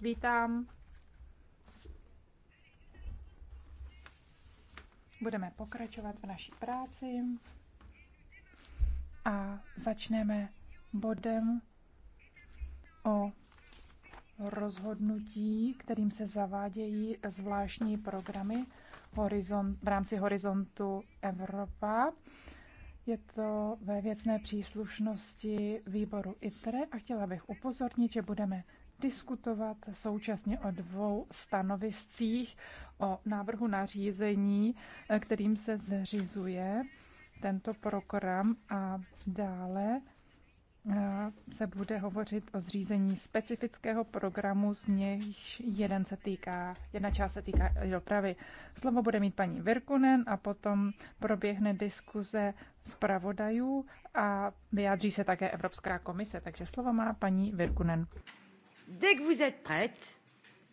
Vítám. Budeme pokračovat v naší práci a začneme bodem o rozhodnutí, kterým se zavádějí zvláštní programy v rámci horizontu Evropa. Je to ve věcné příslušnosti výboru ITRE a chtěla bych upozornit, že budeme diskutovat současně o dvou stanoviscích o návrhu nařízení, eh, kterým se zřizuje tento program a dále eh, se bude hovořit o zřízení specifického programu, z nějž jeden se týká, jedna část se týká dopravy. Slovo bude mít paní Virkunen a potom proběhne diskuze zpravodajů a vyjádří se také Evropská komise. Takže slovo má paní Virkunen.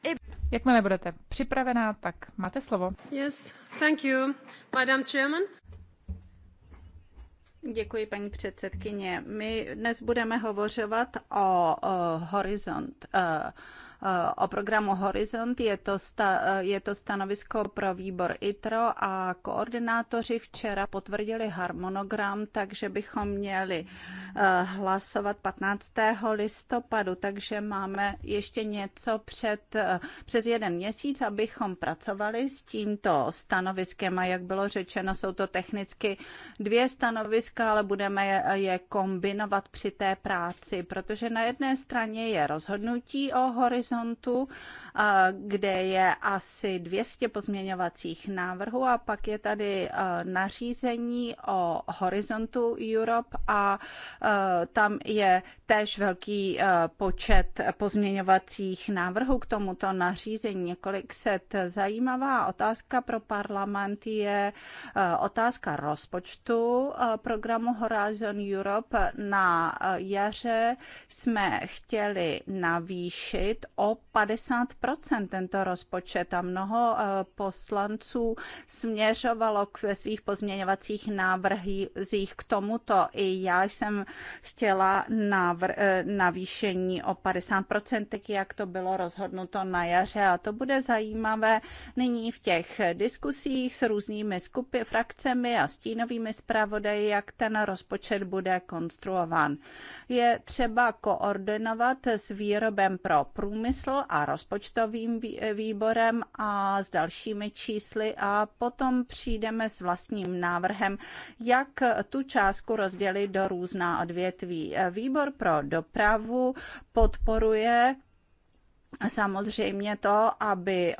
Eh Jakmile budete připravená, tak máte slovo. Yes, thank you, Madam Chairman. Děkuji, paní předsedkyně. My dnes budeme hovořovat o, o Horizont uh, Eh, o programu Horizont. Je to, sta, eh, je to stanovisko pro výbor ITRO a koordinátoři včera potvrdili harmonogram, takže bychom měli eh, hlasovat 15. listopadu, takže máme ještě něco před, přes jeden měsíc, abychom pracovali s tímto stanoviskem a jak bylo řečeno, jsou to technicky dvě stanoviska, ale budeme je kombinovat při té práci, protože na jedné straně je rozhodnutí o Horizont horizontu, kde je asi 200 pozměňovacích návrhů a pak je tady e, nařízení o horizontu Europe a e, tam je též velký e, počet pozměňovacích návrhů k tomuto nařízení. Několik set zajímavá otázka pro parlament je otázka rozpočtu programu Horizon Europe. Na jaře jsme chtěli navýšit o 50 tento rozpočet a mnoho eh, poslanců směřovalo k ve svých pozměňovacích návrzích k tomuto. I já jsem chtěla eh, navýšení o 50 tak jak to bylo rozhodnuto na jaře a to bude zajímavé nyní v těch diskusích s různými skupy, frakcemi a stínovými zpravodaji, jak ten rozpočet bude konstruován. Je třeba koordinovat s výrobem pro průmysl průmysl a rozpočtovým eh, výborem a s dalšími čísly a potom přijdeme s vlastním návrhem, jak tu částku rozdělit do různá odvětví. Eh, Výbor pro dopravu podporuje Samozřejmě to, aby eh,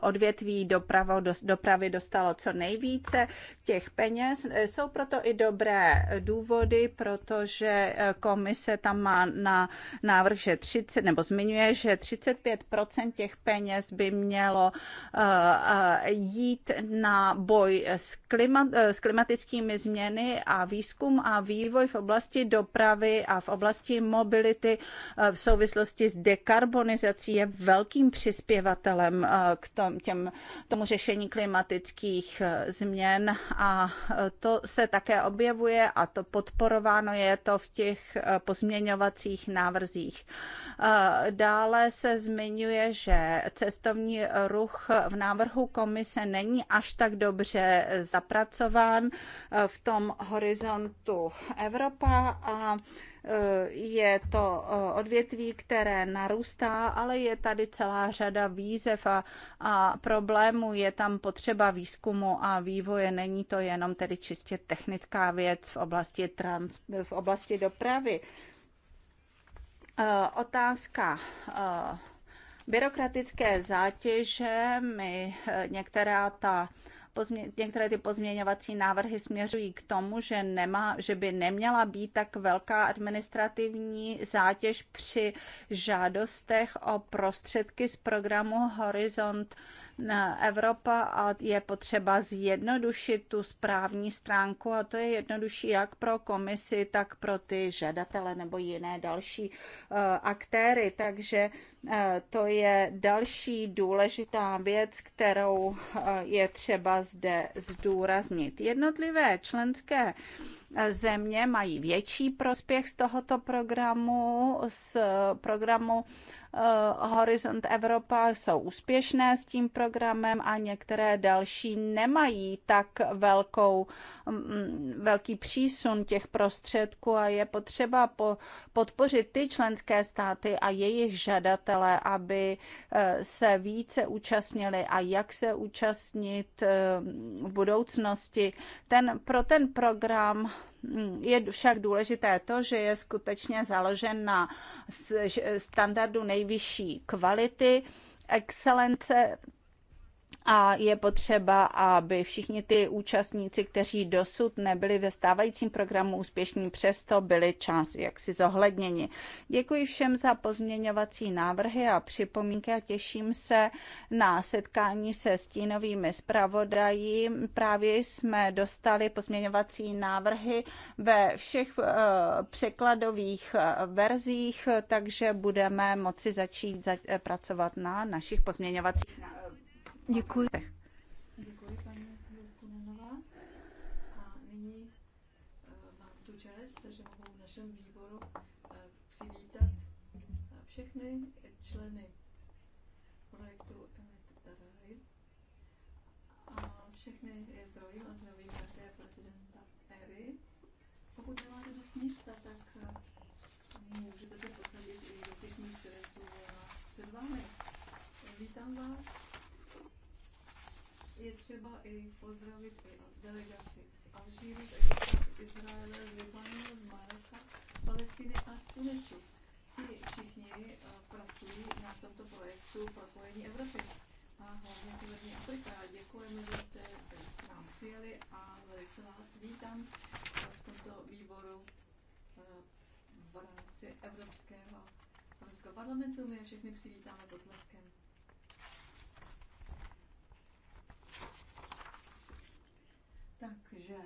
odvětví dopravo, dopravy dostalo co nejvíce těch peněz. Jsou proto i dobré důvody, protože eh, komise tam má na návrh, že 30, nebo zmiňuje, že 35% těch peněz by mělo eh, jít na boj s, klimat, s klimatickými změny a výzkum a vývoj v oblasti dopravy a v oblasti mobility v souvislosti s dekarbonizací organizací je velkým přispěvatelem eh, k tom, těm, tomu řešení klimatických eh, změn a eh, to se také objevuje a to podporováno je to v těch pozměňovacích návrzích. Dále se zmiňuje, že cestovní ruch v návrhu komise není až tak dobře zapracován v tom horizontu Evropa a je to eh, odvětví, které narůstá, ale je tady celá řada výzev a, a problémů. Je tam potřeba výzkumu a vývoje. Není to jenom tedy čistě technická věc v oblasti, trans, v oblasti dopravy. Eh, otázka eh, byrokratické zátěže. My některá ta pozmě, některé ty pozměňovací návrhy směřují k tomu, že, nemá, že by neměla být tak velká administrativní zátěž při žádostech o prostředky z programu Horizont Evropa a je potřeba zjednodušit tu správní stránku a to je jednodušší jak pro komisi, tak pro ty žadatele nebo jiné další eh, aktéry. Takže eh, to je další důležitá věc, kterou eh, je třeba zde zdůraznit. Jednotlivé členské země mají větší prospěch z tohoto programu, z programu Eh, Horizont Evropa jsou úspěšné s tím programem a některé další nemají tak velkou Mm, velký přísun těch prostředků a je potřeba po, podpořit ty členské státy a jejich žadatele, aby eh, se více účastnili a jak se účastnit eh, v budoucnosti. Ten, pro ten program mm, je však důležité to, že je skutečně založen na standardu nejvyšší kvality, excelence a je potřeba, aby všichni ty účastníci, kteří dosud nebyli ve stávajícím programu úspěšní, přesto byli čas jaksi zohledněni. Děkuji všem za pozměňovací návrhy a připomínky a těším se na setkání se stínovými zpravodají. Právě jsme dostali pozměňovací návrhy ve všech uh, překladových eh, verzích, takže budeme moci začít za- eh, pracovat na našich pozměňovacích návrhy. Děkuji. třeba i pozdravit delegaci z Alžíru, z Egypta, z Izraele, z Libanonu, z Maroka, Palestiny a z Tunisu. Ti všichni eh, pracují na tomto projektu Propojení Evropy a hlavně Severní Afrika. Děkujeme, že jste k nám přijeli a velice vás vítám v tomto výboru eh, v rámci Evropského, Evropského parlamentu. My je všechny přivítáme potleskem. Takže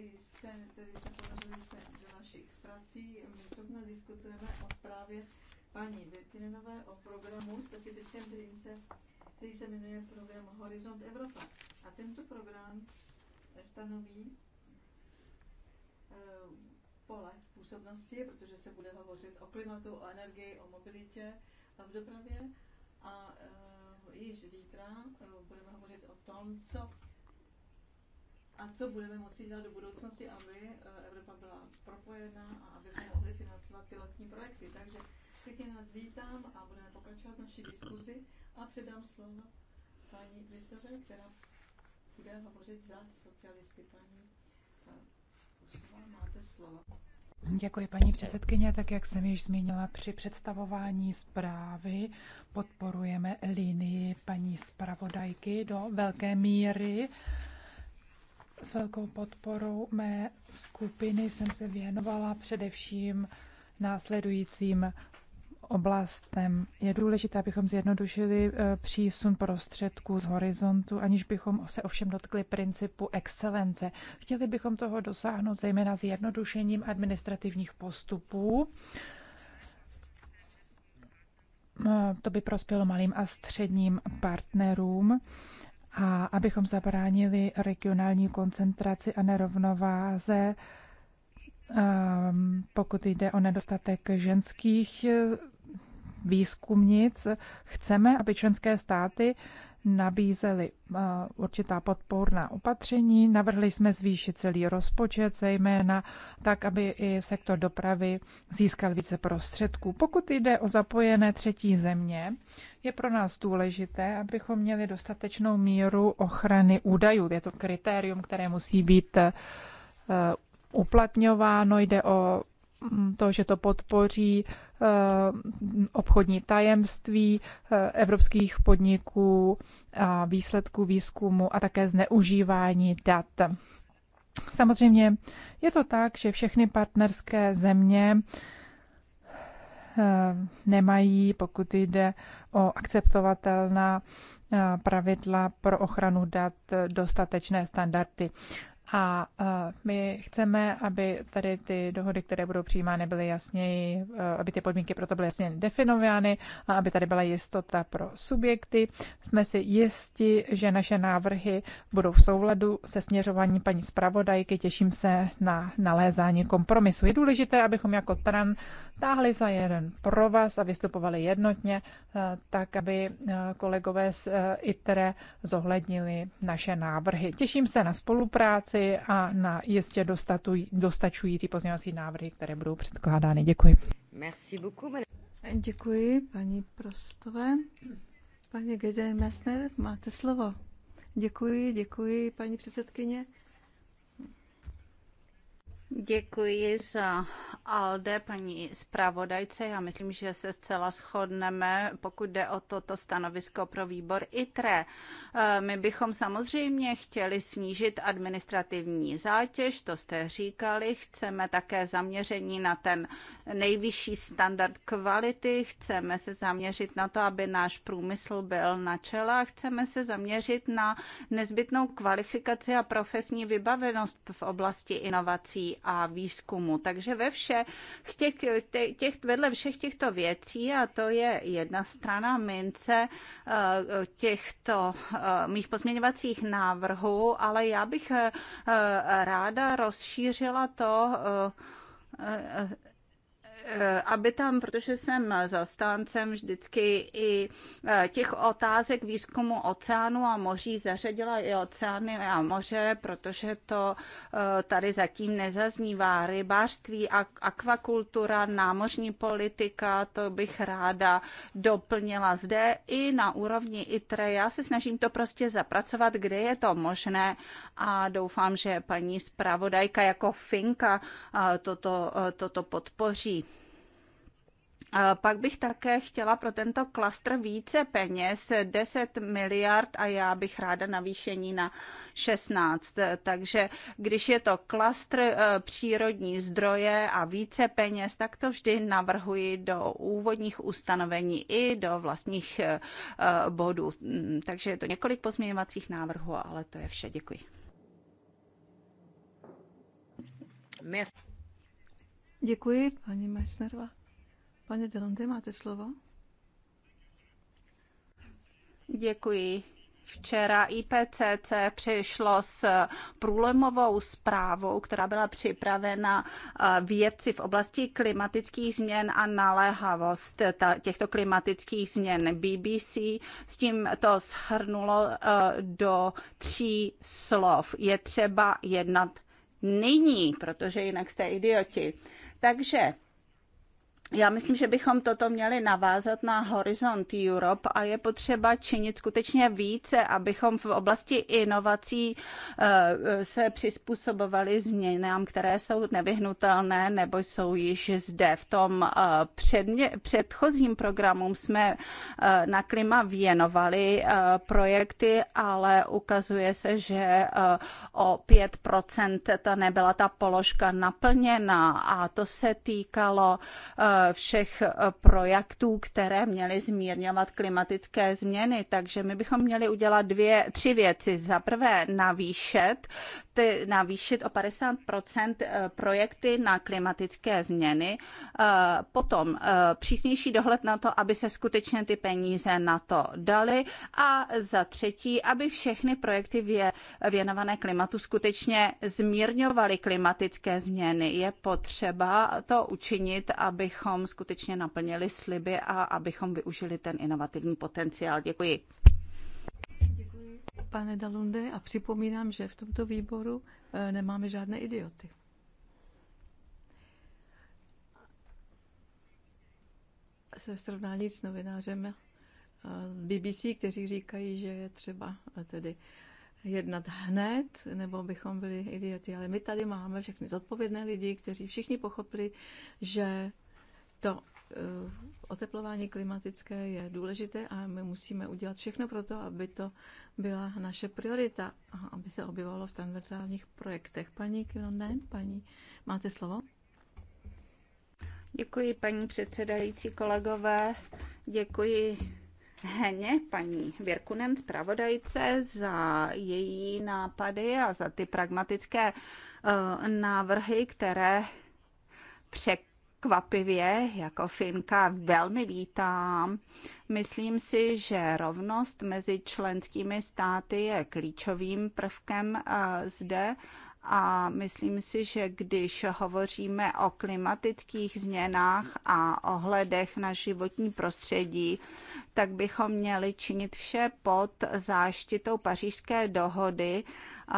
vy jste tedy se ponořili se do našich prací. My zrovna diskutujeme o zprávě paní Větninové o programu specifickém, který se, který se jmenuje program Horizont Evropa. A tento program stanoví eh, pole působnosti, protože se bude hovořit o klimatu, o energii, o mobilitě v dopravě. A eh, již zítra eh, budeme hovořit o tom, co a co budeme moci dělat do budoucnosti, aby eh, Evropa byla propojená a aby mohli financovat pilotní projekty. Takže pěkně nás vítám a budeme pokračovat naší diskuzi a předám slovo paní Brisové, která bude hovořit za socialisty. Paní Ušová, eh, máte slovo. Děkuji, paní předsedkyně. Tak, jak jsem již zmínila při představování zprávy, podporujeme linii paní zpravodajky do velké míry. S velkou podporou mé skupiny jsem se věnovala především následujícím oblastem. Je důležité, abychom zjednodušili eh, přísun prostředků z horizontu, aniž bychom se ovšem dotkli principu excelence. Chtěli bychom toho dosáhnout zejména zjednodušením administrativních postupů. Eh, to by prospělo malým a středním partnerům a abychom zabránili regionální koncentraci a nerovnováze, ehm, pokud jde o nedostatek ženských výzkumnic, chceme, aby členské státy nabízeli eh, určitá podpůrná opatření. Navrhli jsme zvýšit celý rozpočet, zejména tak, aby i sektor dopravy získal více prostředků. Pokud jde o zapojené třetí země, je pro nás důležité, abychom měli dostatečnou míru ochrany údajů. Je to kritérium, které musí být eh, uplatňováno, jde o Mm, to, že to podpoří eh, obchodní tajemství eh, evropských podniků, výsledků výzkumu a také zneužívání dat. Samozřejmě je to tak, že všechny partnerské země eh, nemají, pokud jde o akceptovatelná pravidla pro ochranu dat, dostatečné standardy. A e, my chceme, aby tady ty dohody, které budou přijímány, byly jasněji, e, aby ty podmínky proto byly jasně definovány a aby tady byla jistota pro subjekty. Jsme si jisti, že naše návrhy budou v souladu se směřování paní zpravodajky. Těším se na nalézání kompromisu. Je důležité, abychom jako TRAN táhli za jeden pro vás a vystupovali jednotně, e, tak aby kolegové z ITRE zohlednili naše návrhy. Těším se na spolupráci práci a na jistě dostatuj, dostačující pozměňovací návrhy, které budou předkládány. Děkuji. Merci beaucoup, Děkuji, paní Prostové. Paní Gezerin Messner, máte slovo. Děkuji, děkuji, paní předsedkyně. Děkuji za Alde, paní zpravodajce. Já myslím, že se zcela shodneme, pokud jde o toto stanovisko pro výbor ITRE. E, my bychom samozřejmě chtěli snížit administrativní zátěž, to jste říkali. Chceme také zaměření na ten nejvyšší standard kvality. Chceme se zaměřit na to, aby náš průmysl byl na čele chceme se zaměřit na nezbytnou kvalifikaci a profesní vybavenost v oblasti inovací a výzkumu. Takže ve všech těch, těch, vedle všech těchto věcí, a to je jedna strana mince eh, těchto eh, mých pozměňovacích návrhů, ale já bych eh, ráda rozšířila to, Eh, aby tam, protože jsem zastáncem vždycky i eh, těch otázek výzkumu oceánu a moří, zařadila i oceány a moře, protože to eh, tady zatím nezaznívá. Rybářství, akvakultura, námořní politika, to bych ráda doplnila zde i na úrovni ITRE. Já se snažím to prostě zapracovat, kde je to možné a doufám, že paní zpravodajka jako Finka toto, toto podpoří. Pak bych také chtěla pro tento klastr více peněz, 10 miliard a já bych ráda navýšení na 16. Takže když je to klastr eh, přírodní zdroje a více peněz, tak to vždy navrhuji do úvodních ustanovení i do vlastních eh, eh, bodů. Mm, takže je to několik pozměňovacích návrhů, ale to je vše. Děkuji. Děkuji, paní Meissnerová. Pane Delonde, máte slovo? Děkuji. Včera IPCC přišlo s průlomovou zprávou, která byla připravena eh, vědci v oblasti klimatických změn a naléhavost těchto klimatických změn. BBC s tím to shrnulo eh, do tří slov. Je třeba jednat nyní, protože jinak jste idioti. Takže já myslím, že bychom toto měli navázat na Horizont Europe a je potřeba činit skutečně více, abychom v oblasti inovací eh, eh, se přizpůsobovali změnám, které jsou nevyhnutelné nebo jsou již zde. V tom eh, předchozím programu jsme na klima věnovali projekty, ale ukazuje se, že o 5% to nebyla ta položka naplněna a to se týkalo všech projektů, které měly zmírňovat klimatické změny. Takže my bychom měli udělat dvě, tři věci. Za prvé navýšet ty navýšit o 50 eh, projekty na klimatické změny, eh, potom eh, přísnější dohled na to, aby se skutečně ty peníze na to daly a za třetí, aby všechny projekty věnované klimatu skutečně zmírňovaly klimatické změny. Je potřeba to učinit, abychom skutečně naplnili sliby a abychom využili ten inovativní potenciál. Děkuji pane Dalunde, a připomínám, že v tomto výboru eh, nemáme žádné idioty. Se v srovnání s novinářem eh, BBC, kteří říkají, že je třeba eh, tedy jednat hned, nebo bychom byli idioti. Ale my tady máme všechny zodpovědné lidi, kteří všichni pochopili, že to Eh, oteplování klimatické je důležité a my musíme udělat všechno pro to, aby to byla naše priorita a aby se objevovalo v transverzálních projektech. Paní Kilonen, paní, máte slovo? Děkuji, paní předsedající, kolegové. Děkuji Heně, paní Virkunen, zpravodajce, za její nápady a za ty pragmatické eh, návrhy, které přek kvapivě, jako Finka velmi vítám. Myslím si, že rovnost mezi členskými státy je klíčovým prvkem eh, zde a myslím si, že když hovoříme o klimatických změnách a ohledech na životní prostředí, tak bychom měli činit vše pod záštitou pařížské dohody eh,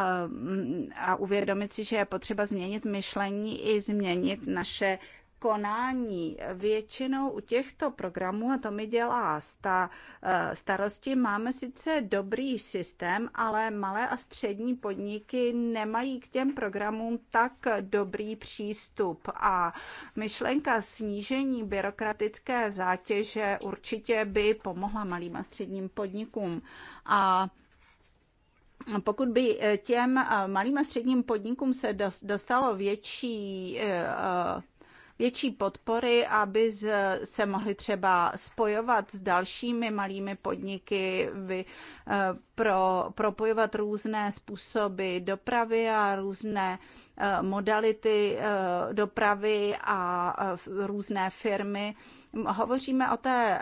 a uvědomit si, že je potřeba změnit myšlení i změnit naše konání většinou u těchto programů, a to mi dělá eh, starosti, máme sice dobrý systém, ale malé a střední podniky nemají k těm programům tak dobrý přístup. A myšlenka snížení byrokratické zátěže určitě by pomohla malým a středním podnikům. A pokud by eh, těm eh, malým a středním podnikům se dostalo větší větší podpory, aby se mohly třeba spojovat s dalšími malými podniky, vy, eh, pro, propojovat různé způsoby dopravy a různé eh, modality eh, dopravy a různé firmy. Hovoříme o té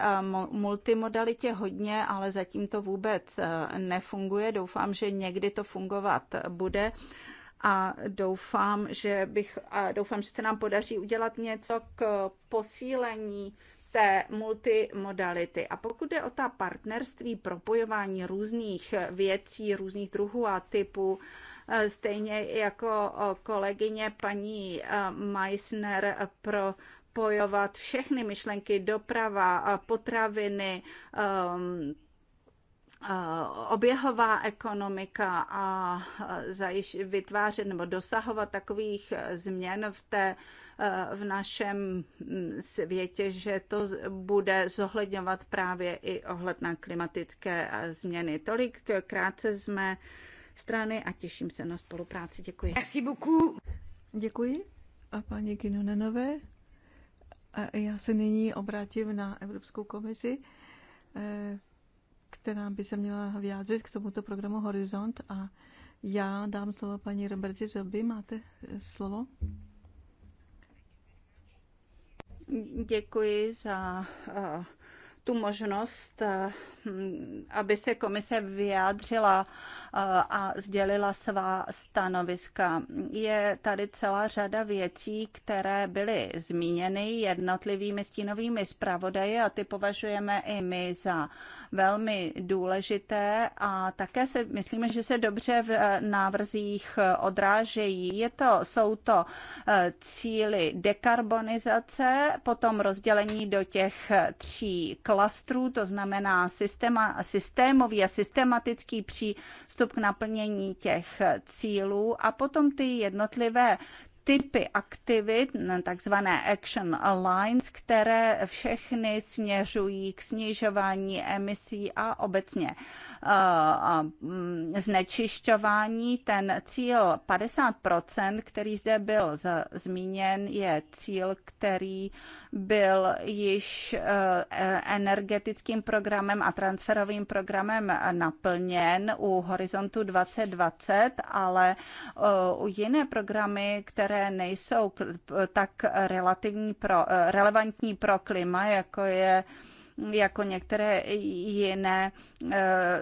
multimodalitě hodně, ale zatím to vůbec nefunguje. Doufám, že někdy to fungovat bude a doufám, že bych, a doufám, že se nám podaří udělat něco k posílení té multimodality. A pokud je o ta partnerství, propojování různých věcí, různých druhů a typů, eh, stejně jako eh, kolegyně paní eh, Meissner pro pojovat všechny myšlenky, doprava, potraviny, um, Eh, oběhová ekonomika a eh, zajiš, vytvářet nebo dosahovat takových eh, změn v, té, v našem mm, světě, že to bude zohledňovat právě i ohled na klimatické změny. Tolik krátce z mé strany a těším se na spolupráci. Děkuji. Merci Děkuji a paní Kinonenové. Já se nyní obrátím na Evropskou komisi která by se měla vyjádřit k tomuto programu Horizont a já dám slovo paní Roberti Zoby. Máte eh, slovo? Děkuji za eh, tu možnost eh, aby se komise vyjádřila eh, a sdělila svá stanoviska. Je tady celá řada věcí, které byly zmíněny jednotlivými stínovými zpravodaji a ty považujeme i my za velmi důležité a také se myslíme, že se dobře v eh, návrzích eh, odrážejí. Je to, jsou to cíly dekarbonizace, potom rozdělení do těch tří klastrů, to znamená systém systéma, systémový a systematický přístup k naplnění těch cílů a potom ty jednotlivé typy aktivit, takzvané action lines, které všechny směřují k snižování emisí a obecně Mm, znečišťování. Ten cíl 50%, který zde byl zmíněn, je cíl, který byl již e, energetickým programem a transferovým programem naplněn u Horizontu 2020, ale e, u jiné programy, které nejsou tak relativní pro, e, relevantní pro klima, jako je jako některé jiné eh,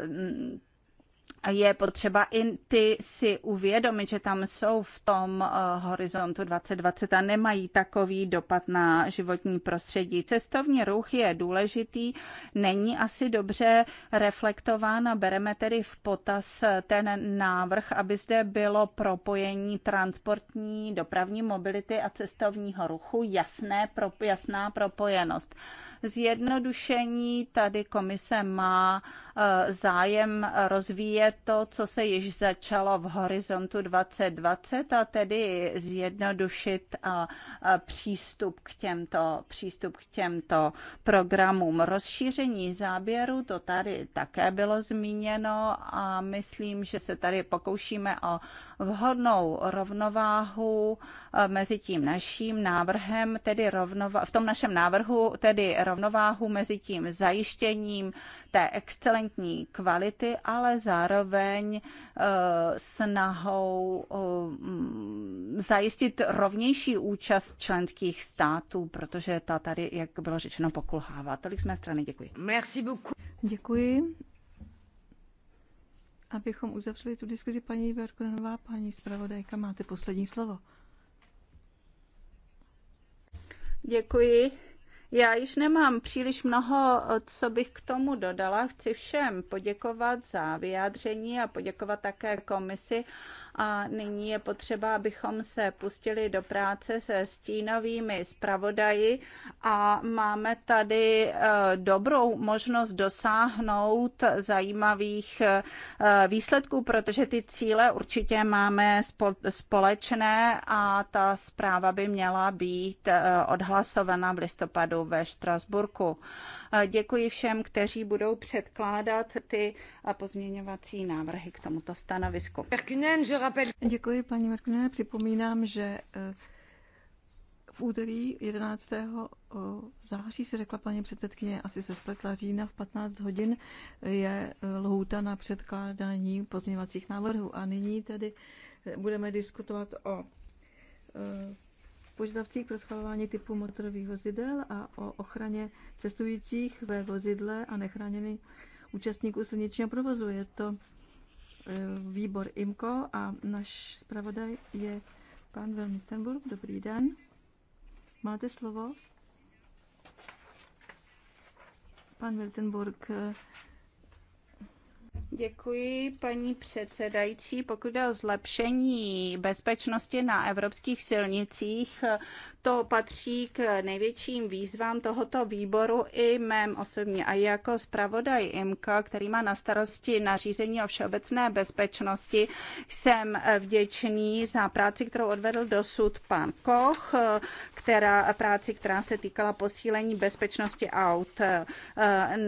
je potřeba i ty si uvědomit, že tam jsou v tom eh, horizontu 2020 a nemají takový dopad na životní prostředí. Cestovní ruch je důležitý, není asi dobře reflektován a bereme tedy v potaz ten návrh, aby zde bylo propojení transportní, dopravní mobility a cestovního ruchu, jasné, pro, jasná propojenost. Zjednodušení tady komise má eh, zájem rozvíjet to, co se již začalo v horizontu 2020, a tedy zjednodušit a, a přístup, k těmto, přístup k těmto programům. Rozšíření záběru, to tady také bylo zmíněno a myslím, že se tady pokoušíme o vhodnou rovnováhu eh, mezi tím naším návrhem, tedy rovnova- v tom našem návrhu, tedy rovnováhu mezi tím zajištěním té excelentní kvality, ale zároveň eh, snahou eh, mm, zajistit rovnější účast členských států, protože ta tady, jak bylo řečeno, pokulhává. Tolik z mé strany, děkuji. Merci beaucoup. Děkuji abychom uzavřeli tu diskuzi. Paní Verkonová, paní zpravodajka, máte poslední slovo. Děkuji. Já již nemám příliš mnoho, co bych k tomu dodala. Chci všem poděkovat za vyjádření a poděkovat také komisi a nyní je potřeba, abychom se pustili do práce se stínovými zpravodaji a máme tady eh, dobrou možnost dosáhnout zajímavých eh, výsledků, protože ty cíle určitě máme společné a ta zpráva by měla být eh, odhlasovaná v listopadu ve Štrasburku. Děkuji všem, kteří budou předkládat ty pozměňovací návrhy k tomuto stanovisku. Děkuji, paní Merkne. Připomínám, že eh, v úterý 11. Eh, září se řekla paní předsedkyně, asi se spletla října v 15 hodin, je eh, lhůta na předkládání pozměňovacích návrhů. A nyní tedy budeme diskutovat o požadavcích pro schvalování typu motorových vozidel a o ochraně cestujících ve vozidle a nechráněný účastníků silničního provozu. Je to e, výbor IMCO a náš zpravodaj je pan Stenburg. Dobrý den. Máte slovo? Pan Wiltenburg. Děkuji, paní předsedající. Pokud jde o zlepšení bezpečnosti na evropských silnicích, to patří k největším výzvám tohoto výboru i mém osobně. A jako zpravodaj IMCO, který má na starosti nařízení o všeobecné bezpečnosti, jsem vděčný za práci, kterou odvedl dosud pan Koch, která, práci, která se týkala posílení bezpečnosti aut.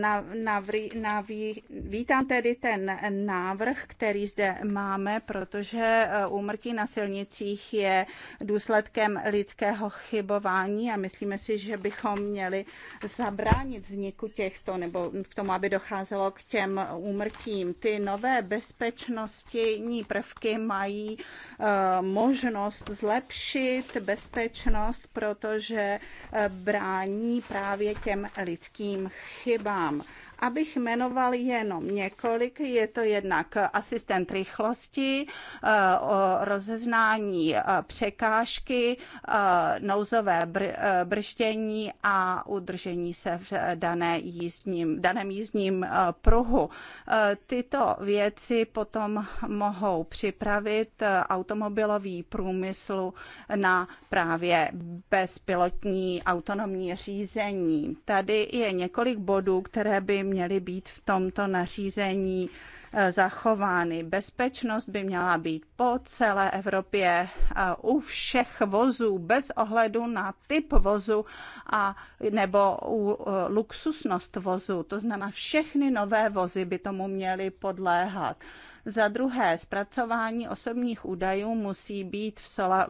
Na, na, na, vítám tedy ten návrh, který zde máme, protože úmrtí na silnicích je důsledkem lidského pochybování a myslíme si, že bychom měli zabránit vzniku těchto, nebo k tomu, aby docházelo k těm úmrtím. Ty nové bezpečnostní prvky mají eh, možnost zlepšit bezpečnost, protože eh, brání právě těm lidským chybám. Abych jmenoval jenom několik, je to jednak asistent rychlosti, eh, rozeznání eh, překážky, eh, nouzové br- brždění a udržení se v dané jízdním, daném jízdním pruhu. Tyto věci potom mohou připravit automobilový průmysl na právě bezpilotní autonomní řízení. Tady je několik bodů, které by měly být v tomto nařízení eh, zachovány. Bezpečnost by měla být po celé Evropě eh, u všech vozů bez ohledu na typ vozu a nebo u eh, luxusnost vozu. To znamená, všechny nové vozy by tomu měly podléhat. Za druhé, zpracování osobních údajů musí být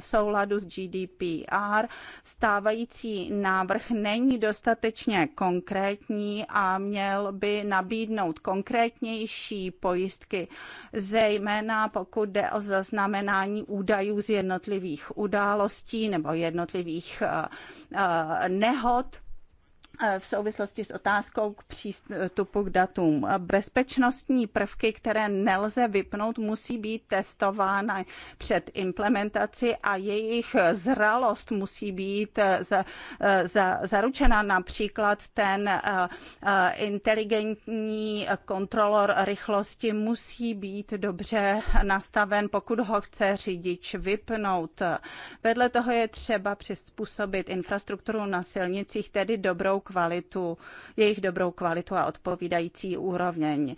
v souladu s GDPR. Stávající návrh není dostatečně konkrétní a měl by nabídnout konkrétnější pojistky, zejména pokud jde o zaznamenání údajů z jednotlivých událostí nebo jednotlivých eh, eh, nehod E, v souvislosti s otázkou k přístupu k datům. Bezpečnostní prvky, které nelze vypnout, musí být testovány před implementaci a jejich zralost musí být e, za, e, za, zaručena. Například ten inteligentní kontrolor rychlosti musí být dobře nastaven, pokud ho chce řidič vypnout. Vedle toho je třeba přizpůsobit infrastrukturu na silnicích, tedy dobrou kvalitu, jejich dobrou kvalitu a odpovídající úroveň.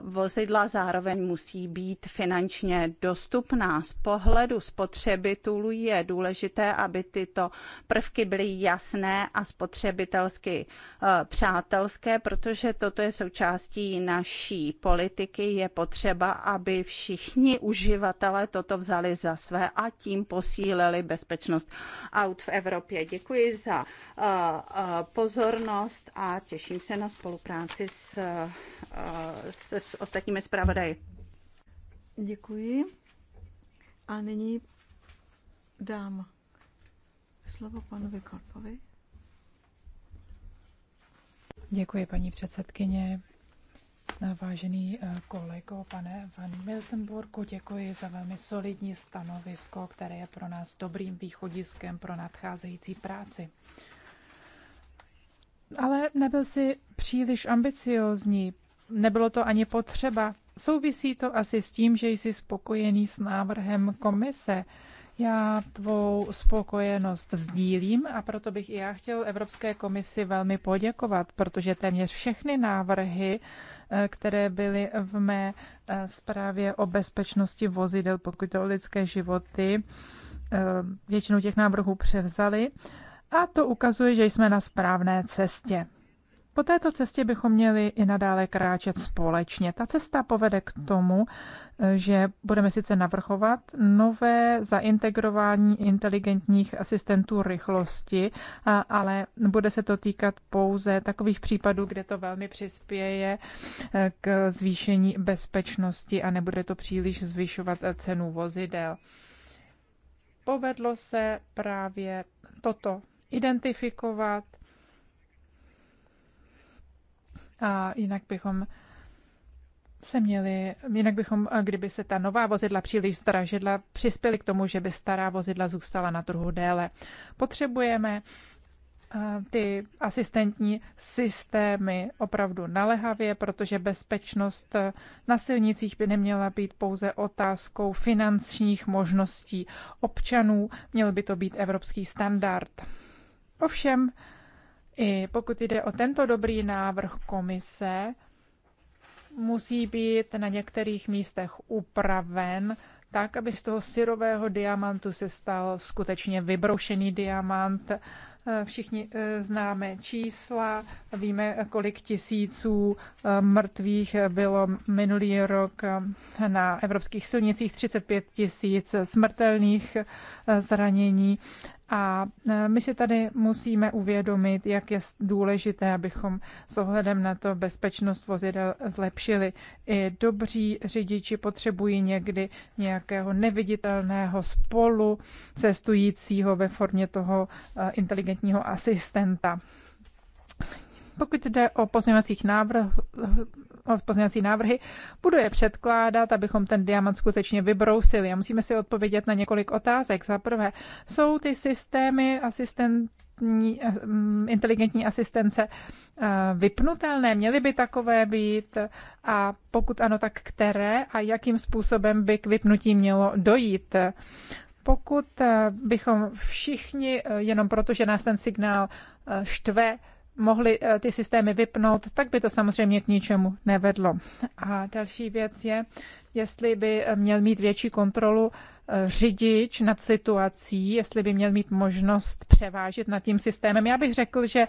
Vozidla zároveň musí být finančně dostupná. Z pohledu spotřebitelů je důležité, aby tyto prvky byly jasné a spotřebitelsky e, přátelské, protože toto je součástí naší politiky. Je potřeba, aby všichni uživatelé toto vzali za své a tím posílili bezpečnost aut v Evropě. Děkuji za e, e, pozornost pozornost a těším se na spolupráci s, eh, s, s ostatními zpravodaji. Děkuji. A nyní dám slovo panovi Vykorpovi. Děkuji, paní předsedkyně. Vážený eh, kolego, pane Van Miltenborku, děkuji za velmi solidní stanovisko, které je pro nás dobrým východiskem pro nadcházející práci ale nebyl si příliš ambiciózní. Nebylo to ani potřeba. Souvisí to asi s tím, že jsi spokojený s návrhem komise. Já tvou spokojenost sdílím a proto bych i já chtěl Evropské komisi velmi poděkovat, protože téměř všechny návrhy, eh, které byly v mé eh, zprávě o bezpečnosti vozidel, pokud to o lidské životy, eh, většinu těch návrhů převzali. A to ukazuje, že jsme na správné cestě. Po této cestě bychom měli i nadále kráčet společně. Ta cesta povede k tomu, že budeme sice navrhovat nové zaintegrování inteligentních asistentů rychlosti, ale bude se to týkat pouze takových případů, kde to velmi přispěje e, k zvýšení bezpečnosti a nebude to příliš zvyšovat cenu vozidel. Povedlo se právě toto identifikovat. A jinak bychom se měli, jinak bychom, kdyby se ta nová vozidla příliš zdražila, přispěli k tomu, že by stará vozidla zůstala na trhu déle. Potřebujeme ty asistentní systémy opravdu nalehavě, protože bezpečnost na silnicích by neměla být pouze otázkou finančních možností občanů, měl by to být evropský standard. Ovšem, i pokud jde o tento dobrý návrh komise, musí být na některých místech upraven tak, aby z toho syrového diamantu se stal skutečně vybroušený diamant. Eh, všichni eh, známe čísla, víme, kolik tisíců eh, mrtvých bylo minulý rok na evropských silnicích, 35 tisíc smrtelných zranění a e, my si tady musíme uvědomit, jak je důležité, abychom s ohledem na to bezpečnost vozidel zlepšili. I dobří řidiči potřebují někdy nějakého neviditelného spolu cestujícího ve formě toho e, inteligentního asistenta. Pokud jde o pozměňovacích návrh, pozměňovací návrhy, budu je předkládat, abychom ten diamant skutečně vybrousili. A musíme si odpovědět na několik otázek. Za prvé, jsou ty systémy asistent eh, mm, inteligentní asistence eh, vypnutelné? Měly by takové být? A pokud ano, tak které? A jakým způsobem by k vypnutí mělo dojít? Pokud eh, bychom všichni, jenom proto, že nás ten signál štve, mohli eh, ty systémy vypnout, tak by to samozřejmě k ničemu nevedlo. A další věc je, jestli by eh, měl mít větší kontrolu eh, řidič nad situací, jestli by měl mít možnost převážet nad tím systémem. Já bych řekl, že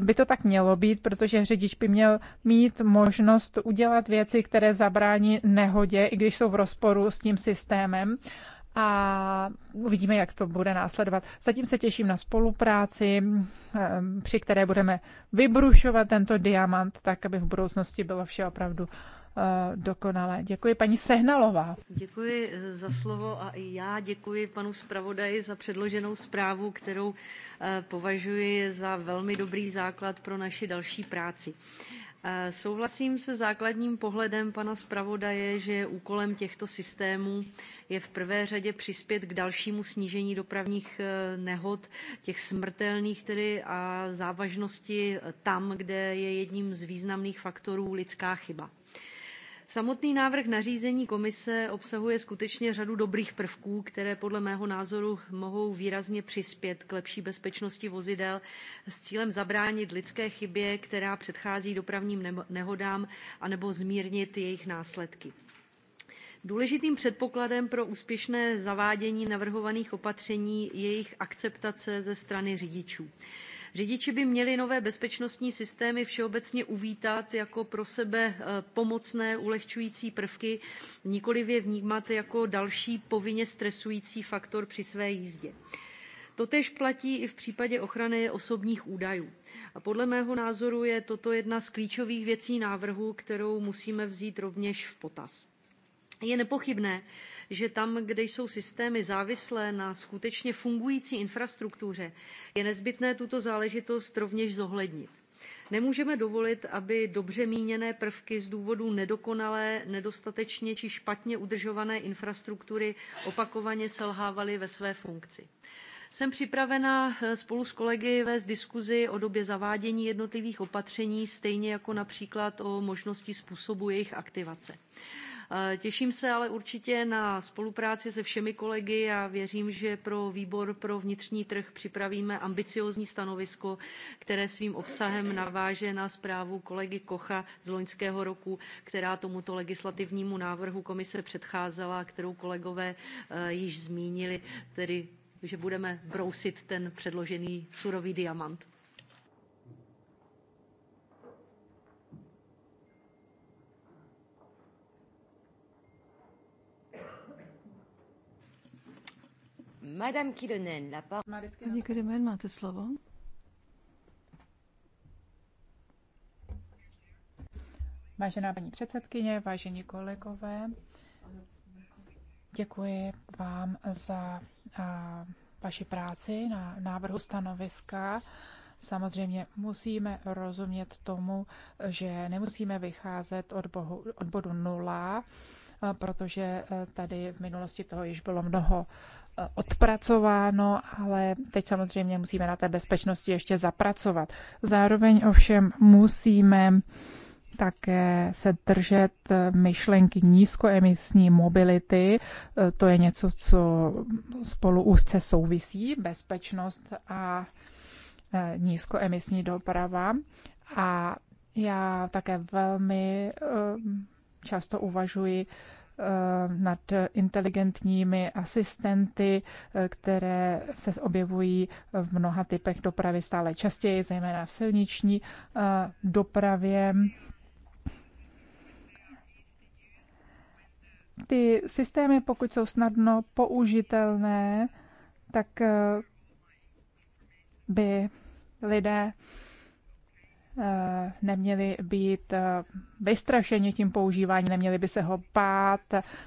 by to tak mělo být, protože řidič by měl mít možnost udělat věci, které zabrání nehodě, i když jsou v rozporu s tím systémem a uvidíme, jak to bude následovat. Zatím se těším na spolupráci, eh, při které budeme vybrušovat tento diamant, tak aby v budoucnosti bylo vše opravdu eh, dokonalé. Děkuji paní Sehnalová. Děkuji eh, za slovo a i já děkuji panu zpravodaji za předloženou zprávu, kterou považuji za velmi dobrý základ pro naši další práci. Souhlasím se základním pohledem pana zpravodaje, že úkolem těchto systémů je v prvé řadě přispět k dalšímu snížení dopravních e, nehod, těch smrtelných tedy a závažnosti tam, kde je jedním z významných faktorů lidská chyba. Samotný návrh nařízení komise obsahuje skutečně řadu dobrých prvků, které podle mého názoru mohou výrazně přispět k lepší bezpečnosti vozidel s cílem zabránit lidské chybě, která předchází dopravním nehodám, anebo zmírnit jejich následky. Důležitým předpokladem pro úspěšné zavádění navrhovaných opatření je jejich akceptace ze strany řidičů. Řidiči by měli nové bezpečnostní systémy všeobecně uvítat jako pro sebe eh, pomocné, ulehčující prvky, nikoliv je vnímat jako další povinně stresující faktor při své jízdě. Totež platí i v případě ochrany osobních údajů. A podle mého názoru je toto jedna z klíčových věcí návrhu, kterou musíme vzít rovněž v potaz. Je nepochybné, že tam, kde jsou systémy závislé na skutečně fungující infrastruktuře, je nezbytné tuto záležitost rovněž zohlednit. Nemůžeme dovolit, aby dobře míněné prvky z důvodu nedokonalé, nedostatečně či špatně udržované infrastruktury opakovaně selhávaly ve své funkci. Jsem připravena eh, spolu s kolegy vést diskuzi o době zavádění jednotlivých opatření, stejně jako například o možnosti způsobu jejich aktivace. Eh, těším se ale určitě na spolupráci se všemi kolegy a věřím, že pro výbor pro vnitřní trh připravíme ambiciózní stanovisko, které svým obsahem naváže na zprávu kolegy Kocha z loňského roku, která tomuto legislativnímu návrhu komise předcházela, kterou kolegové eh, již zmínili, tedy že budeme brousit ten předložený surový diamant. Madame Kilonen, la parole. máte slovo. Vážená paní předsedkyně, vážení kolegové, děkuji vám za vaši práci na návrhu stanoviska. Samozřejmě musíme rozumět tomu, že nemusíme vycházet od, bohu, od bodu nula, protože e, tady v minulosti toho již bylo mnoho e, odpracováno, ale teď samozřejmě musíme na té bezpečnosti ještě zapracovat. Zároveň ovšem musíme také se držet myšlenky nízkoemisní mobility. E, to je něco, co spolu úzce souvisí, bezpečnost a e, nízkoemisní doprava. A já také velmi e, často uvažuji nad inteligentními asistenty, které se objevují v mnoha typech dopravy stále častěji, zejména v silniční dopravě. ty systémy, pokud jsou snadno použitelné, tak eh, by lidé eh, neměli být eh, vystrašeni tím používáním, neměli by se ho bát,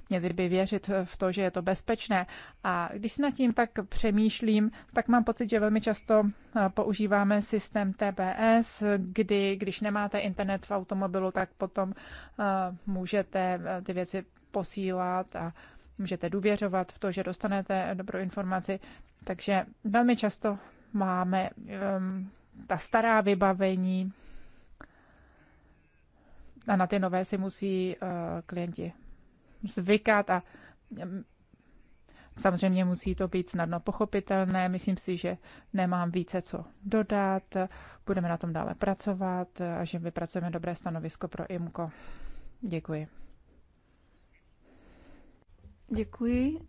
měli by věřit v to, že je to bezpečné. A když si nad tím tak přemýšlím, tak mám pocit, že velmi často používáme systém TBS, kdy když nemáte internet v automobilu, tak potom můžete ty věci posílat a můžete důvěřovat v to, že dostanete dobrou informaci. Takže velmi často máme um, ta stará vybavení a na ty nové si musí uh, klienti zvykat a um, samozřejmě musí to být snadno pochopitelné. Myslím si, že nemám více co dodat. Budeme na tom dále pracovat a že vypracujeme dobré stanovisko pro IMKO. Děkuji. Děkuji,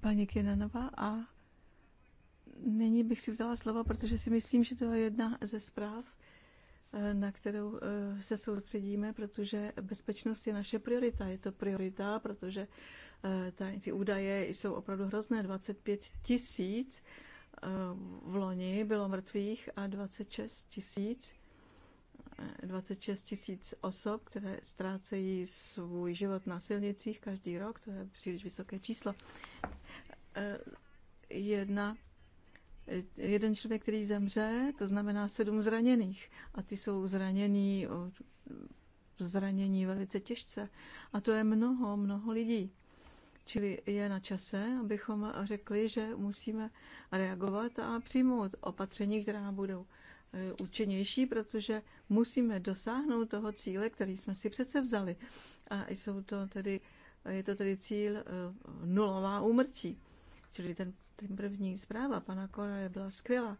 paní Kinanova. A nyní bych si vzala slovo, protože si myslím, že to je jedna ze zpráv, eh, na kterou eh, se soustředíme, protože bezpečnost je naše priorita. Je to priorita, protože eh, ty údaje jsou opravdu hrozné. 25 tisíc v loni bylo mrtvých a 26 tisíc 26 tisíc osob, které ztrácejí svůj život na silnicích každý rok, to je příliš vysoké číslo. Eh, jedna, eh, jeden člověk, který zemře, to znamená sedm zraněných. A ty jsou zranění, zranění velice těžce. A to je mnoho, mnoho lidí. Čili je na čase, abychom řekli, že musíme reagovat a přijmout opatření, která budou E, účinnější, protože musíme dosáhnout toho cíle, který jsme si přece vzali. A jsou to tedy, je to tedy cíl e, nulová úmrtí. Čili ten, ten první zpráva pana Koraje byla skvělá.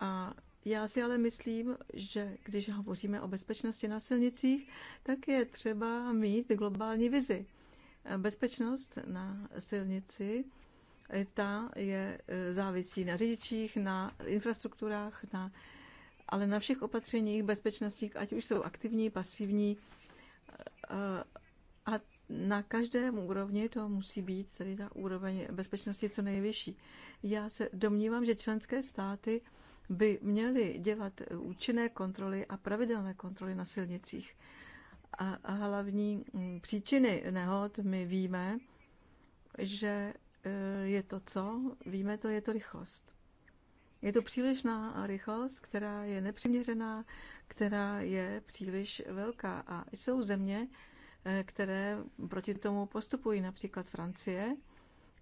A já si ale myslím, že když hovoříme o bezpečnosti na silnicích, tak je třeba mít globální vizi. E, bezpečnost na silnici ta je závisí na řidičích, na infrastrukturách, na ale na všech opatřeních bezpečnostních, ať už jsou aktivní, pasivní, eh, a na každém úrovni to musí být, tedy ta úroveň bezpečnosti co nejvyšší. Já se domnívám, že členské státy by měly dělat účinné kontroly a pravidelné kontroly na silnicích. a hlavní mm, příčiny nehod my víme, že eh, je to co? Víme to, je to rychlost. Je to přílišná rychlost, která je nepřiměřená, která je příliš velká. A jsou země, eh, které proti tomu postupují, například Francie,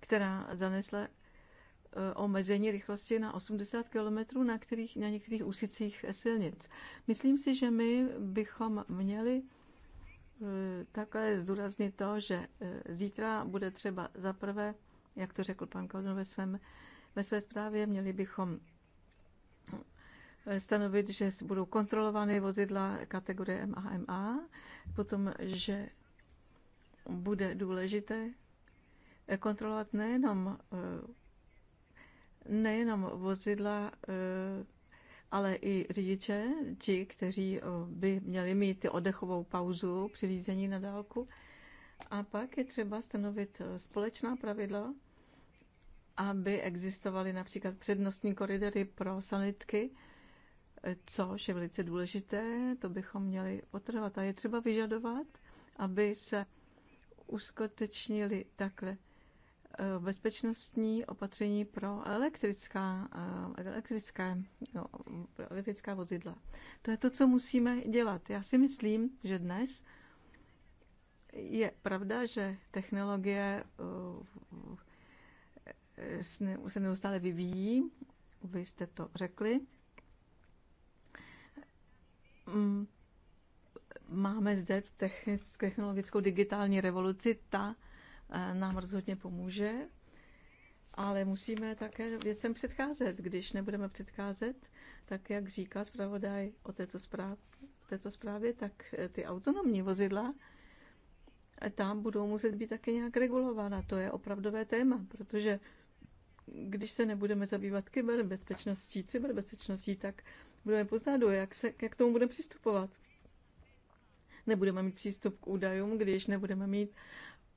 která zanesla eh, omezení rychlosti na 80 km na, kterých, na některých úsicích silnic. Myslím si, že my bychom měli eh, takhle zdůraznit to, že zítra bude třeba zaprvé, jak to řekl pan Kaldon ve svém ve své zprávě. Měli bychom stanovit, že budou kontrolovány vozidla kategorie MAMA, potom, že bude důležité kontrolovat nejenom, eh, nejenom vozidla, eh, ale i řidiče, ti, kteří eh, by měli mít oddechovou pauzu při řízení na dálku. A pak je třeba stanovit společná pravidla aby existovaly například přednostní koridory pro sanitky, což je velice důležité, to bychom měli potrvat. A je třeba vyžadovat, aby se uskutečnili takhle eh, bezpečnostní opatření pro elektrická, eh, elektrické, no, pro elektrická vozidla. To je to, co musíme dělat. Já si myslím, že dnes je pravda, že technologie eh, se neustále vyvíjí, vy jste to řekli. Mm, máme zde technologickou digitální revoluci, ta eh, nám rozhodně pomůže, ale musíme také věcem předcházet. Když nebudeme předcházet, tak jak říká zpravodaj o této, zpráv, této zprávě, tak eh, ty autonomní vozidla eh, tam budou muset být také nějak regulována. To je opravdové téma, protože když se nebudeme zabývat kyberbezpečností, cyberbezpečností, tak budeme pozadu, jak, se, jak k tomu budeme přistupovat. Nebudeme mít přístup k údajům, když nebudeme mít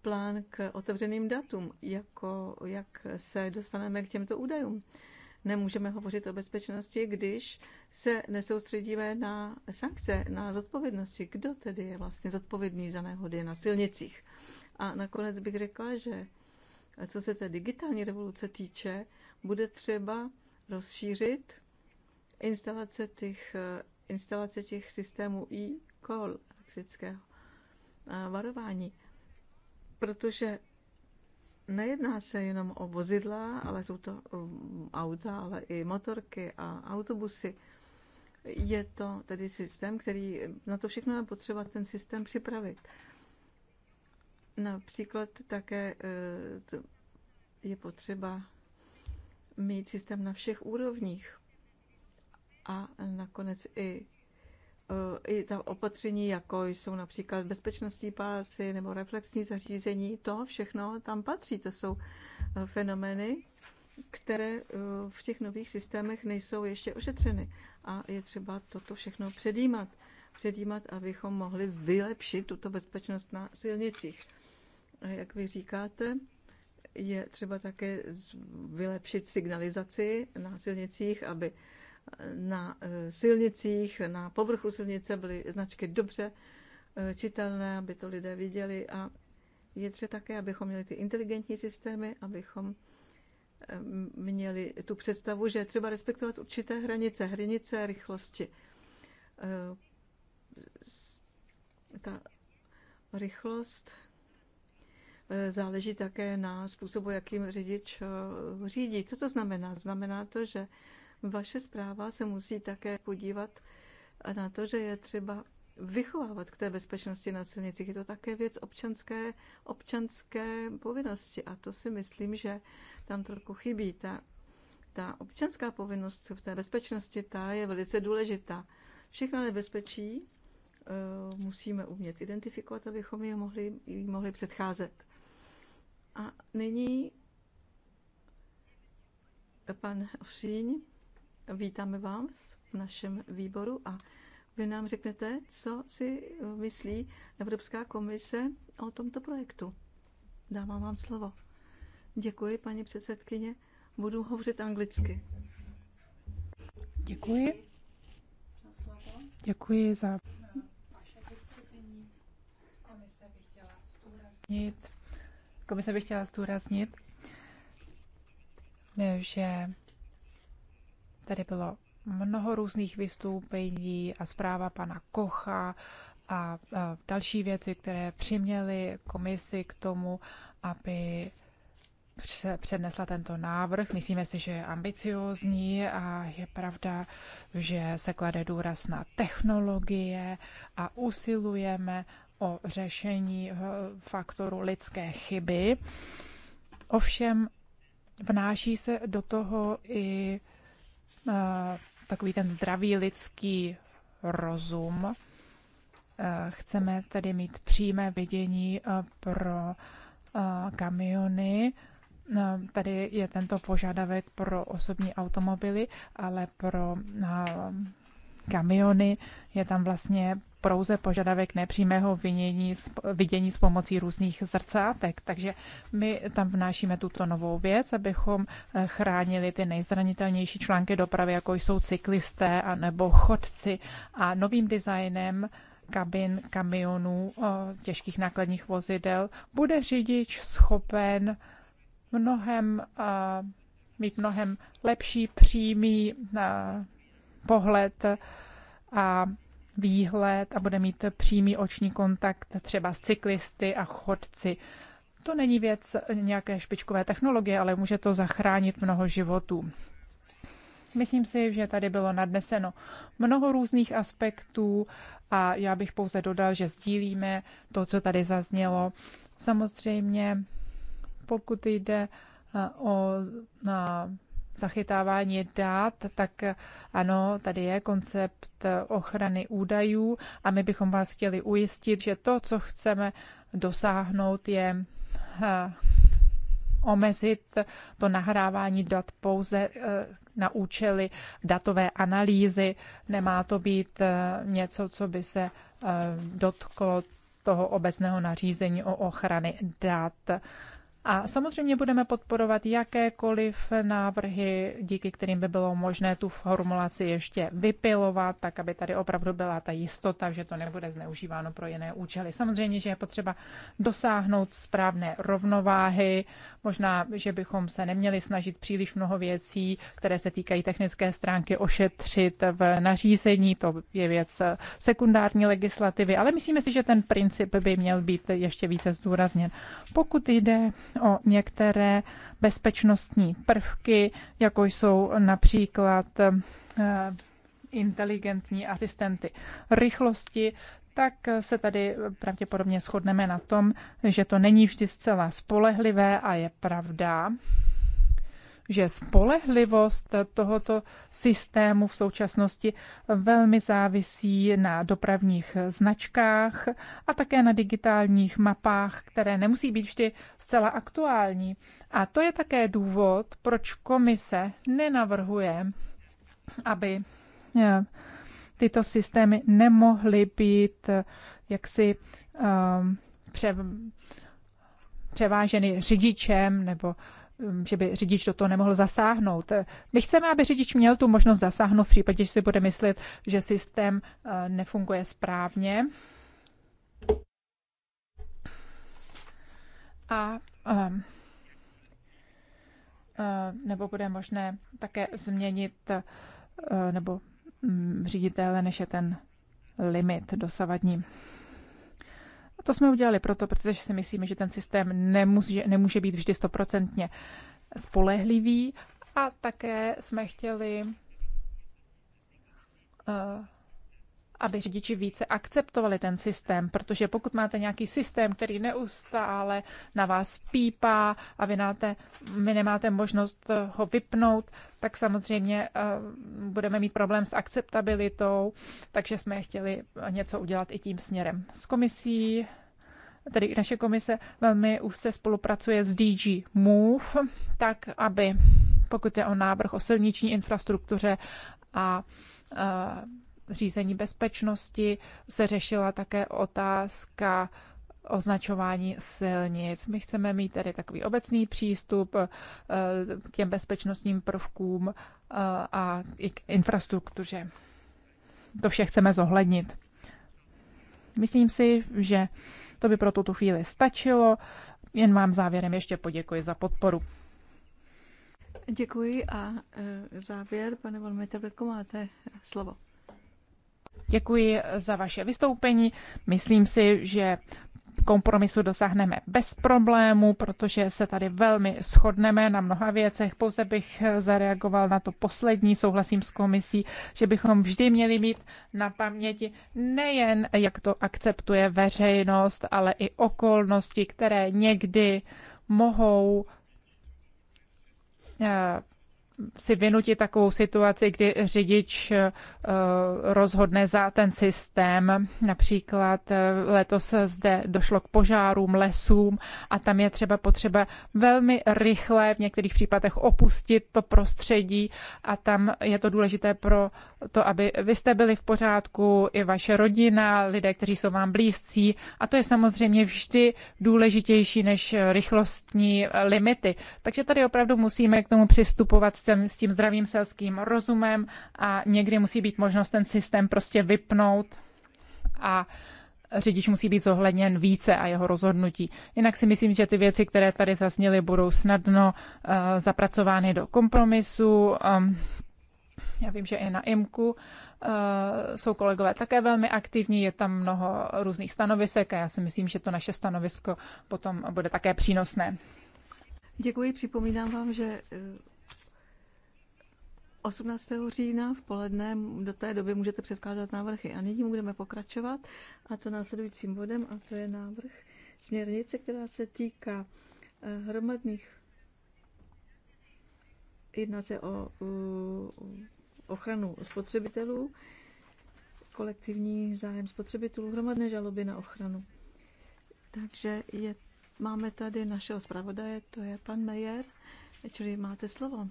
plán k otevřeným datům, jako, jak se dostaneme k těmto údajům. Nemůžeme hovořit o bezpečnosti, když se nesoustředíme na sankce, na zodpovědnosti. Kdo tedy je vlastně zodpovědný za nehody na silnicích? A nakonec bych řekla, že a co se té digitální revoluce týče, bude třeba rozšířit instalace těch, eh, instalace těch systémů e-call elektrického eh, varování, protože nejedná se jenom o vozidla, ale jsou to mm, auta, ale i motorky a autobusy. Je to tedy systém, který na to všechno je potřeba ten systém připravit. Například také eh, je potřeba mít systém na všech úrovních a nakonec i, eh, i ta opatření, jako jsou například bezpečnostní pásy nebo reflexní zařízení, to všechno tam patří. To jsou eh, fenomény, které v těch nových systémech nejsou ještě ošetřeny. A je třeba toto všechno předjímat. Předjímat, abychom mohli vylepšit tuto bezpečnost na silnicích jak vy říkáte, je třeba také vylepšit signalizaci na silnicích, aby na eh, silnicích, na povrchu silnice byly značky dobře eh, čitelné, aby to lidé viděli a je třeba také, abychom měli ty inteligentní systémy, abychom eh, měli tu představu, že je třeba respektovat určité hranice, hranice rychlosti. Ta rychlost Eh, záleží také na způsobu, jakým řidič eh, řídí. Co to znamená? Znamená to, že vaše zpráva se musí také podívat na to, že je třeba vychovávat k té bezpečnosti na silnicích. Je to také věc občanské, občanské povinnosti a to si myslím, že tam trochu chybí. Ta, ta občanská povinnost v té bezpečnosti, ta je velice důležitá. Všechno nebezpečí eh, musíme umět identifikovat, abychom je mohli, mohli předcházet. A nyní pan Vříň, vítáme vás v našem výboru a vy nám řeknete, co si myslí Evropská komise o tomto projektu. Dávám vám slovo. Děkuji, paní předsedkyně. Budu hovořit anglicky. Děkuji. Děkuji za zdůraznit Komise bych chtěla zdůraznit, že tady bylo mnoho různých vystoupení a zpráva pana Kocha a, další věci, které přiměly komisi k tomu, aby přednesla tento návrh. Myslíme si, že je ambiciózní a je pravda, že se klade důraz na technologie a usilujeme o řešení eh, faktoru lidské chyby. Ovšem vnáší se do toho i eh, takový ten zdravý lidský rozum. Eh, chceme tedy mít přímé vidění pro kamiony. Tady je tento požadavek pro osobní automobily, ale pro kamiony je tam vlastně pouze požadavek nepřímého vinění, vidění s pomocí různých zrcátek. Takže my tam vnášíme tuto novou věc, abychom eh, chránili ty nejzranitelnější články dopravy, jako jsou cyklisté a nebo chodci. A novým designem kabin kamionů, eh, těžkých nákladních vozidel, bude řidič schopen mnohem, eh, mít mnohem lepší přímý pohled a výhled a bude mít přímý oční kontakt třeba s cyklisty a chodci. To není věc nějaké špičkové technologie, ale může to zachránit mnoho životů. Myslím si, že tady bylo nadneseno mnoho různých aspektů a já bych pouze dodal, že sdílíme to, co tady zaznělo. Samozřejmě, pokud jde eh, o na zachytávání dát, tak ano, tady je koncept ochrany údajů a my bychom vás chtěli ujistit, že to, co chceme dosáhnout, je eh, omezit to nahrávání dat pouze eh, na účely datové analýzy. Nemá to být eh, něco, co by se dotklo toho obecného nařízení o ochrany dat. A samozřejmě budeme podporovat jakékoliv návrhy, díky kterým by bylo možné tu formulaci ještě vypilovat, tak aby tady opravdu byla ta jistota, že to nebude zneužíváno pro jiné účely. Samozřejmě, že je potřeba dosáhnout správné rovnováhy, možná, že bychom se neměli snažit příliš mnoho věcí, které se týkají technické stránky, ošetřit v nařízení, to je věc sekundární legislativy, ale myslíme si, že ten princip by měl být ještě více zdůrazněn. Pokud jde o některé bezpečnostní prvky, jako jsou například eh, inteligentní asistenty rychlosti, tak se tady pravděpodobně shodneme na tom, že to není vždy zcela spolehlivé a je pravda, že spolehlivost tohoto systému v současnosti velmi závisí na dopravních značkách a také na digitálních mapách, které nemusí být vždy zcela aktuální. A to je také důvod, proč komise nenavrhuje, aby eh, tyto systémy nemohly být eh, jaksi um, eh, pře- převáženy řidičem nebo Mm, že by řidič do toho nemohl zasáhnout. My chceme, aby řidič měl tu možnost zasáhnout v případě, že si bude myslet, že systém eh, nefunguje správně. A um, nebo bude možné také změnit eh, nebo mm, ředitele, než je ten limit dosavadní. To jsme udělali proto, protože si myslíme, že ten systém nemůže, nemůže být vždy stoprocentně spolehlivý a také jsme chtěli eh, aby řidiči více akceptovali ten systém, protože pokud máte nějaký systém, který neustále na vás pípá a vy, náte, vy nemáte možnost ho vypnout, tak samozřejmě eh, budeme mít problém s akceptabilitou, takže jsme chtěli něco udělat i tím směrem. S komisí tedy naše komise velmi úzce spolupracuje s DG Move, tak aby, pokud je o návrh o silniční infrastruktuře a, a eh, řízení bezpečnosti se řešila také otázka označování silnic. My chceme mít tady takový obecný přístup eh, k těm bezpečnostním prvkům eh, a i k infrastruktuře. To vše chceme zohlednit. Myslím si, že to by pro tuto chvíli stačilo. Jen vám závěrem ještě poděkuji za podporu. Děkuji a eh, závěr, pane Volmejte, máte slovo. Děkuji za vaše vystoupení. Myslím si, že kompromisu dosáhneme bez problému, protože se tady velmi shodneme na mnoha věcech. Pouze bych zareagoval na to poslední, souhlasím s komisí, že bychom vždy měli mít na paměti nejen, jak to akceptuje veřejnost, ale i okolnosti, které někdy mohou eh, si vynutit takovou situaci, kdy řidič eh, rozhodne za ten systém. Například eh, letos zde došlo k požárům, lesům a tam je třeba potřeba velmi rychle v některých případech opustit to prostředí a tam je to důležité pro to, aby vy jste byli v pořádku, i vaše rodina, lidé, kteří jsou vám blízcí a to je samozřejmě vždy důležitější než rychlostní limity. Takže tady opravdu musíme k tomu přistupovat s s tím zdravým selským rozumem a někdy musí být možnost ten systém prostě vypnout a řidič musí být zohledněn více a jeho rozhodnutí. Jinak si myslím, že ty věci, které tady zasněly, budou snadno uh, zapracovány do kompromisu. Um, já vím, že i na IMKU uh, jsou kolegové také velmi aktivní, je tam mnoho různých stanovisek a já si myslím, že to naše stanovisko potom bude také přínosné. Děkuji, připomínám vám, že eh, 18. října v poledne do té doby můžete předkládat návrhy. A nyní budeme pokračovat a to následujícím bodem a to je návrh směrnice, která se týká eh, hromadných jedná se o ochranu spotřebitelů, kolektivní zájem spotřebitelů, hromadné žaloby na ochranu. Takže je, máme tady našeho zpravodaje, to je pan Mejer, čili máte slovo.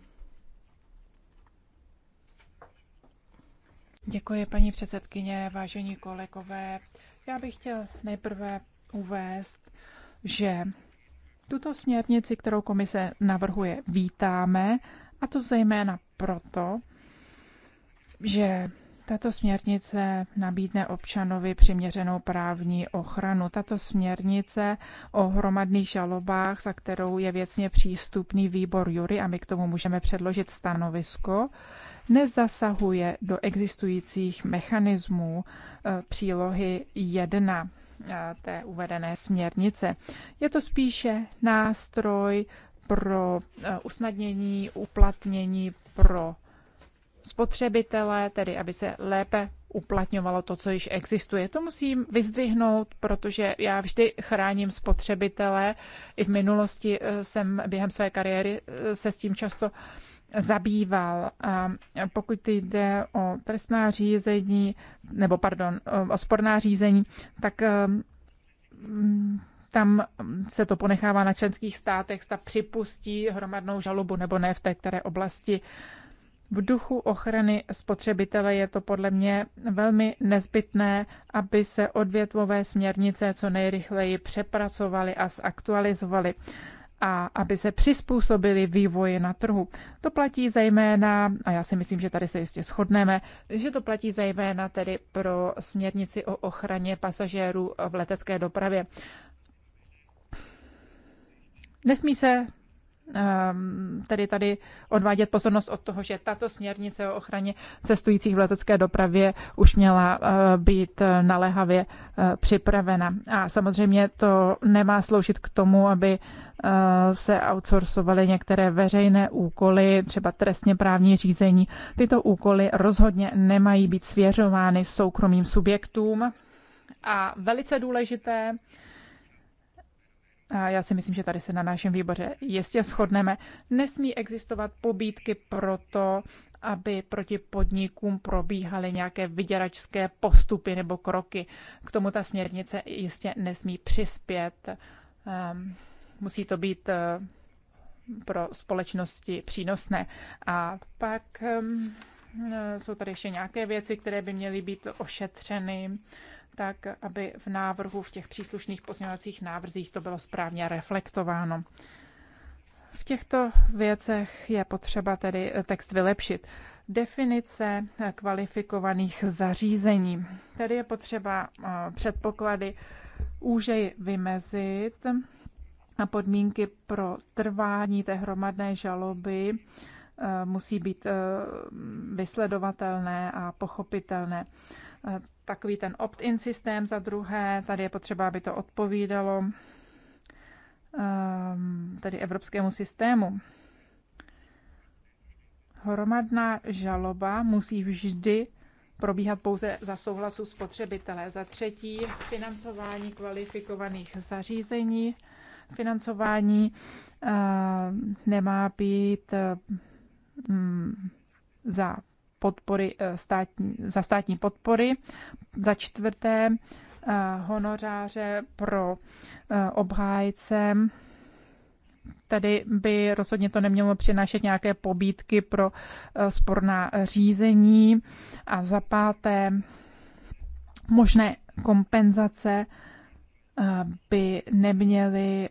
Děkuji, paní předsedkyně, vážení kolegové. Já bych chtěl nejprve uvést, že tuto směrnici, kterou komise navrhuje, vítáme, a to zejména proto, že tato směrnice nabídne občanovi přiměřenou právní ochranu. Tato směrnice o hromadných žalobách, za kterou je věcně přístupný výbor Jury a my k tomu můžeme předložit stanovisko, nezasahuje do existujících mechanismů eh, přílohy 1 eh, té uvedené směrnice. Je to spíše nástroj pro eh, usnadnění uplatnění pro spotřebitele, tedy aby se lépe uplatňovalo to, co již existuje. To musím vyzdvihnout, protože já vždy chráním spotřebitele. I v minulosti jsem během své kariéry se s tím často zabýval. A pokud jde o trestná řízení, nebo pardon, o sporná řízení, tak e, mm, tam se to ponechává na členských státech, zda připustí hromadnou žalobu nebo ne v té které oblasti. V duchu ochrany spotřebitele je to podle mě velmi nezbytné, aby se odvětvové směrnice co nejrychleji přepracovaly a zaktualizovaly a aby se přizpůsobili vývoji na trhu. To platí zejména, a já si myslím, že tady se jistě shodneme, že to platí zejména tedy pro směrnici o ochraně pasažérů v letecké dopravě. Nesmí se Ehm, tedy tady odvádět pozornost od toho, že tato směrnice o ochraně cestujících v letecké dopravě už měla eh, být eh, naléhavě eh, připravena. A samozřejmě to nemá sloužit k tomu, aby se outsourcovaly některé veřejné úkoly, třeba trestně právní řízení. Tyto úkoly rozhodně nemají být svěřovány soukromým subjektům. A velice důležité a já si myslím, že tady se na našem výboře jistě shodneme, nesmí existovat pobídky pro to, aby proti podnikům probíhaly nějaké vyděračské postupy nebo kroky. K tomu ta směrnice jistě nesmí přispět. Ehm, musí to být eh, pro společnosti přínosné. A pak ehm, eh, jsou tady ještě nějaké věci, které by měly být ošetřeny tak aby v návrhu, v těch příslušných pozměňovacích návrzích to bylo správně reflektováno. V těchto věcech je potřeba tedy text vylepšit. Definice kvalifikovaných zařízení. Tady je potřeba eh, předpoklady úžej vymezit a podmínky pro trvání té hromadné žaloby eh, musí být eh, vysledovatelné a pochopitelné takový ten opt-in systém, za druhé, tady je potřeba, aby to odpovídalo ehm, tady evropskému systému. Hromadná žaloba musí vždy probíhat pouze za souhlasu spotřebitele. Za třetí, financování kvalifikovaných zařízení. Financování ehm, nemá být ehm, za podpory eh, státní, za státní podpory. Za čtvrté, eh, honoráře pro eh, obhájce. Tady by rozhodně to nemělo přinášet nějaké pobídky pro sporná řízení. A za páté, možné kompenzace by neměly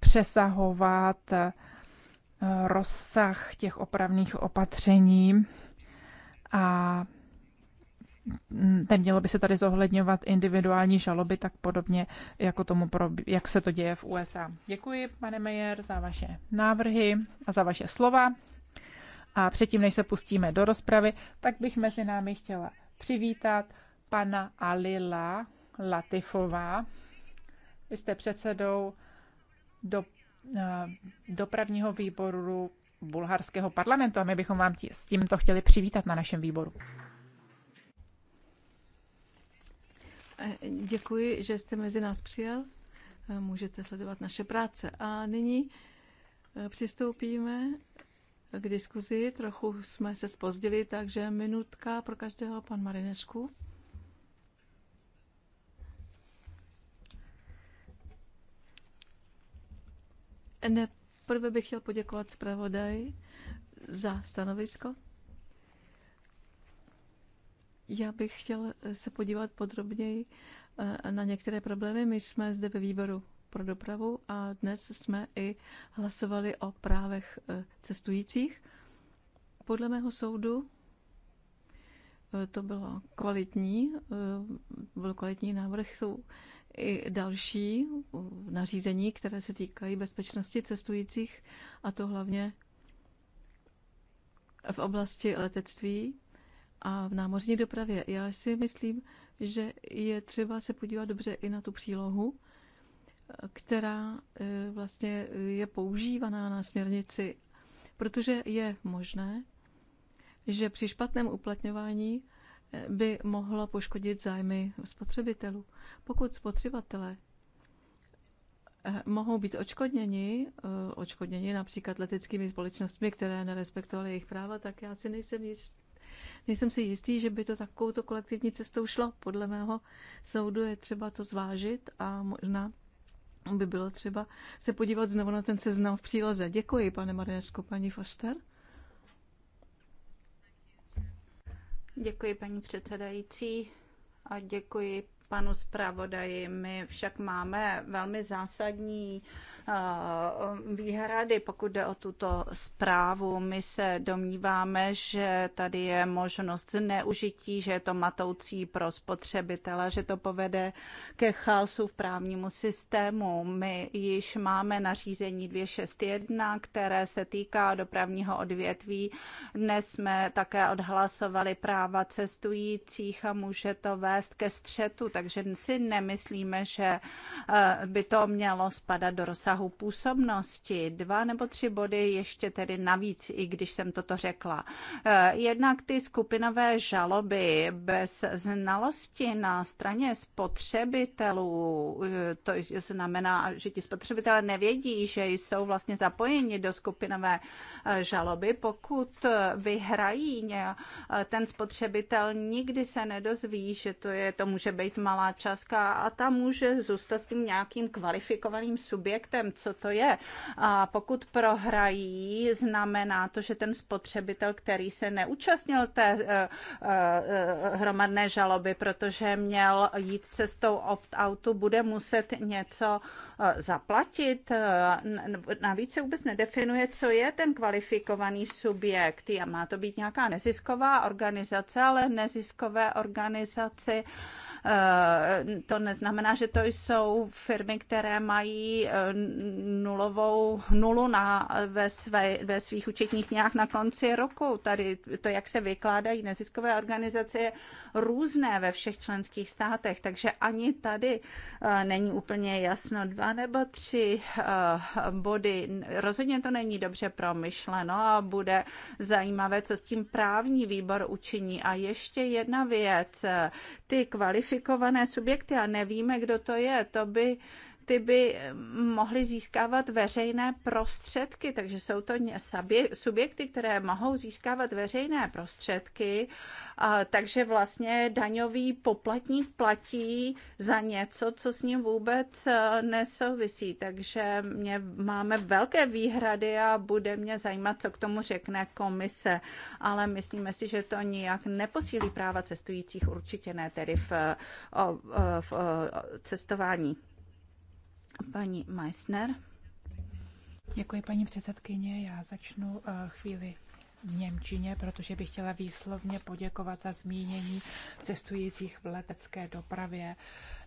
přesahovat rozsah těch opravných opatření a mm, nemělo by se tady zohledňovat individuální žaloby, tak podobně jako tomu, jak se to děje v USA. Děkuji, pane Meyer, za vaše návrhy a za vaše slova. A předtím, než se pustíme do rozpravy, tak bych mezi námi chtěla přivítat pana Alila Latifová. Vy jste předsedou do, eh, dopravního výboru bulharského parlamentu a my bychom vám tí, s tímto chtěli přivítat na našem výboru. Eh, děkuji, že jste mezi nás přijel. Eh, můžete sledovat naše práce. A nyní eh, přistoupíme k diskuzi. Trochu jsme se spozdili, takže minutka pro každého, pan Marinesku. Ne, Prvé bych chtěl poděkovat zpravodaji za stanovisko. Já bych chtěl se podívat podrobněji eh, na některé problémy. My jsme zde ve výboru pro dopravu a dnes jsme i hlasovali o právech eh, cestujících. Podle mého soudu eh, to bylo kvalitní, byl kvalitní návrh. Jsou i další nařízení, které se týkají bezpečnosti cestujících, a to hlavně v oblasti letectví a v námořní dopravě. Já si myslím, že je třeba se podívat dobře i na tu přílohu, která e, vlastně je používaná na směrnici, protože je možné, že při špatném uplatňování by mohlo poškodit zájmy spotřebitelů. Pokud spotřebitelé eh, mohou být očkodněni, eh, očkodněni například leteckými společnostmi, které nerespektovaly jejich práva, tak já si nejsem jist, nejsem si jistý, že by to takovouto kolektivní cestou šlo. Podle mého soudu je třeba to zvážit a možná by bylo třeba se podívat znovu na ten seznam v příloze. Děkuji, pane Marinesku, paní Foster. Děkuji, paní předsedající, a děkuji panu zpravodaji. My však máme velmi zásadní eh, výhrady, pokud jde o tuto zprávu. My se domníváme, že tady je možnost zneužití, že je to matoucí pro spotřebitele, že to povede ke chaosu v právnímu systému. My již máme nařízení 261, které se týká dopravního odvětví. Dnes jsme také odhlasovali práva cestujících a může to vést ke střetu takže si nemyslíme, že eh, by to mělo spadat do rozsahu působnosti. Dva nebo tři body ještě tedy navíc, i když jsem toto řekla. Eh, jednak ty skupinové žaloby bez znalosti na straně spotřebitelů, eh, to znamená, že ti spotřebitelé nevědí, že jsou vlastně zapojeni do skupinové žaloby, pokud vyhrají ten spotřebitel nikdy se nedozví, že to, je, to může být malá částka a ta může zůstat tím nějakým kvalifikovaným subjektem, co to je. A pokud prohrají, znamená to, že ten spotřebitel, který se neúčastnil té eh, eh, eh, hromadné žaloby, protože měl jít cestou opt-outu, bude muset něco zaplatit. Navíc se vůbec nedefinuje, co je ten kvalifikovaný subjekt. má to být nějaká nezisková organizace, ale neziskové organizace. Eh, to neznamená, že to jsou firmy, které mají eh, nulovou nulu na, ve, své, ve svých účetních dňách na konci roku. Tady to, jak se vykládají neziskové organizace, je různé ve všech členských státech, takže ani tady eh, není úplně jasno dva nebo tři body. Rozhodně to není dobře promyšleno a bude zajímavé, co s tím právní výbor učiní. A ještě jedna věc. Ty kvalifikace kvalifikované subjekty a nevíme, kdo to je. To by ty by mohly získávat veřejné prostředky, takže jsou to subjekty, které mohou získávat veřejné prostředky, takže vlastně daňový poplatník platí za něco, co s ním vůbec e, nesouvisí. Takže mě máme velké výhrady a bude mě zajímat, co k tomu řekne komise, ale myslíme si, že to nijak neposílí práva cestujících, určitě ne tedy v, e, v, v cestování. Paní Meissner. Děkuji, paní předsedkyně. Já začnu eh, chvíli v Němčině, protože bych chtěla výslovně poděkovat za zmínění cestujících v letecké dopravě.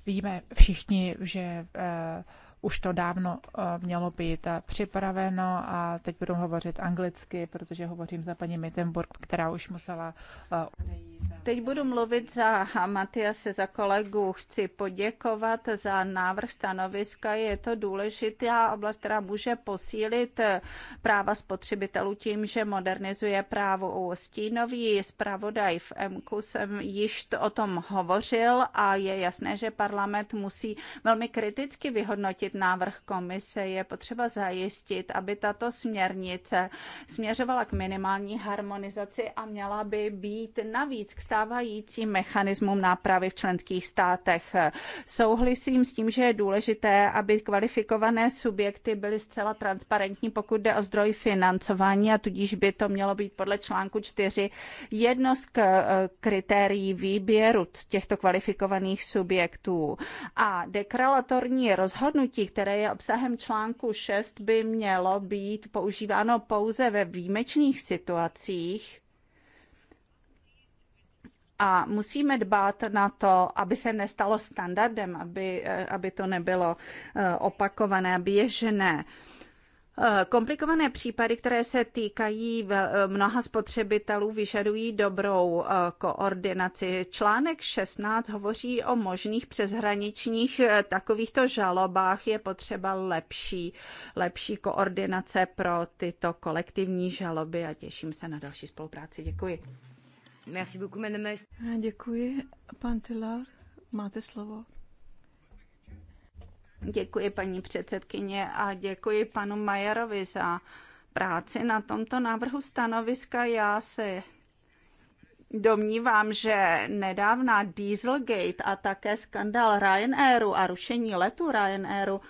Víme všichni, že eh, už to dávno eh, mělo být eh, připraveno a teď budu hovořit anglicky, protože hovořím za paní Mittenburg, která už musela eh, Teď budu mluvit za Matiase, za kolegu. Chci poděkovat za návrh stanoviska. Je to důležitá oblast, která může posílit práva spotřebitelů tím, že modernizuje právo u stínový. Zpravodaj v MKU jsem již o tom hovořil a je jasné, že parlament musí velmi kriticky vyhodnotit podpořit návrh komise, je potřeba zajistit, aby tato směrnice směřovala k minimální harmonizaci a měla by být navíc k stávajícím mechanismům nápravy v členských státech. Souhlasím s tím, že je důležité, aby kvalifikované subjekty byly zcela transparentní, pokud jde o zdroj financování a tudíž by to mělo být podle článku 4 jedno z e, kritérií výběru těchto kvalifikovaných subjektů. A deklaratorní rozhodnutí rozhodnutí, které je obsahem článku 6, by mělo být používáno pouze ve výjimečných situacích, a musíme dbát na to, aby se nestalo standardem, aby, eh, aby to nebylo eh, opakované, běžné. Eh, komplikované případy, které se týkají eh, mnoha spotřebitelů, vyžadují dobrou eh, koordinaci. Článek 16 hovoří o možných přeshraničních takovýchto žalobách. Je potřeba lepší, lepší koordinace pro tyto kolektivní žaloby a těším se na další spolupráci. Děkuji. Merci beaucoup, Děkuji. Pan Tilar, máte slovo. Děkuji paní předsedkyně a děkuji panu Majerovi za práci na tomto návrhu stanoviska. Já se domnívám, že nedávná Dieselgate a také skandal Ryanairu a rušení letu Ryanairu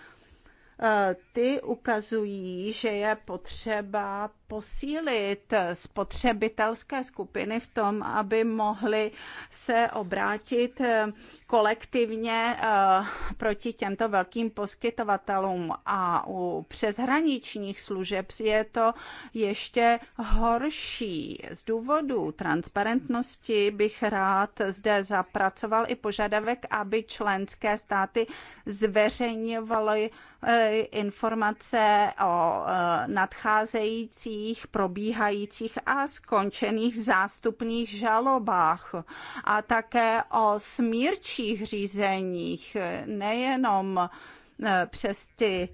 eh, ty ukazují, že je potřeba posílit spotřebitelské skupiny v tom, aby mohly se obrátit eh, kolektivně eh, proti těmto velkým poskytovatelům. A u přeshraničních služeb je to ještě horší. Z důvodu transparentnosti bych rád zde zapracoval i požadavek, aby členské státy zveřejňovaly eh, informace o nadcházející dalších probíhajících a skončených zástupných žalobách a také o smírčích řízeních, nejenom e, přes ty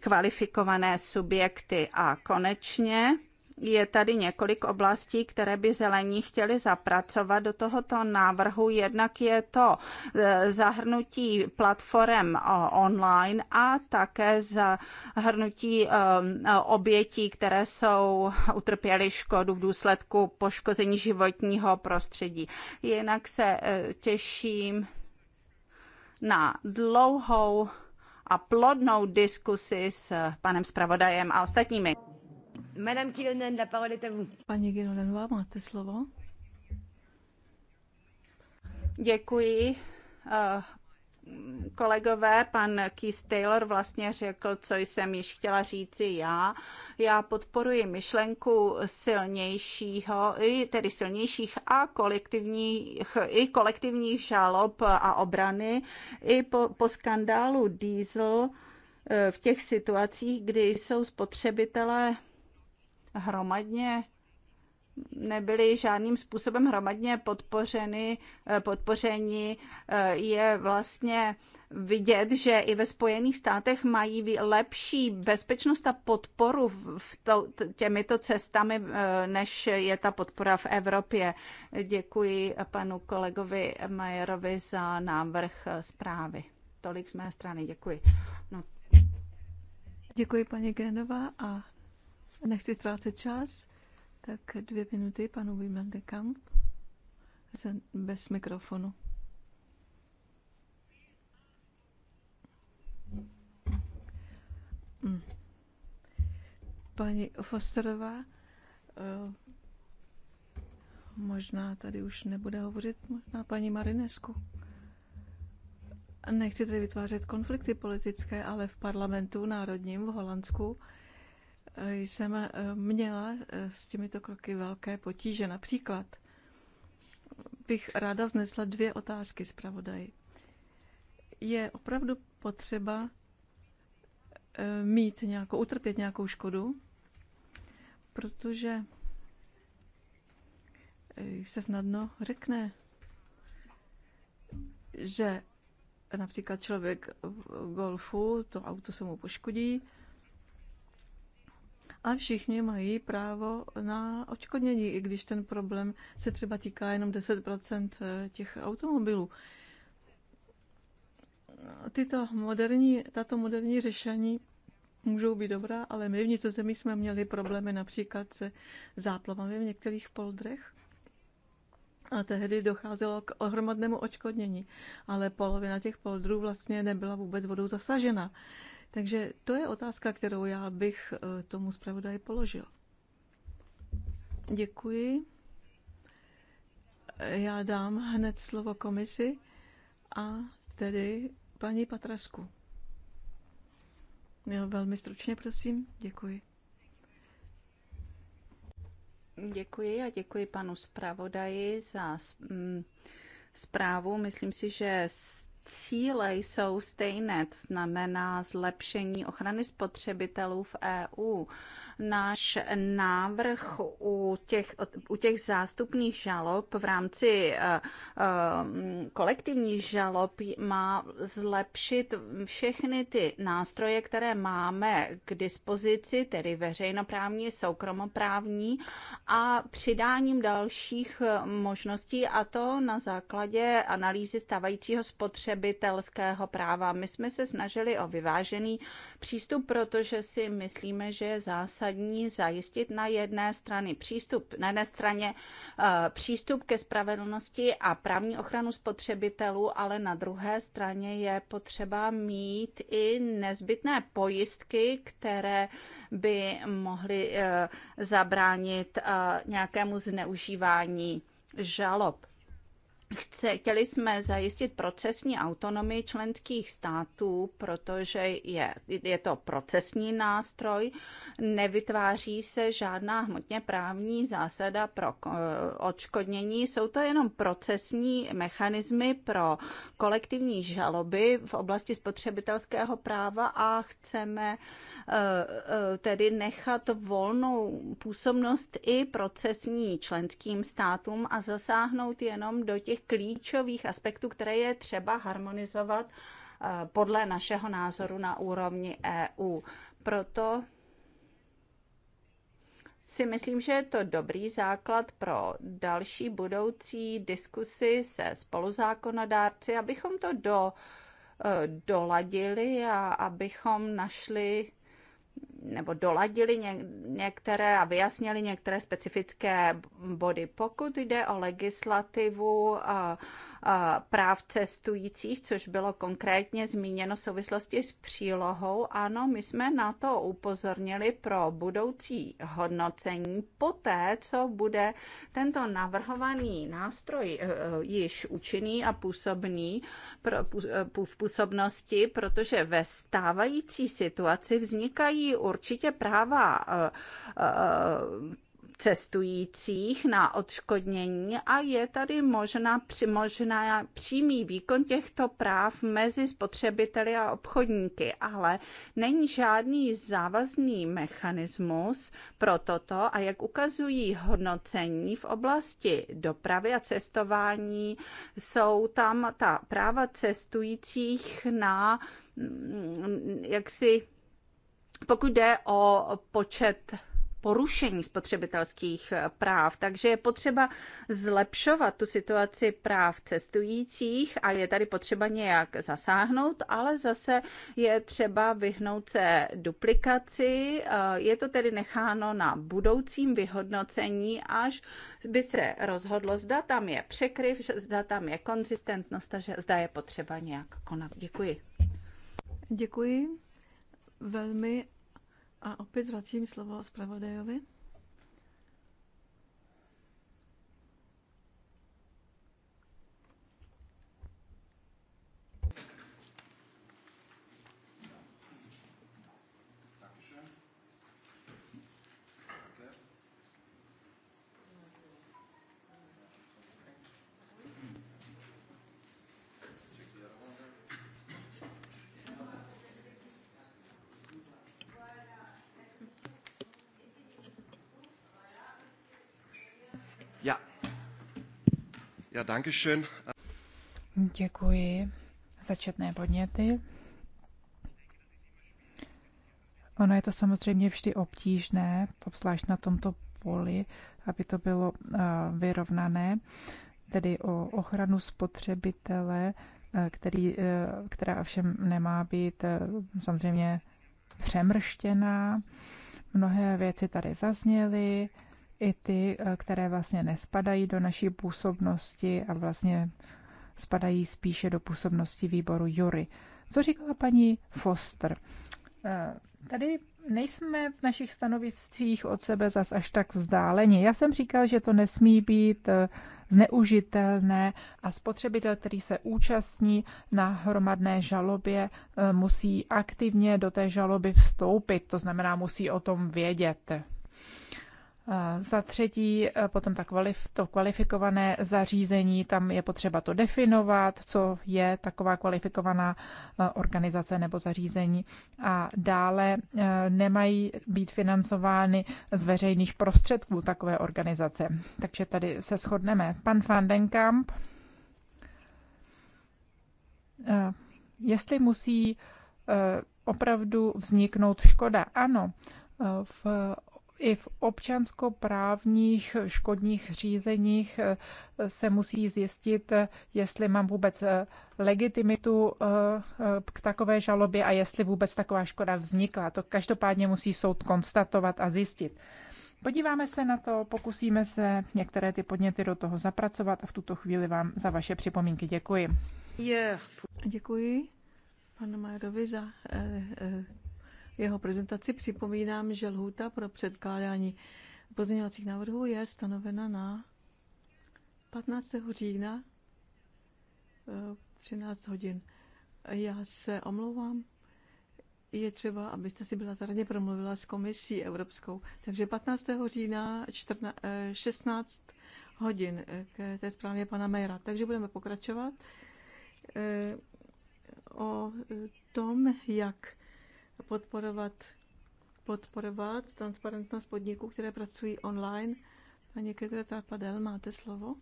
kvalifikované subjekty. A konečně je tady několik oblastí, které by zelení chtěli zapracovat do tohoto návrhu. Jednak je to e, zahrnutí platform e, online a také zahrnutí e, obětí, které jsou utrpěly škodu v důsledku poškození životního prostředí. Jinak se těším na dlouhou a plodnou diskusi s panem zpravodajem a ostatními. Madame Kilonen, la parole est à vous. Paní Kilonenová, máte slovo. Děkuji. Uh, kolegové, pan Keith Taylor vlastně řekl, co jsem již chtěla říci já. Já podporuji myšlenku silnějšího, tedy silnějších a kolektivních, i kolektivních žalob a obrany. I po, po skandálu Diesel eh, v těch situacích, kdy jsou spotřebitelé hromadně nebyly žádným způsobem hromadně podpořeny, eh, podpoření, eh, je vlastně vidět, že i ve Spojených státech mají lepší bezpečnost a podporu v to, těmito cestami, eh, než je ta podpora v Evropě. Děkuji panu kolegovi Majerovi za návrh zprávy. Tolik z mé strany, děkuji. No. Děkuji paní Grenová a Nechci ztrácet čas, tak dvě minuty panu Wimel Jsem bez mikrofonu. Pani mm. Paní Fosterová, eh, možná tady už nebude hovořit, možná paní Marinesku. Nechci tady vytvářet konflikty politické, ale v parlamentu národním v Holandsku jsem eh, měla eh, s těmito kroky velké potíže. Například bych ráda vznesla dvě otázky zpravodaji. Je opravdu potřeba eh, mít nějakou, utrpět nějakou škodu, protože se snadno řekne, že například člověk v golfu, to auto se mu poškodí, a všichni mají právo na očkodnění, i když ten problém se třeba týká jenom 10% eh, těch automobilů. Tyto moderní, tato moderní řešení můžou být dobrá, ale my v Nizozemí jsme měli problémy například se záplavami v některých poldrech. A tehdy docházelo k ohromadnému očkodnění, ale polovina těch poldrů vlastně nebyla vůbec vodou zasažena. Takže to je otázka, kterou já bych eh, tomu zpravodaji položil. Děkuji. Já dám hned slovo komisi a tedy paní Patrasku. Jo, velmi stručně, prosím. Děkuji. Děkuji a děkuji panu zpravodaji za zprávu. Myslím si, že cíle jsou stejné, to znamená zlepšení ochrany spotřebitelů v EU náš návrh u těch, u těch zástupných žalob v rámci eh, eh, kolektivních žalob má zlepšit všechny ty nástroje, které máme k dispozici, tedy veřejnoprávní, soukromoprávní a přidáním dalších eh, možností a to na základě analýzy stávajícího spotřebitelského práva. My jsme se snažili o vyvážený přístup, protože si myslíme, že je zásadní zásadní zajistit na jedné straně přístup, na jedné straně eh, přístup ke spravedlnosti a právní ochranu spotřebitelů, ale na druhé straně je potřeba mít i nezbytné pojistky, které by mohly eh, zabránit eh, nějakému zneužívání žalob chtěli jsme zajistit procesní autonomii členských států, protože je, je to procesní nástroj, nevytváří se žádná hmotně právní zásada pro eh, odškodnění, jsou to jenom procesní mechanismy pro kolektivní žaloby v oblasti spotřebitelského práva a chceme eh, eh, tedy nechat volnou působnost i procesní členským státům a zasáhnout jenom do těch těch klíčových aspektů, které je třeba harmonizovat eh, podle našeho názoru na úrovni EU. Proto si myslím, že je to dobrý základ pro další budoucí diskusy se spoluzákonodárci, abychom to do, eh, doladili a abychom našli nebo doladili některé a vyjasnili některé specifické body. Pokud jde o legislativu, eh, práv cestujících, což bylo konkrétně zmíněno v souvislosti s přílohou. Ano, my jsme na to upozornili pro budoucí hodnocení poté, co bude tento navrhovaný nástroj eh, eh, již účinný a působný eh, v působnosti, protože ve stávající situaci vznikají určitě práva cestujících na odškodnění a je tady možná, při, možná přímý výkon těchto práv mezi spotřebiteli a obchodníky, ale není žádný závazný mechanismus pro toto a jak ukazují hodnocení v oblasti dopravy a cestování, jsou tam ta práva cestujících na mm, jaksi pokud jde o počet porušení spotřebitelských eh, práv. Takže je potřeba zlepšovat tu situaci práv cestujících a je tady potřeba nějak zasáhnout, ale zase je třeba vyhnout se duplikaci. Eh, je to tedy necháno na budoucím vyhodnocení, až by se rozhodlo, zda tam je překryv, zda tam je konzistentnost a zda je potřeba nějak konat. Děkuji. Děkuji velmi a opět vracím slovo zpravodajovi. Ja, danke schön. Děkuji za četné podněty. Ono je to samozřejmě vždy obtížné, obzvlášť na tomto poli, aby to bylo eh, vyrovnané, tedy o ochranu spotřebitele, eh, který, eh, která ovšem nemá být samozřejmě přemrštěná. Mnohé věci tady zazněly, i ty, eh, které vlastně nespadají do naší působnosti a vlastně spadají spíše do působnosti výboru Jury. Co říkala paní Foster? Eh, tady nejsme v našich stanoviscích od sebe zas až tak vzdáleni. Já jsem říkal, že to nesmí být eh, zneužitelné a spotřebitel, který se účastní na hromadné žalobě, musí aktivně do té žaloby vstoupit, to znamená, musí o tom vědět. Za třetí, e, potom ta kvalif- to kvalifikované zařízení, tam je potřeba to definovat, co je taková kvalifikovaná e, organizace nebo zařízení. A dále e, nemají být financovány z veřejných prostředků takové organizace. Takže tady se shodneme. Pan Van den Kamp, jestli musí opravdu vzniknout škoda. Ano, v i v občanskoprávních škodních řízeních eh, se musí zjistit, eh, jestli mám vůbec eh, legitimitu k takové žalobě a jestli vůbec taková škoda vznikla. To každopádně musí soud konstatovat a zjistit. Podíváme se na to, pokusíme se některé ty podněty do toho zapracovat a v tuto chvíli vám za vaše připomínky děkuji. Yeah. Děkuji panu Majerovi za eh, eh, jeho prezentaci. Připomínám, že lhůta pro předkládání pozměňovacích návrhů je stanovena na 15. října 13 eh, hodin. Já se omlouvám. Je třeba, abyste si byla tady promluvila s komisí evropskou. Takže 15. října 14, 16 eh, hodin eh, k té zprávě pana Mejra. Takže budeme pokračovat o tom, jak podporovat, podporovat transparentnost podniků, které pracují online. Paní Kegretar Padel, máte slovo.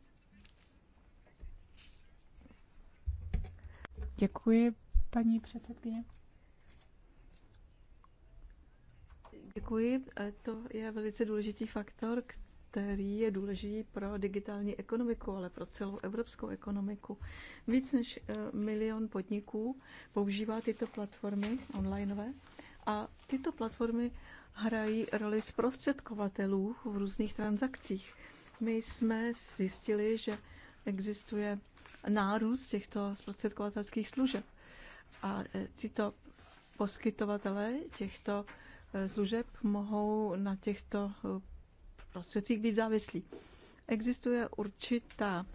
Děkuji, paní předsedkyně. Děkuji. To je velice důležitý faktor, který je důležitý pro digitální ekonomiku, ale pro celou evropskou ekonomiku. Víc než eh, milion podniků používá tyto platformy onlineové a tyto platformy hrají roli zprostředkovatelů v různých transakcích. My jsme zjistili, že existuje nárůst těchto zprostředkovatelských služeb. A e, tyto poskytovatele těchto e, služeb mohou na těchto e, prostředcích být závislí. Existuje určitá,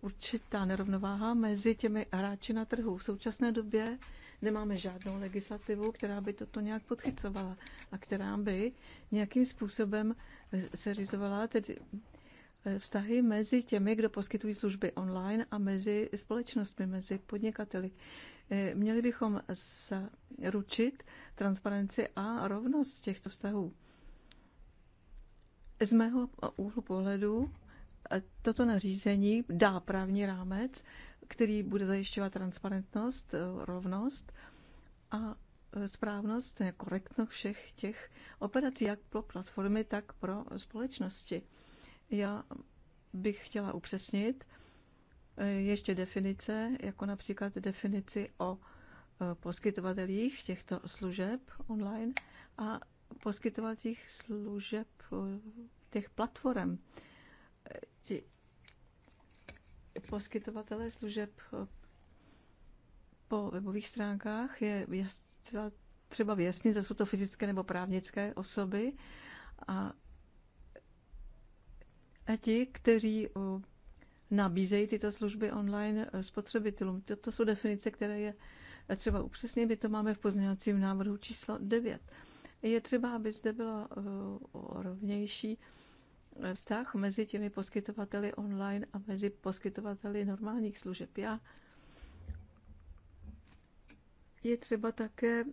určitá nerovnováha mezi těmi hráči na trhu. V současné době Nemáme žádnou legislativu, která by toto nějak podchycovala a která by nějakým způsobem seřizovala tedy eh, vztahy mezi těmi, kdo poskytují služby online a mezi společnostmi, mezi podnikateli. Eh, měli bychom ručit transparenci a rovnost těchto vztahů. Z mého úhlu pohledu eh, toto nařízení dá právní rámec který bude zajišťovat transparentnost, eh, rovnost a eh, správnost, eh, korektnost všech těch operací, jak pro platformy, tak pro společnosti. Já bych chtěla upřesnit ještě definice, jako například definici o poskytovatelích těchto služeb online a poskytovatelích služeb těch platform poskytovatelé služeb eh, po webových stránkách je třeba vyjasnit, zda jsou to fyzické nebo právnické osoby a, a ti, kteří eh, nabízejí tyto služby online eh, spotřebitelům. To jsou definice, které je třeba upřesnit, my to máme v pozměňovacím návrhu číslo 9. Je třeba, aby zde bylo rovnější vztah mezi těmi poskytovateli online a mezi poskytovateli normálních služeb. Já je třeba také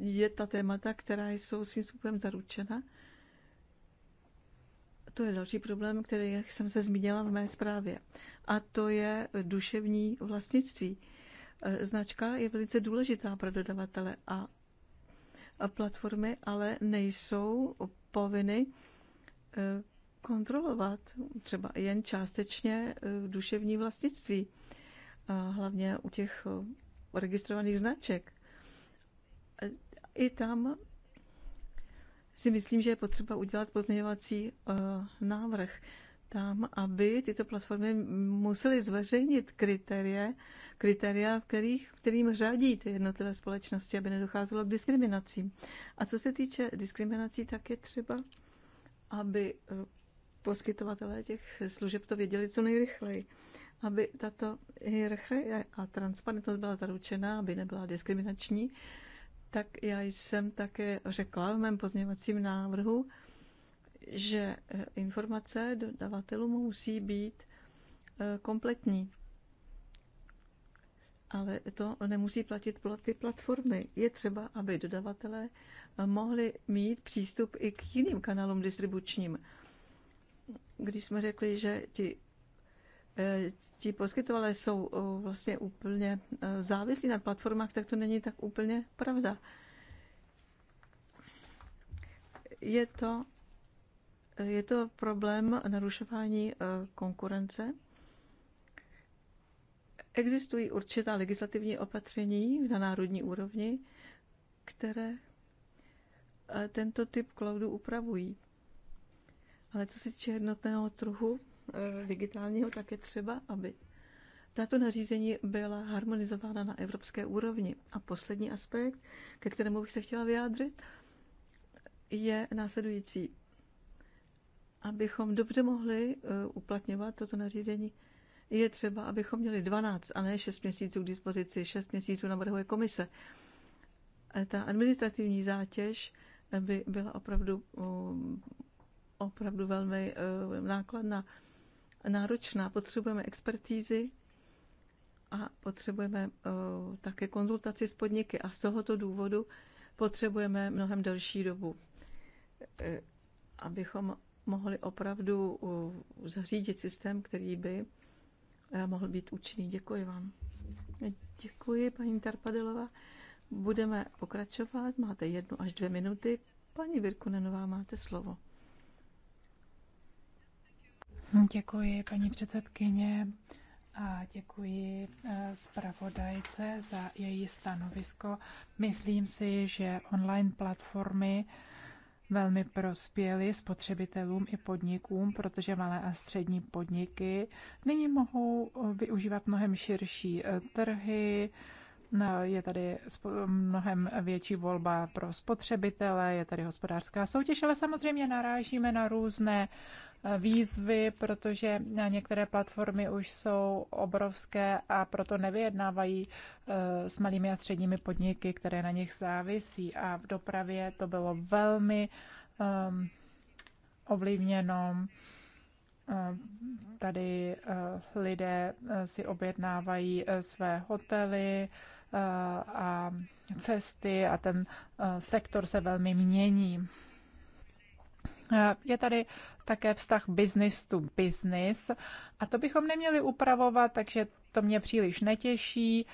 vidět ta témata, která jsou svým způsobem zaručena. To je další problém, který jak jsem se zmínila v mé zprávě. A to je duševní vlastnictví. E, značka je velice důležitá pro dodavatele a platformy ale nejsou povinny eh, kontrolovat třeba jen částečně eh, duševní vlastnictví, a hlavně u těch eh, registrovaných značek. I tam si myslím, že je potřeba udělat pozměňovací návrh tam, aby tyto platformy musely zveřejnit kritérie, kritéria, v kterých, v kterým řadí ty jednotlivé společnosti, aby nedocházelo k diskriminacím. A co se týče diskriminací, tak je třeba, aby eh, poskytovatelé těch služeb to věděli co nejrychleji, aby tato hierarchie a transparentnost byla zaručena, aby nebyla diskriminační, tak já jsem také řekla v mém pozměňovacím návrhu, že e, informace dodavatelům musí být e, kompletní. Ale to nemusí platit ty platformy. Je třeba, aby dodavatelé e, mohli mít přístup i k jiným kanálům distribučním. Když jsme řekli, že ti, ti poskytovatelé jsou vlastně úplně závislí na platformách, tak to není tak úplně pravda. Je to je to problém narušování eh, konkurence. Existují určitá legislativní opatření na národní úrovni, které eh, tento typ cloudu upravují. Ale co se týče jednotného trhu eh, digitálního, tak je třeba, aby tato nařízení byla harmonizována na evropské úrovni. A poslední aspekt, ke kterému bych se chtěla vyjádřit, je následující abychom dobře mohli eh, uplatňovat toto nařízení, je třeba, abychom měli 12 a ne 6 měsíců k dispozici. 6 měsíců navrhuje komise. Eh, ta administrativní zátěž eh, by byla opravdu, opravdu velmi nákladná, náročná. Potřebujeme expertízy a potřebujeme také konzultaci s podniky a z tohoto důvodu potřebujeme mnohem delší dobu, abychom mohli opravdu zařídit systém, který by eh, mohl být účinný. Děkuji vám. Děkuji, paní Tarpadelová. Budeme pokračovat. Máte jednu až dvě minuty. Paní Virkunenová, máte slovo. Děkuji, paní předsedkyně, a děkuji eh, zpravodajce za její stanovisko. Myslím si, že online platformy velmi prospěly spotřebitelům i podnikům, protože malé a střední podniky nyní mohou využívat mnohem širší eh, trhy, je tady mnohem větší volba pro spotřebitele, je tady hospodářská soutěž, ale samozřejmě narážíme na různé eh, výzvy, protože některé platformy už jsou obrovské a proto nevyjednávají eh, s malými a středními podniky, které na nich závisí. A v dopravě to bylo velmi um, ovlivněno. Eh, tady lidé si objednávají své hotely, Eh, a cesty a ten eh, sektor se velmi mění. Eh, je tady také vztah business to business a to bychom neměli upravovat, takže to mě příliš netěší.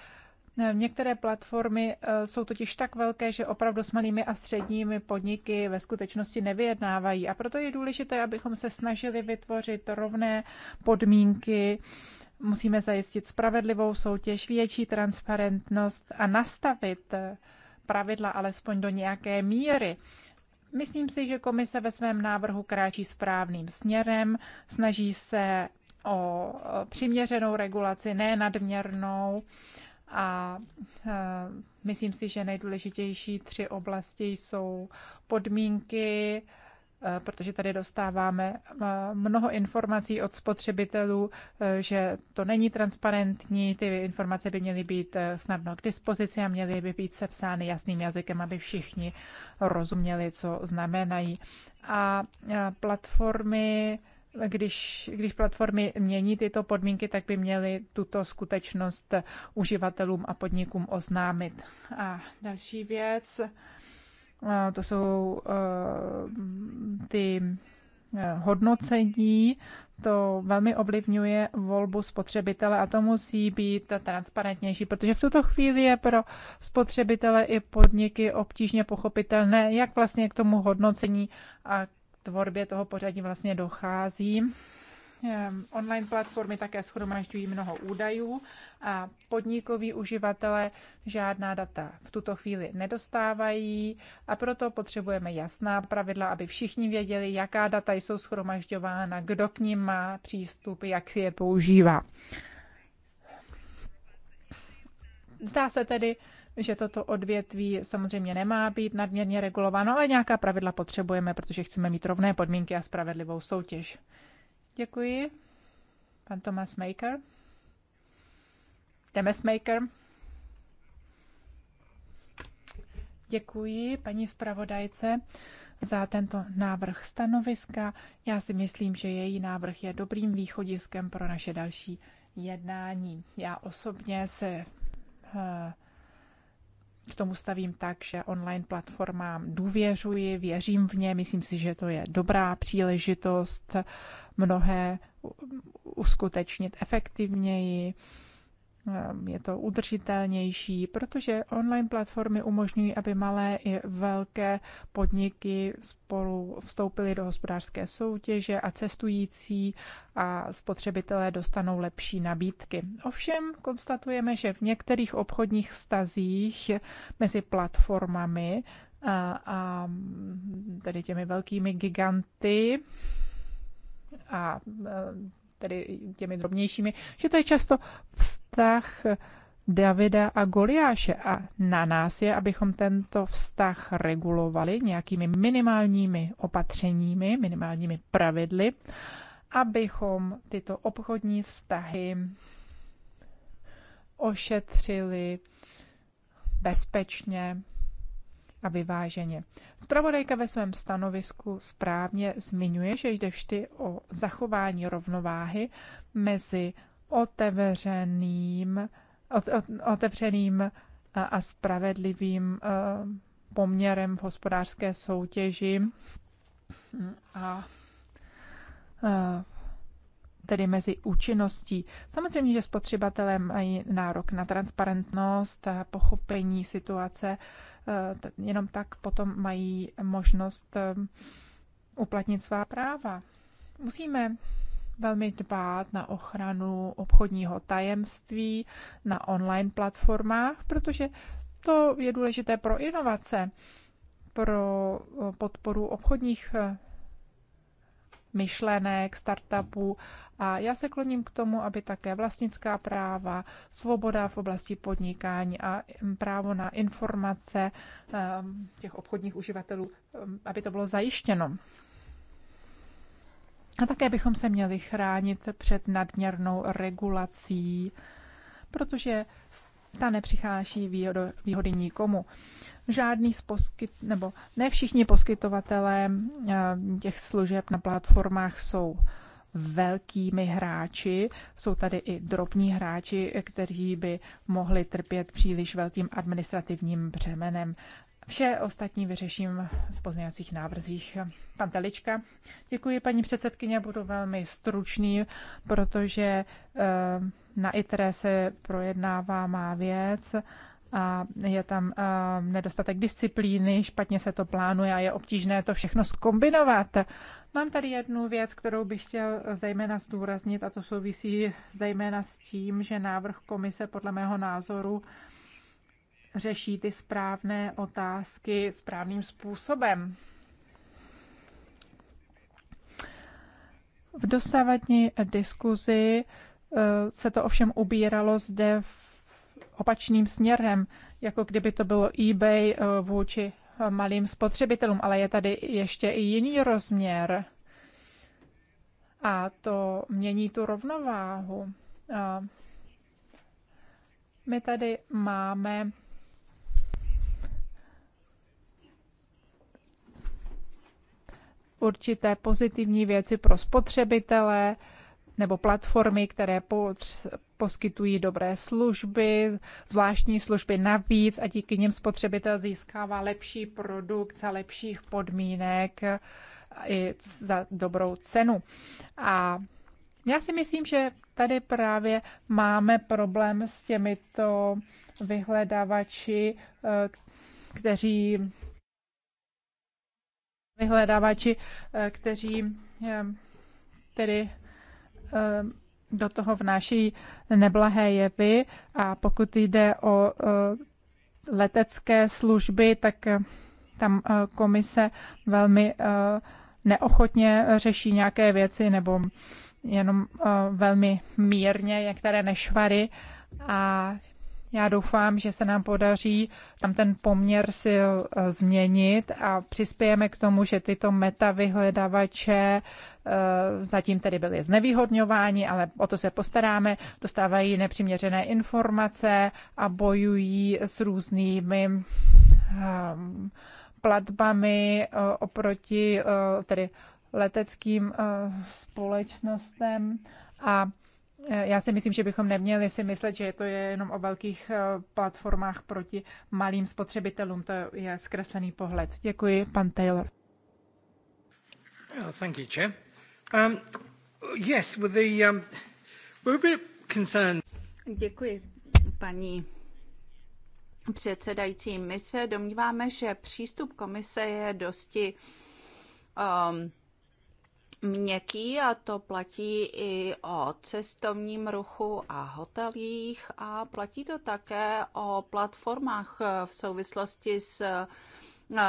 Některé platformy jsou totiž tak velké, že opravdu s malými a středními podniky ve skutečnosti nevyjednávají. A proto je důležité, abychom se snažili vytvořit rovné podmínky Musíme zajistit spravedlivou soutěž, větší transparentnost a nastavit eh, pravidla alespoň do nějaké míry. Myslím si, že komise ve svém návrhu kráčí správným směrem, snaží se o přiměřenou regulaci, ne nadměrnou. A eh, myslím si, že nejdůležitější tři oblasti jsou podmínky, Eh, protože tady dostáváme eh, mnoho informací od spotřebitelů, eh, že to není transparentní, ty informace by měly být snadno k dispozici a měly by být sepsány jasným jazykem, aby všichni rozuměli, co znamenají. A platformy když, když platformy mění tyto podmínky, tak by měly tuto skutečnost uživatelům a podnikům oznámit. A další věc, Eh, to jsou eh, ty eh, hodnocení, to velmi ovlivňuje volbu spotřebitele a to musí být transparentnější, protože v tuto chvíli je pro spotřebitele i podniky obtížně pochopitelné, jak vlastně k tomu hodnocení a tvorbě toho pořadí vlastně dochází. Ehm, online platformy také schromažďují mnoho údajů a podnikoví uživatelé žádná data v tuto chvíli nedostávají a proto potřebujeme jasná pravidla, aby všichni věděli, jaká data jsou schromažďována, kdo k ním má přístup, jak si je používá. Zdá se tedy, že toto odvětví samozřejmě nemá být nadměrně regulováno, ale nějaká pravidla potřebujeme, protože chceme mít rovné podmínky a spravedlivou soutěž. Děkuji. Pan Tomas Maker. Demes Maker. Děkuji paní zpravodajce za tento návrh stanoviska. Já si myslím, že její návrh je dobrým východiskem pro naše další jednání. Já osobně se eh, k tomu stavím tak, že online platformám důvěřuji, věřím v ně, myslím si, že to je dobrá příležitost mnohé uskutečnit efektivněji Ehm, je to udržitelnější, protože online platformy umožňují, aby malé i velké podniky spolu vstoupily do hospodářské soutěže a cestující a spotřebitelé dostanou lepší nabídky. Ovšem konstatujeme, že v některých obchodních vztazích mezi platformami a, a tedy těmi velkými giganty a e, tedy těmi drobnějšími, že to je často vst vztah Davida a Goliáše a na nás je, abychom tento vztah regulovali nějakými minimálními opatřeními, minimálními pravidly, abychom tyto obchodní vztahy ošetřili bezpečně a vyváženě. Spravodajka ve svém stanovisku správně zmiňuje, že jde vždy o zachování rovnováhy mezi otevřeným, otevřeným a spravedlivým poměrem v hospodářské soutěži a tedy mezi účinností. Samozřejmě, že spotřebatelé mají nárok na transparentnost, pochopení situace, jenom tak potom mají možnost uplatnit svá práva. Musíme velmi dbát na ochranu obchodního tajemství na online platformách, protože to je důležité pro inovace, pro eh, podporu obchodních eh, myšlenek, startupů. A já se kloním k tomu, aby také vlastnická práva, svoboda v oblasti podnikání a mm, právo na informace eh, těch obchodních uživatelů, aby to bylo zajištěno. A také bychom se měli chránit před nadměrnou regulací, protože ta nepřichází výhody, výhody nikomu. Žádný z poskyt, nebo ne všichni poskytovatelé eh, těch služeb na platformách jsou velkými hráči. Jsou tady i drobní hráči, kteří by mohli trpět příliš velkým administrativním břemenem. Vše ostatní vyřeším v pozněvacích návrzích. Pan Telička. Děkuji, paní předsedkyně, budu velmi stručný, protože eh, na ITRE se projednává má věc a je tam eh, nedostatek disciplíny, špatně se to plánuje a je obtížné to všechno skombinovat. Mám tady jednu věc, kterou bych chtěl zejména zdůraznit a to souvisí zejména s tím, že návrh komise podle mého názoru řeší ty správné otázky správným způsobem. V dosávatní diskuzi eh, se to ovšem ubíralo zde opačným směrem, jako kdyby to bylo eBay eh, vůči malým spotřebitelům, ale je tady ještě i jiný rozměr. A to mění tu rovnováhu. Eh, my tady máme určité pozitivní věci pro spotřebitele nebo platformy, které poskytují dobré služby, zvláštní služby navíc a díky nim spotřebitel získává lepší produkt za lepších podmínek i za dobrou cenu. A já si myslím, že tady právě máme problém s těmito vyhledavači, eh, kteří vyhledávači, eh, kteří eh, tedy eh, do toho vnáší neblahé jevy a pokud jde o letecké služby, tak tam komise velmi neochotně řeší nějaké věci nebo jenom velmi mírně některé nešvary a já doufám, že se nám podaří tam ten poměr sil eh, změnit a přispějeme k tomu, že tyto meta vyhledavače eh, zatím tedy byly znevýhodňováni, ale o to se postaráme, dostávají nepřiměřené informace a bojují s různými eh, platbami oproti tedy leteckým společnostem a Eh, já si myslím, že bychom neměli si myslet, že to je jenom o velkých eh, platformách proti malým spotřebitelům. To je zkreslený pohled. Děkuji, pan Taylor. thank you, Chair. Um, yes, with the, um, we're a bit concerned. Děkuji, paní předsedající. My se domníváme, že přístup komise je dosti um, měkký a to platí i o cestovním ruchu a hotelích a platí to také o platformách v souvislosti s eh,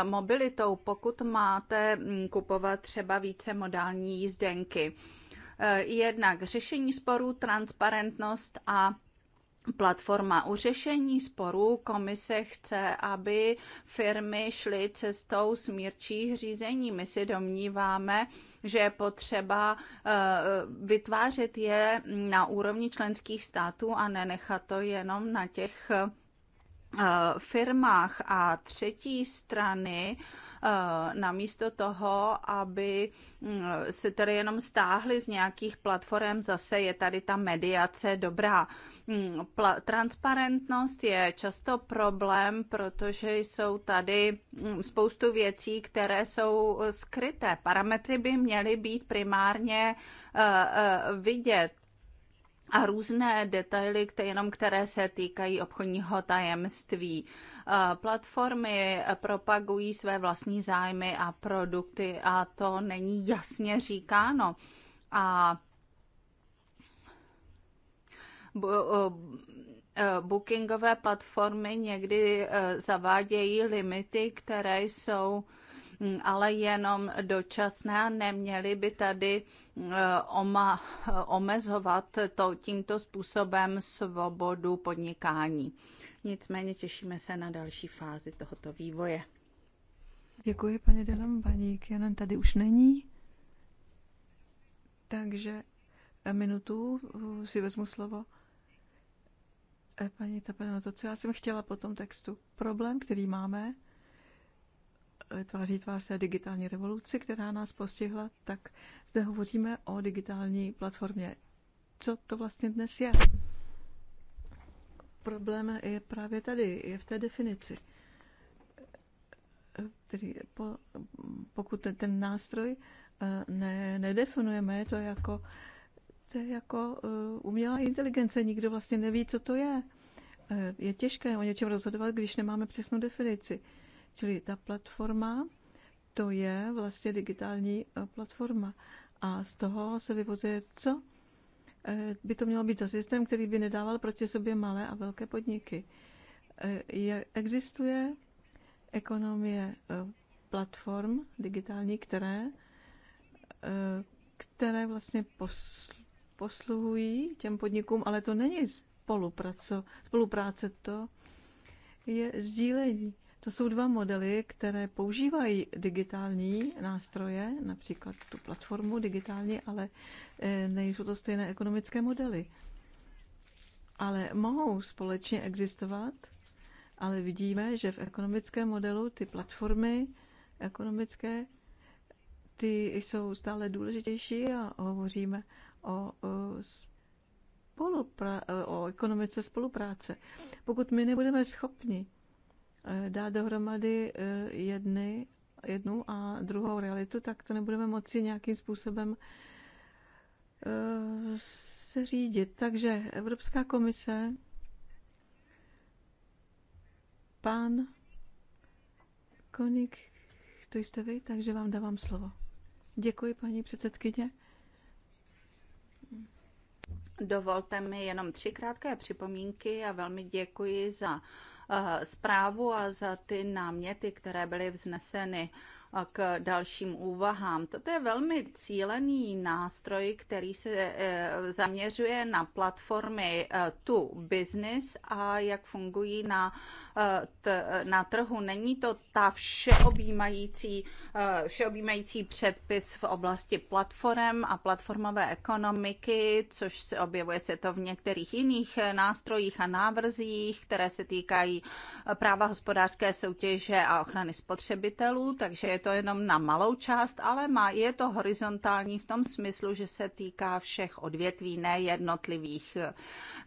mobilitou, pokud máte mm, kupovat třeba více modální jízdenky. Eh, jednak řešení sporů, transparentnost a platforma u řešení sporů. Komise chce, aby firmy šly cestou smírčích řízení. My si domníváme, že je potřeba eh, vytvářet je na úrovni členských států a nenechat to jenom na těch eh, firmách a třetí strany Eh, namísto toho, aby mm, se tedy jenom stáhli z nějakých platform, zase je tady ta mediace dobrá. Mm, transparentnost je často problém, protože jsou tady mm, spoustu věcí, které jsou skryté. Parametry by měly být primárně eh, eh, vidět a různé detaily, které, jenom které se týkají obchodního tajemství. Eh, platformy eh, propagují své vlastní zájmy a produkty a to není jasně říkáno. A eh, bookingové platformy někdy zavádějí limity, které jsou hm, ale jenom dočasné a neměly by tady oma, omezovat to tímto způsobem svobodu podnikání. Nicméně těšíme se na další fázi tohoto vývoje. Děkuji, paní Delam. Paní Kianen tady už není. Takže eh, minutu eh, si vezmu slovo. Eh, paní Tapeno, no to, co já jsem chtěla po tom textu. Problém, který máme, tváří tvář té digitální revoluci, která nás postihla, tak zde hovoříme o digitální platformě. Co to vlastně dnes je? problém je právě tady, je v té definici. Tedy po, pokud ten, ten nástroj eh, ne, nedefinujeme, je to jako, to je jako eh, umělá inteligence, nikdo vlastně neví, co to je. Eh, je těžké o něčem rozhodovat, když nemáme přesnou definici. Čili ta platforma, to je vlastně digitální platforma. A z toho se vyvozuje co? Eh, by to mělo být za systém, který by nedával proti sobě malé a velké podniky. Eh, existuje ekonomie eh, platform digitální, které, které vlastně posluhují těm podnikům, ale to není spolupráce, spolupráce to je sdílení. To jsou dva modely, které používají digitální nástroje, například tu platformu digitální, ale eh, nejsou to stejné ekonomické modely. Ale mohou společně existovat, ale vidíme, že v ekonomickém modelu ty platformy ekonomické, ty jsou stále důležitější a hovoříme o, o spolupra- o ekonomice spolupráce. Pokud my nebudeme schopni Eh, dá dohromady eh, jedny, jednu a druhou realitu, tak to nebudeme moci nějakým způsobem eh, se řídit. Takže Evropská komise, pán Konik, to jste vy, takže vám dávám slovo. Děkuji, paní předsedkyně. Dovolte mi jenom tři krátké připomínky a velmi děkuji za Eh, zprávu a za ty náměty, které byly vzneseny k dalším úvahám. Toto je velmi cílený nástroj, který se eh, zaměřuje na platformy eh, tu business a jak fungují na, eh, na trhu. Není to ta všeobjímající, všeobjímající předpis v oblasti platform a platformové ekonomiky, což se objevuje se to v některých jiných nástrojích a návrzích, které se týkají práva hospodářské soutěže a ochrany spotřebitelů, takže je je to jenom na malou část, ale má, je to horizontální v tom smyslu, že se týká všech odvětví, ne jednotlivých.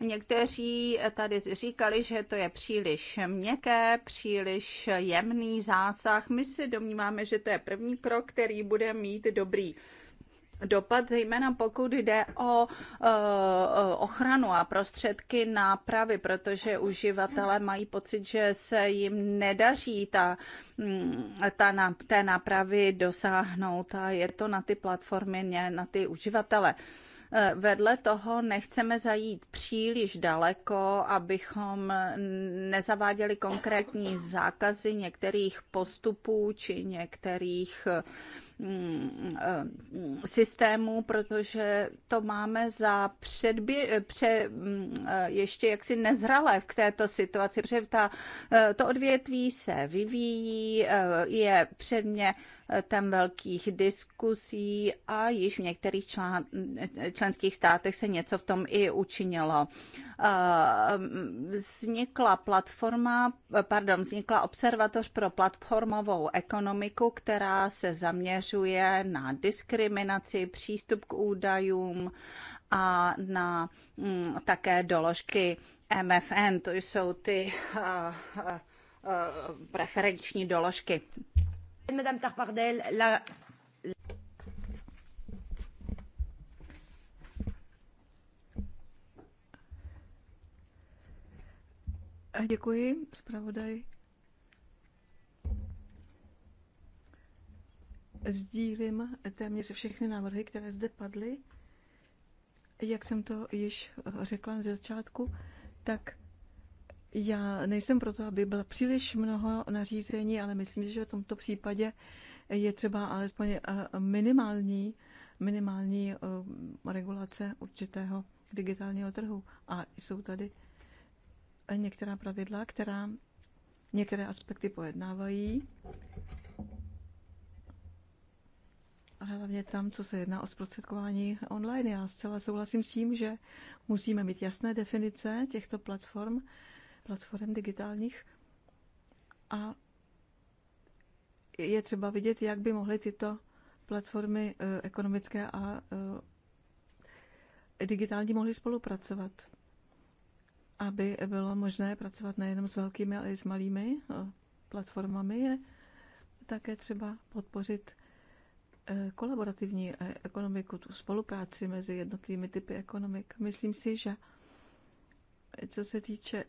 Někteří tady říkali, že to je příliš měkké, příliš jemný zásah. My si domníváme, že to je první krok, který bude mít dobrý dopad, zejména pokud jde o eh, eh, ochranu a prostředky nápravy, protože uživatelé mají pocit, že se jim nedaří ta, mm, ta, té nápravy dosáhnout a je to na ty platformy, ne na ty uživatele. Eh, vedle toho nechceme zajít příliš daleko, abychom nezaváděli konkrétní zákazy některých postupů či některých Mm, eh, systému, protože to máme za předbě, pře, mm, eh, ještě jaksi nezralé v této situaci, protože ta, eh, to odvětví se vyvíjí, je předmě tam velkých diskusí a již v některých člán, členských státech se něco v tom i učinilo. Eh, vznikla platforma, pardon, vznikla observatoř pro platformovou ekonomiku, která se zaměřuje na diskriminaci, přístup k údajům a na mm, také doložky MFN, to jsou ty uh, uh, preferenční doložky Madame Tarpardel, la... Eh, děkuji, zpravodaj. Sdílím téměř všechny návrhy, které zde padly. Jak jsem to již eh, řekla na začátku, tak já nejsem proto, aby bylo příliš mnoho nařízení, ale myslím si, že v tomto případě je třeba alespoň eh, minimální, minimální eh, regulace určitého digitálního trhu. A jsou tady eh, některá pravidla, která některé aspekty pojednávají. A hlavně tam, co se jedná o zprostředkování online. Já zcela souhlasím s tím, že musíme mít jasné definice těchto platform platform digitálních a je třeba vidět, jak by mohly tyto platformy eh, ekonomické a eh, digitální mohly spolupracovat, aby bylo možné pracovat nejenom s velkými, ale i s malými eh, platformami. Je také třeba podpořit kolaborativní ekonomiku, tu spolupráci mezi jednotlivými typy ekonomik. Myslím si, že co se týče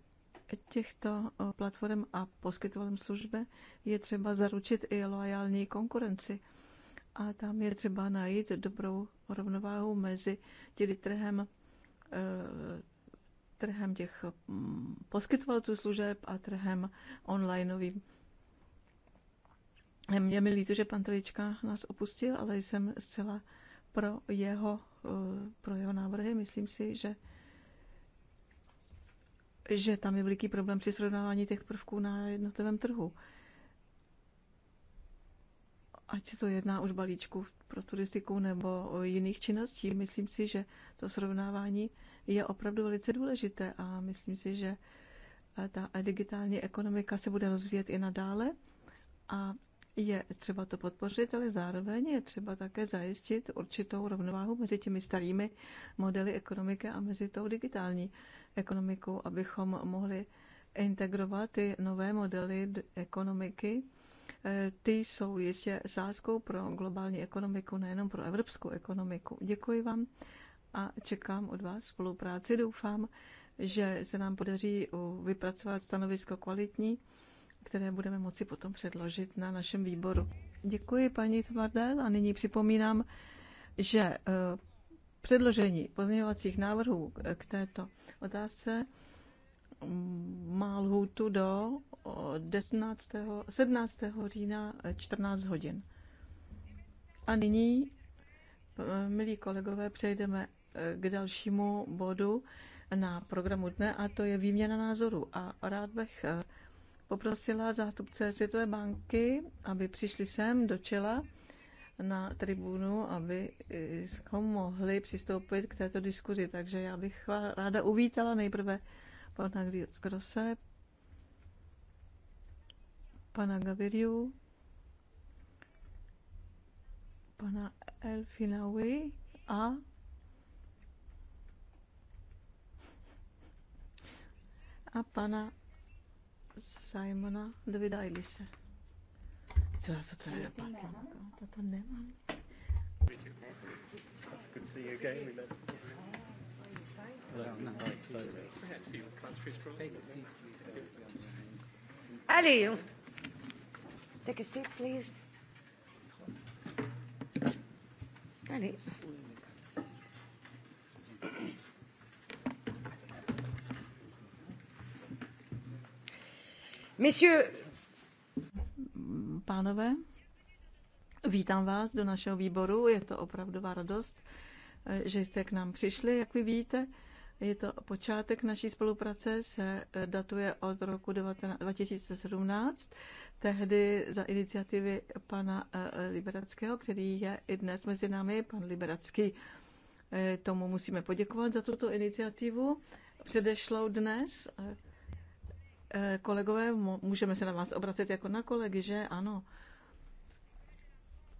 těchto eh, platform a poskytovatelům služby je třeba zaručit i loajální konkurenci. A tam je třeba najít dobrou rovnováhu mezi tedy trhem, eh, trhem těch mm, poskytovatelů služeb a trhem onlineovým. Mě mi líto, že pan Telička nás opustil, ale jsem zcela pro jeho, eh, pro jeho návrhy. Myslím si, že že tam je veliký problém při srovnávání těch prvků na jednotlivém trhu. Ať se to jedná už balíčku pro turistiku nebo o jiných činností, myslím si, že to srovnávání je opravdu velice důležité a myslím si, že ta digitální ekonomika se bude rozvíjet i nadále a je třeba to podpořit, ale zároveň je třeba také zajistit určitou rovnováhu mezi těmi starými modely ekonomiky a mezi tou digitální ekonomikou, abychom mohli integrovat ty nové modely ekonomiky. E, ty jsou jistě sázkou pro globální ekonomiku, nejenom pro evropskou ekonomiku. Děkuji vám a čekám od vás spolupráci. Doufám, že se nám podaří vypracovat stanovisko kvalitní které budeme moci potom předložit na našem výboru. Děkuji, paní Tvardel, a nyní připomínám, že eh, předložení pozměňovacích návrhů k této otázce mm, má lhůtu do 19. 17. října 14 eh, hodin. A nyní, eh, milí kolegové, přejdeme k dalšímu bodu na programu dne a to je výměna názorů. A rád bych poprosila zástupce Světové banky, aby přišli sem do čela na tribunu, aby jsme eh, mohli přistoupit k této diskuzi. Takže já bych ráda uvítala nejprve pana Grosse, pana Gaviriu, pana Elfinaui a a pana Simona Davida Elise. Co na to tady je no, To to nemám. Good to see you again. Allez, on... take a seat, please. Allez. Messieurs... Pánové, vítám vás do našeho výboru. Je to opravdová radost, že jste k nám přišli, jak vy víte. Je to počátek naší spolupráce, se eh, datuje od roku 2017, tehdy za iniciativy pana eh, Liberackého, který je i dnes mezi námi, pan Liberacký. Eh, tomu musíme poděkovat za tuto iniciativu předešlou dnes. Eh, kolegové, můžeme se na vás obracet jako na kolegy, že ano.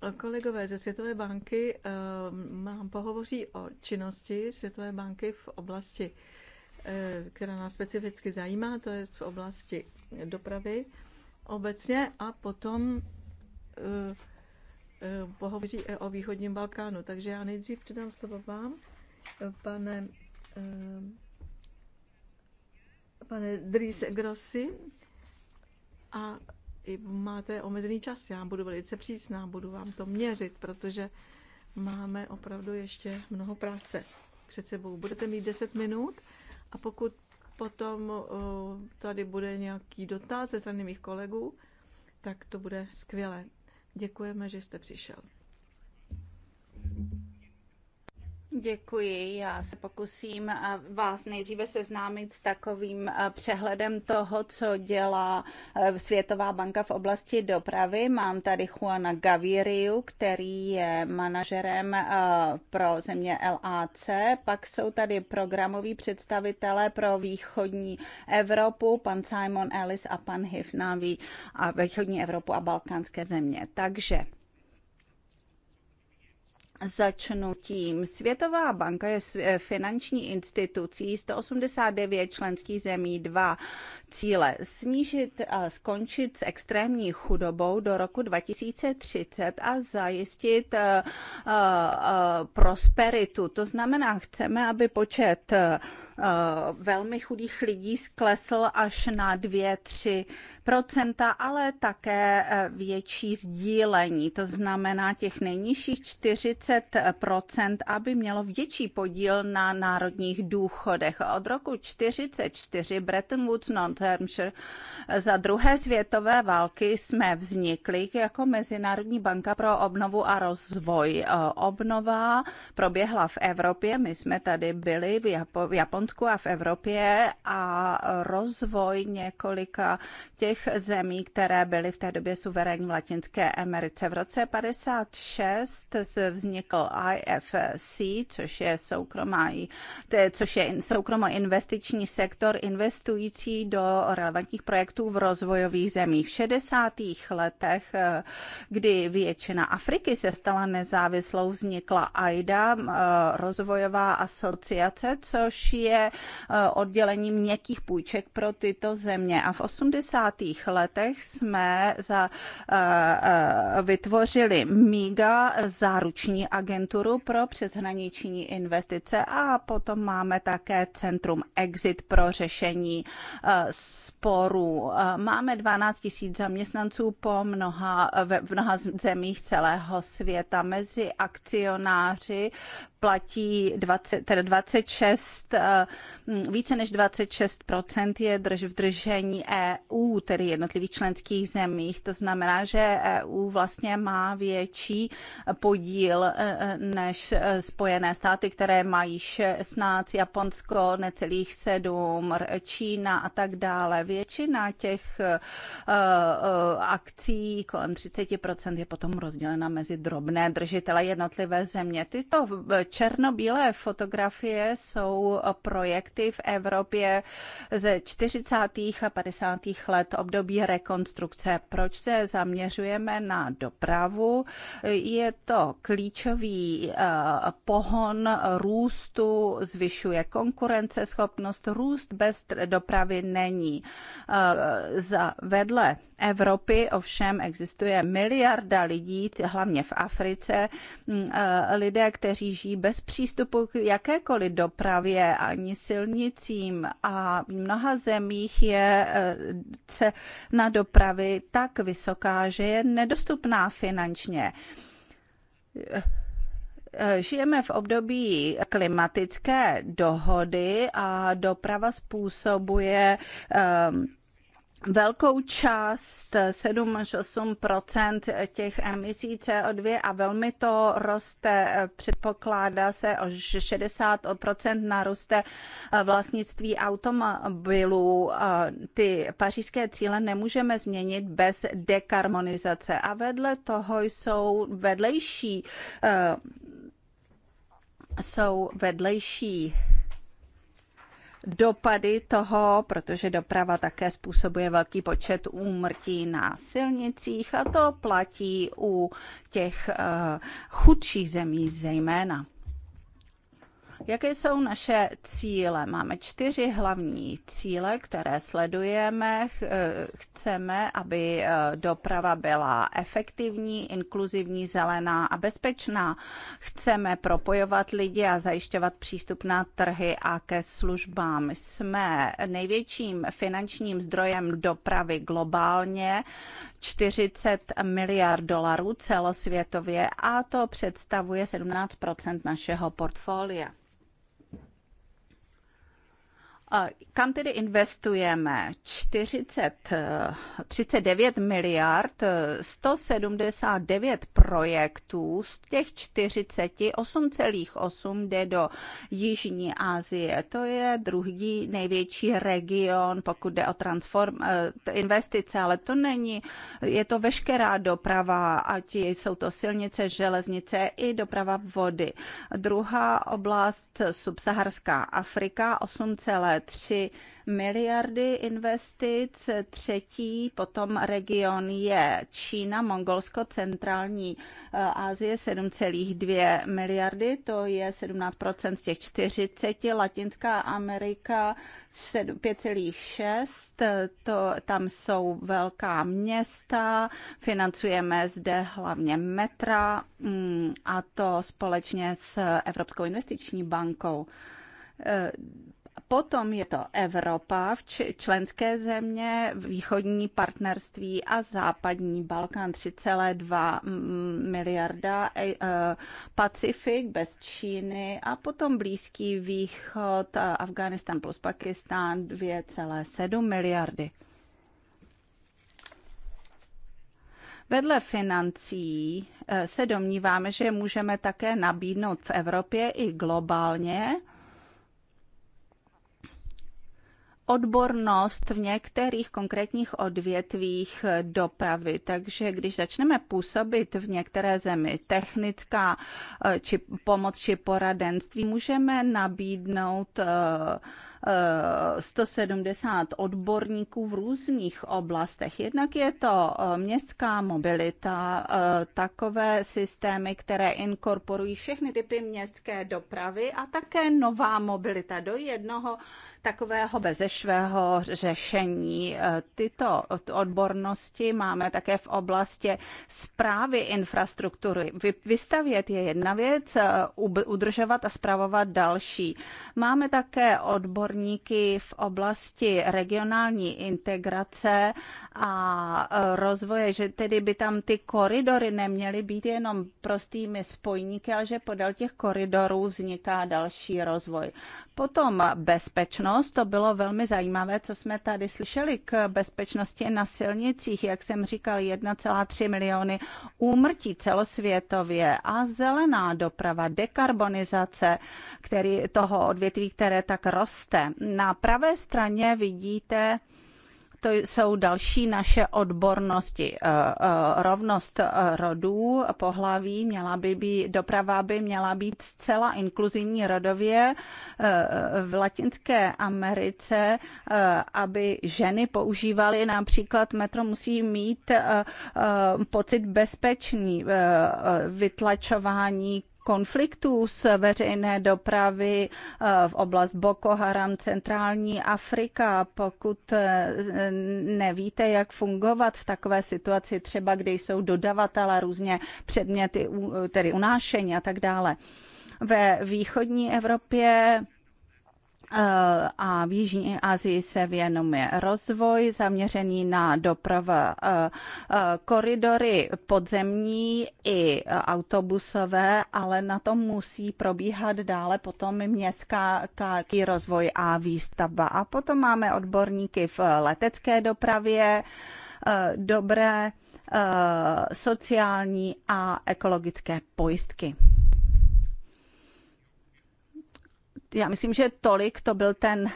Eh, kolegové ze Světové banky eh, nám pohovoří o činnosti Světové banky v oblasti, která nás specificky zajímá, to je v oblasti dopravy obecně a potom pohovoří o východním Balkánu. Takže já nejdřív předám slovo vám, pane Pane Dries Grossi, a máte omezený čas, já budu velice přísná, budu vám to měřit, protože máme opravdu ještě mnoho práce před sebou. Budete mít 10 minut a pokud potom tady bude nějaký dotaz ze strany mých kolegů, tak to bude skvělé. Děkujeme, že jste přišel. Děkuji. Já se pokusím vás nejdříve seznámit s takovým přehledem toho, co dělá Světová banka v oblasti dopravy. Mám tady Juana Gaviriu, který je manažerem pro země LAC. Pak jsou tady programoví představitelé pro východní Evropu, pan Simon Ellis a pan Hifnavi a východní Evropu a balkánské země. Takže začnu tím. Světová banka je finanční institucí 189 členských zemí, dva cíle. Snížit a skončit s extrémní chudobou do roku 2030 a zajistit eh, eh, eh, prosperitu. To znamená, chceme, aby počet Eh, velmi chudých lidí sklesl až na 2-3 procenta, ale také eh, větší sdílení, to znamená těch nejnižších 40 aby mělo větší podíl na národních důchodech. Od roku 44 Bretton Woods, North Hampshire, eh, za druhé světové války jsme vznikli jako Mezinárodní banka pro obnovu a rozvoj. Obnova proběhla v Evropě, my jsme tady byli v Japonsku, Japonsku a v Evropě a rozvoj několika těch zemí, které byly v té době suverénní v Latinské Americe. V roce 56 vznikl IFC, což je soukromá, což je soukromo-investiční sektor investující do relevantních projektů v rozvojových zemích. V 60. letech, eh, kdy většina Afriky se stala nezávislou, vznikla AIDA, eh, rozvojová asociace, což je právě eh, oddělením měkkých půjček pro tyto země. A v 80. letech jsme za, eh, eh, vytvořili MIGA záruční agenturu pro přeshraniční investice a potom máme také Centrum Exit pro řešení sporů. Máme 12 000 zaměstnanců po mnoha, v mnoha zemích celého světa. Mezi akcionáři platí 20, teda 26, více než 26 je drž v držení EU, tedy jednotlivých členských zemích. To znamená, že EU vlastně má větší podíl eh, eh, než eh, Spojené státy, které mají 16, Japonsko necelých 7, Čína a tak dále. Většina těch akcí kolem 30 je potom rozdělena mezi drobné držitele jednotlivé země. Tyto černobílé fotografie jsou projekty v Evropě ze 40. a 50. let období rekonstrukce. Proč se zaměřujeme na dopravu? Je to klíčový eh, pohon růstu, zvyšuje konkurenceschopnost, růst bez dopravy není. Eh, za vedle Evropy, ovšem existuje miliarda lidí, hlavně v Africe, e, lidé, kteří žijí bez přístupu k jakékoliv dopravě ani silnicím a v mnoha zemích je e, cena dopravy tak vysoká, že je nedostupná finančně e, žijeme v období klimatické dohody a doprava způsobuje um velkou část, 7 až 8 těch emisí CO2 a velmi to roste. Předpokládá se o 60 naroste vlastnictví automobilů. Ty pařížské cíle nemůžeme změnit bez dekarbonizace. A vedle toho jsou vedlejší eh, jsou vedlejší dopady toho, protože doprava také způsobuje velký počet úmrtí na silnicích a to platí u těch eh, chudších zemí zejména. Jaké jsou naše cíle? Máme čtyři hlavní cíle, které sledujeme. Eh, chceme, aby eh, doprava byla efektivní, inkluzivní, zelená a bezpečná. Chceme propojovat lidi a zajišťovat přístup na trhy a ke službám. Jsme největším finančním zdrojem dopravy globálně 40 miliard dolarů celosvětově a to představuje 17 našeho portfolia. Kam tedy investujeme? 40, 39 miliard, 179 projektů, z těch 40, 8,8 jde do Jižní Asie. To je druhý největší region, pokud jde o transform, eh, investice, ale to není, je to veškerá doprava, ať jsou to silnice, železnice i doprava vody. Druhá oblast, subsaharská Afrika, 8, 3 miliardy investic, třetí potom region je Čína, Mongolsko, centrální eh, Asie 7,2 miliardy, to je 17% z těch 40, Latinská Amerika 5,6, eh, to, tam jsou velká města, financujeme zde hlavně metra mm, a to společně s Evropskou investiční bankou eh, Potom je to Evropa, členské země, východní partnerství a západní Balkán 3,2 miliarda, eh, eh, Pacifik bez Číny a potom Blízký východ, eh, Afganistán plus Pakistán 2,7 miliardy. Vedle financí se domníváme, že můžeme také nabídnout v Evropě i globálně odbornost v některých konkrétních odvětvích dopravy. Takže když začneme působit v některé zemi technická eh, či pomoc či poradenství, můžeme nabídnout uh, 170 eh, odborníků v různých oblastech. Jednak je to eh, městská mobilita, eh, takové systémy, které inkorporují všechny typy městské dopravy a také nová mobilita do jednoho takového bezešvého řešení. Tyto odbornosti máme také v oblasti zprávy infrastruktury. Vystavět je jedna věc, udržovat a zpravovat další. Máme také odbor odborníky v oblasti regionální integrace a e, rozvoje, že tedy by tam ty koridory neměly být jenom prostými spojníky, ale že podél těch koridorů vzniká další rozvoj. Potom bezpečnost, to bylo velmi zajímavé, co jsme tady slyšeli k bezpečnosti na silnicích, jak jsem říkal, 1,3 miliony úmrtí celosvětově a zelená doprava, dekarbonizace který, toho odvětví, které tak roste. Na pravé straně vidíte to jsou další naše odbornosti. Eh, eh, rovnost eh, rodů, pohlaví měla by být, doprava by měla být zcela inkluzivní rodově v Latinské Americe, aby ženy používaly například metro, musí mít pocit bezpečný, vytlačování konfliktů z veřejné dopravy eh, v oblast Boko Haram, centrální Afrika. Pokud eh, nevíte, jak fungovat v takové situaci, třeba kde jsou dodavatele různě předměty, tedy unášení a tak dále. Ve východní Evropě Eh, a v Jižní Asii se věnuje rozvoj zaměřený na doprava eh, eh, koridory podzemní i autobusové, ale na tom musí probíhat dále potom městská rozvoj a výstavba. A potom máme odborníky v letecké dopravě, dobré sociální a ekologické pojistky. já myslím, že tolik to byl ten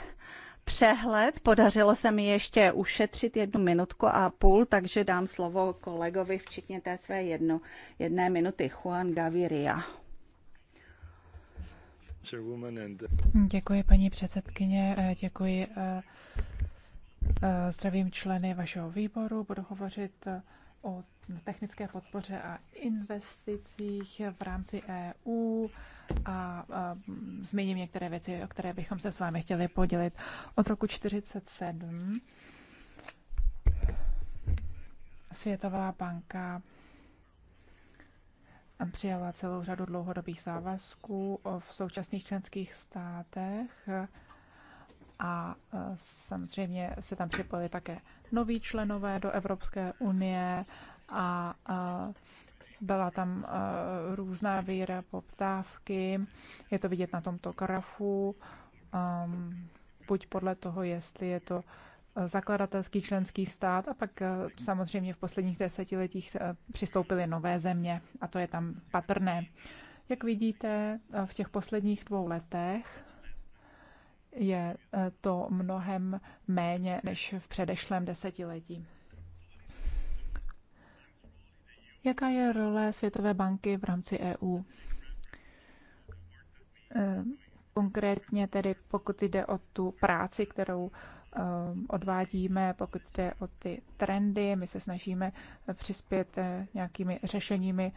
přehled. Podařilo se mi ještě ušetřit jednu minutku a půl, takže dám slovo kolegovi, včetně té své jedno, jedné minuty, Juan Gaviria. Děkuji, paní předsedkyně, eh, děkuji. Eh, eh, zdravím členy vašeho výboru, budu hovořit o technické podpoře a investicích v rámci EU a, a zmíním některé věci, o které bychom se s vámi chtěli podělit. Od roku 1947 Světová banka přijala celou řadu dlouhodobých závazků v současných členských státech a e, samozřejmě se tam připojili také noví členové do Evropské unie a, a byla tam různá víra poptávky, je to vidět na tomto grafu, um, buď podle toho, jestli je to e, zakladatelský členský stát a pak e, samozřejmě v posledních desetiletích e, přistoupily nové země a to je tam patrné. Jak vidíte, v těch posledních dvou letech je to mnohem méně než v předešlém desetiletí. Jaká je role Světové banky v rámci EU? Eh, konkrétně tedy, pokud jde o tu práci, kterou eh, odvádíme, pokud jde o ty trendy, my se snažíme eh, přispět nějakými řešeními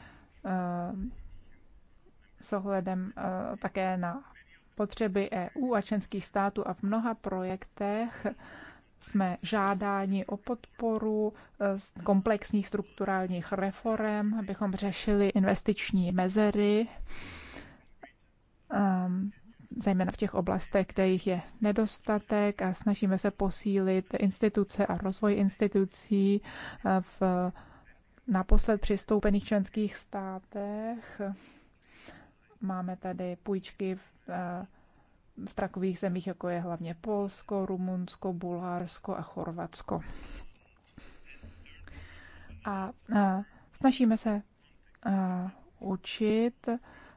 s ohledem také na potřeby EU a členských států a v mnoha projektech jsme žádáni o podporu eh, komplexních strukturálních reform, abychom řešili investiční mezery, ehm, zejména v těch oblastech, kde jich je nedostatek a snažíme se posílit instituce a rozvoj institucí eh, v naposled přistoupených členských státech. Máme tady půjčky v eh, v takových zemích, jako je hlavně Polsko, Rumunsko, Bulharsko a Chorvatsko. A, a snažíme se a, učit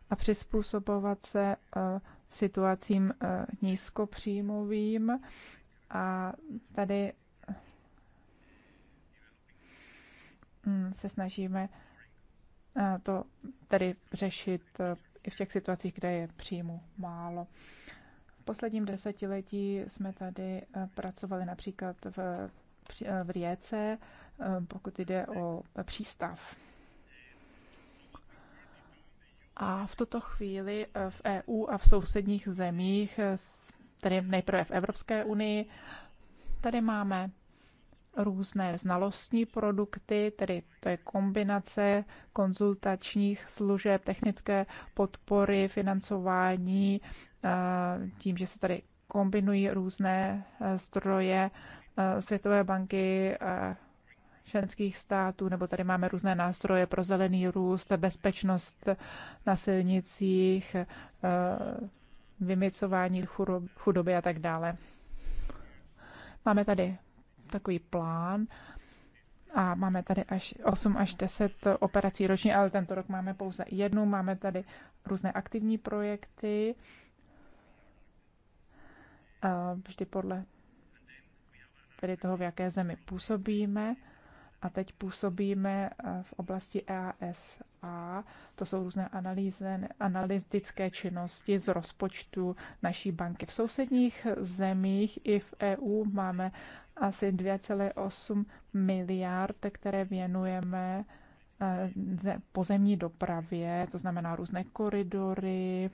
a přizpůsobovat se a, situacím a, nízkopříjmovým. A tady mm, se snažíme to tedy řešit i v těch situacích, kde je příjmu málo. V posledním desetiletí jsme tady eh, pracovali například v, eh, v Rěce, eh, pokud jde o přístav. A v tuto chvíli v EU a v sousedních zemích, tedy nejprve v Evropské unii, tady máme různé znalostní produkty, tedy to je kombinace konzultačních služeb, technické podpory, financování, eh, tím, že se tady kombinují různé eh, stroje eh, Světové banky, členských států, nebo tady máme různé nástroje pro zelený růst, bezpečnost na silnicích, vymicování chudoby a tak dále. Máme tady takový plán a máme tady až 8 až 10 operací ročně, ale tento rok máme pouze jednu. Máme tady různé aktivní projekty, vždy podle tedy toho, v jaké zemi působíme. A teď působíme v oblasti EASA. To jsou různé analýze, analytické činnosti z rozpočtu naší banky. V sousedních zemích i v EU máme asi 2,8 miliard, které věnujeme eh, pozemní dopravě, to znamená různé koridory,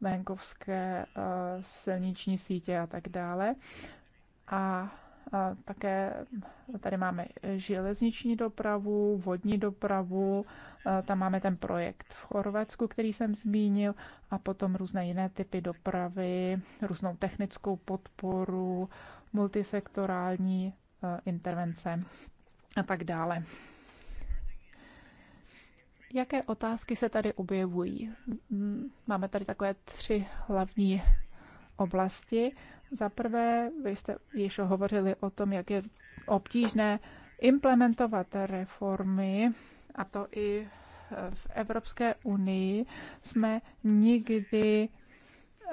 venkovské eh, silniční sítě a tak dále. A eh, také tady máme železniční dopravu, vodní dopravu, tam máme ten projekt v Chorvatsku, který jsem zmínil, a potom různé jiné typy dopravy, různou technickou podporu, multisektorální eh, intervence a tak dále. Jaké otázky se tady objevují? Mm, máme tady takové tři hlavní oblasti. Za prvé, vy jste již hovořili o tom, jak je obtížné implementovat reformy, a to i eh, v Evropské unii jsme nikdy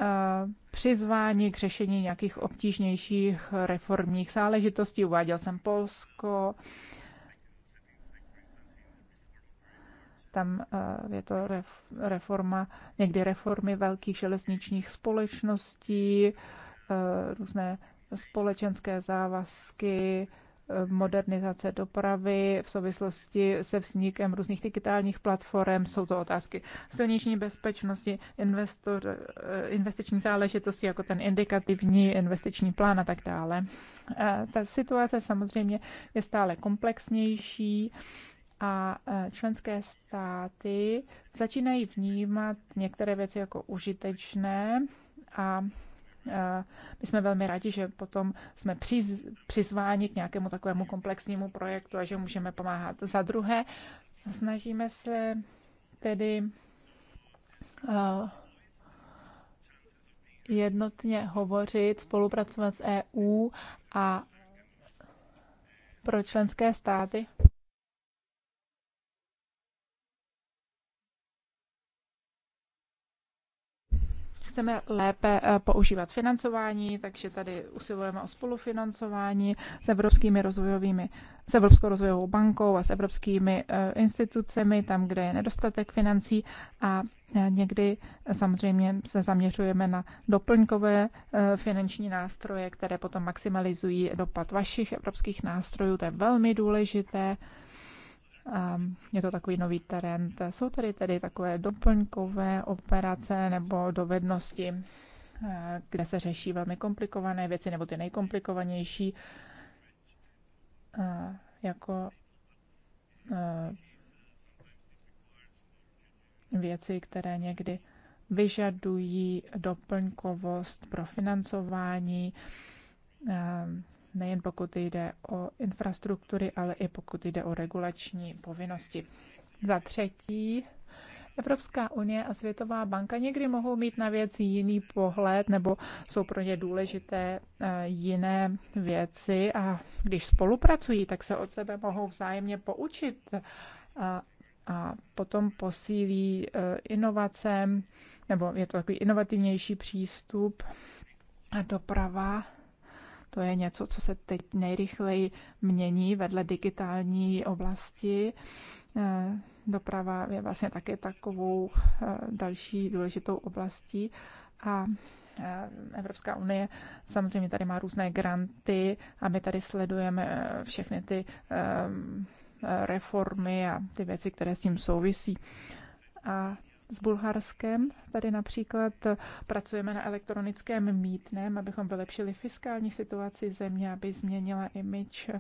Eh, přizváni k řešení nějakých obtížnějších reformních záležitostí. Uváděl jsem Polsko, tam eh, je to reforma, někdy reformy velkých železničních společností, eh, různé společenské závazky, Eh, modernizace dopravy v souvislosti se vznikem různých digitálních platform. Jsou to otázky silniční bezpečnosti, investor, eh, investiční záležitosti, jako ten indikativní investiční plán a tak dále. Eh, ta situace samozřejmě je stále komplexnější a členské státy začínají vnímat některé věci jako užitečné a my jsme velmi rádi, že potom jsme přiz, přizváni k nějakému takovému komplexnímu projektu a že můžeme pomáhat. Za druhé, snažíme se tedy jednotně hovořit, spolupracovat s EU a pro členské státy chceme lépe eh, používat financování, takže tady usilujeme o spolufinancování s evropskými rozvojovými, s Evropskou rozvojovou bankou a s evropskými eh, institucemi, tam, kde je nedostatek financí a eh, někdy samozřejmě se zaměřujeme na doplňkové finanční nástroje, které potom maximalizují dopad vašich evropských nástrojů, to je velmi důležité je to takový nový terén. Jsou tady tedy takové doplňkové operace nebo dovednosti, eh, kde se řeší velmi komplikované věci nebo ty nejkomplikovanější, eh, jako eh, věci, které někdy vyžadují doplňkovost pro financování nejen pokud jde o infrastruktury, ale i pokud jde o regulační povinnosti. Za třetí, Evropská unie a Světová banka někdy mohou mít na věci jiný pohled nebo jsou pro ně důležité eh, jiné věci a když spolupracují, tak se od sebe mohou vzájemně poučit a, eh, a potom posílí eh, inovacem nebo je to takový inovativnější přístup a doprava to je něco, co se teď nejrychleji mění vedle digitální oblasti. Eh, doprava je vlastně také takovou eh, další důležitou oblastí. A eh, Evropská unie samozřejmě tady má různé granty a my tady sledujeme všechny ty reformy a ty věci, které s tím souvisí. A s Bulharskem. Tady například pracujeme na elektronickém mítném, abychom vylepšili fiskální situaci země, aby změnila image eh,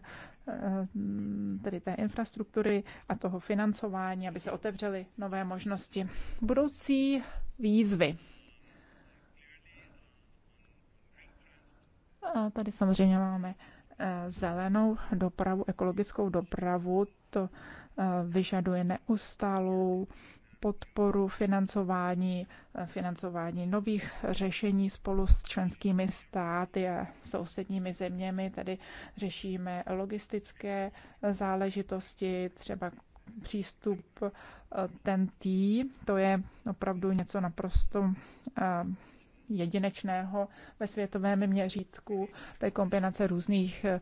tedy té infrastruktury a toho financování, aby se otevřely nové možnosti. Budoucí výzvy. A tady samozřejmě máme eh, zelenou dopravu, ekologickou dopravu. To eh, vyžaduje neustálou podporu financování, financování nových řešení spolu s členskými státy a sousedními zeměmi. Tady řešíme logistické záležitosti, třeba přístup eh, tý, To je opravdu něco naprosto eh, jedinečného ve světovém měřítku, je kombinace různých eh,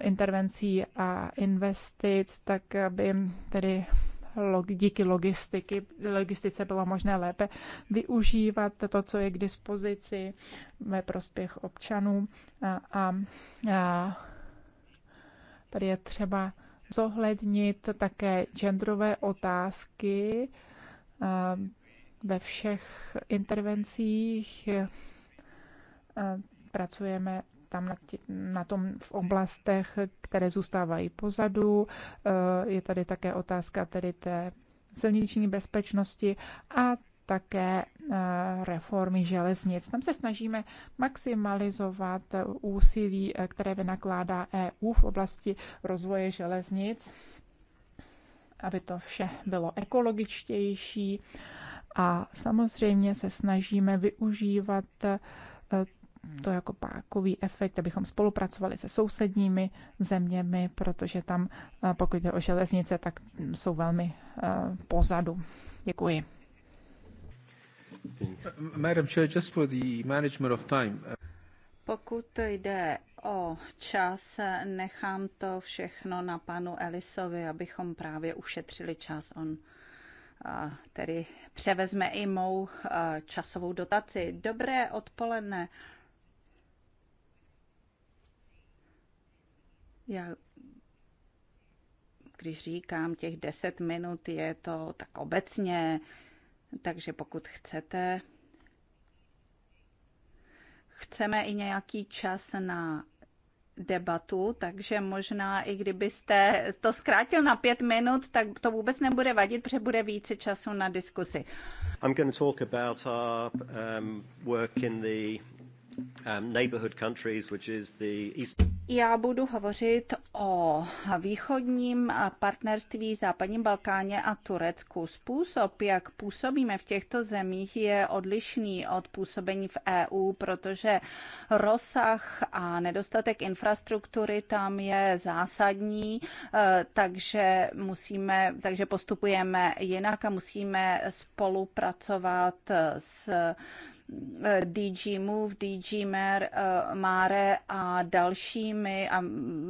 intervencí a investic, tak aby tedy díky logistiky, logistice bylo možné lépe využívat to, co je k dispozici ve prospěch občanů a, a, a tady je třeba zohlednit také genderové otázky ve všech intervencích. Pracujeme tam na, tě, na tom v oblastech, které zůstávají pozadu. Eh, je tady také otázka tedy té silniční bezpečnosti a také eh, reformy železnic. Tam se snažíme maximalizovat úsilí, eh, které vynakládá EU v oblasti rozvoje železnic, aby to vše bylo ekologičtější. A samozřejmě se snažíme využívat Hmm. to jako pákový efekt, abychom spolupracovali se sousedními zeměmi, protože tam, eh, pokud jde o železnice, tak hm, jsou velmi eh, pozadu. Děkuji. Madam Chair, just for the management of time. Uh, pokud jde o čas, nechám to všechno na panu Elisovi, abychom právě ušetřili čas. On eh, tedy převezme i mou časovou dotaci. Dobré odpoledne. Já když říkám těch 10 minut, je to tak obecně, takže pokud chcete, chceme i nějaký čas na debatu, takže možná i kdybyste to zkrátil na pět minut, tak to vůbec nebude vadit, protože bude více času na diskusi. I'm going to talk about our um, work in the Um, Já budu hovořit o východním partnerství západním Balkáně a Turecku. Způsob, jak působíme v těchto zemích, je odlišný od působení v EU, protože rozsah a nedostatek infrastruktury tam je zásadní, eh, takže musíme, takže postupujeme jinak a musíme spolupracovat s DG Move, DG Mare, eh, Mare a dalšími a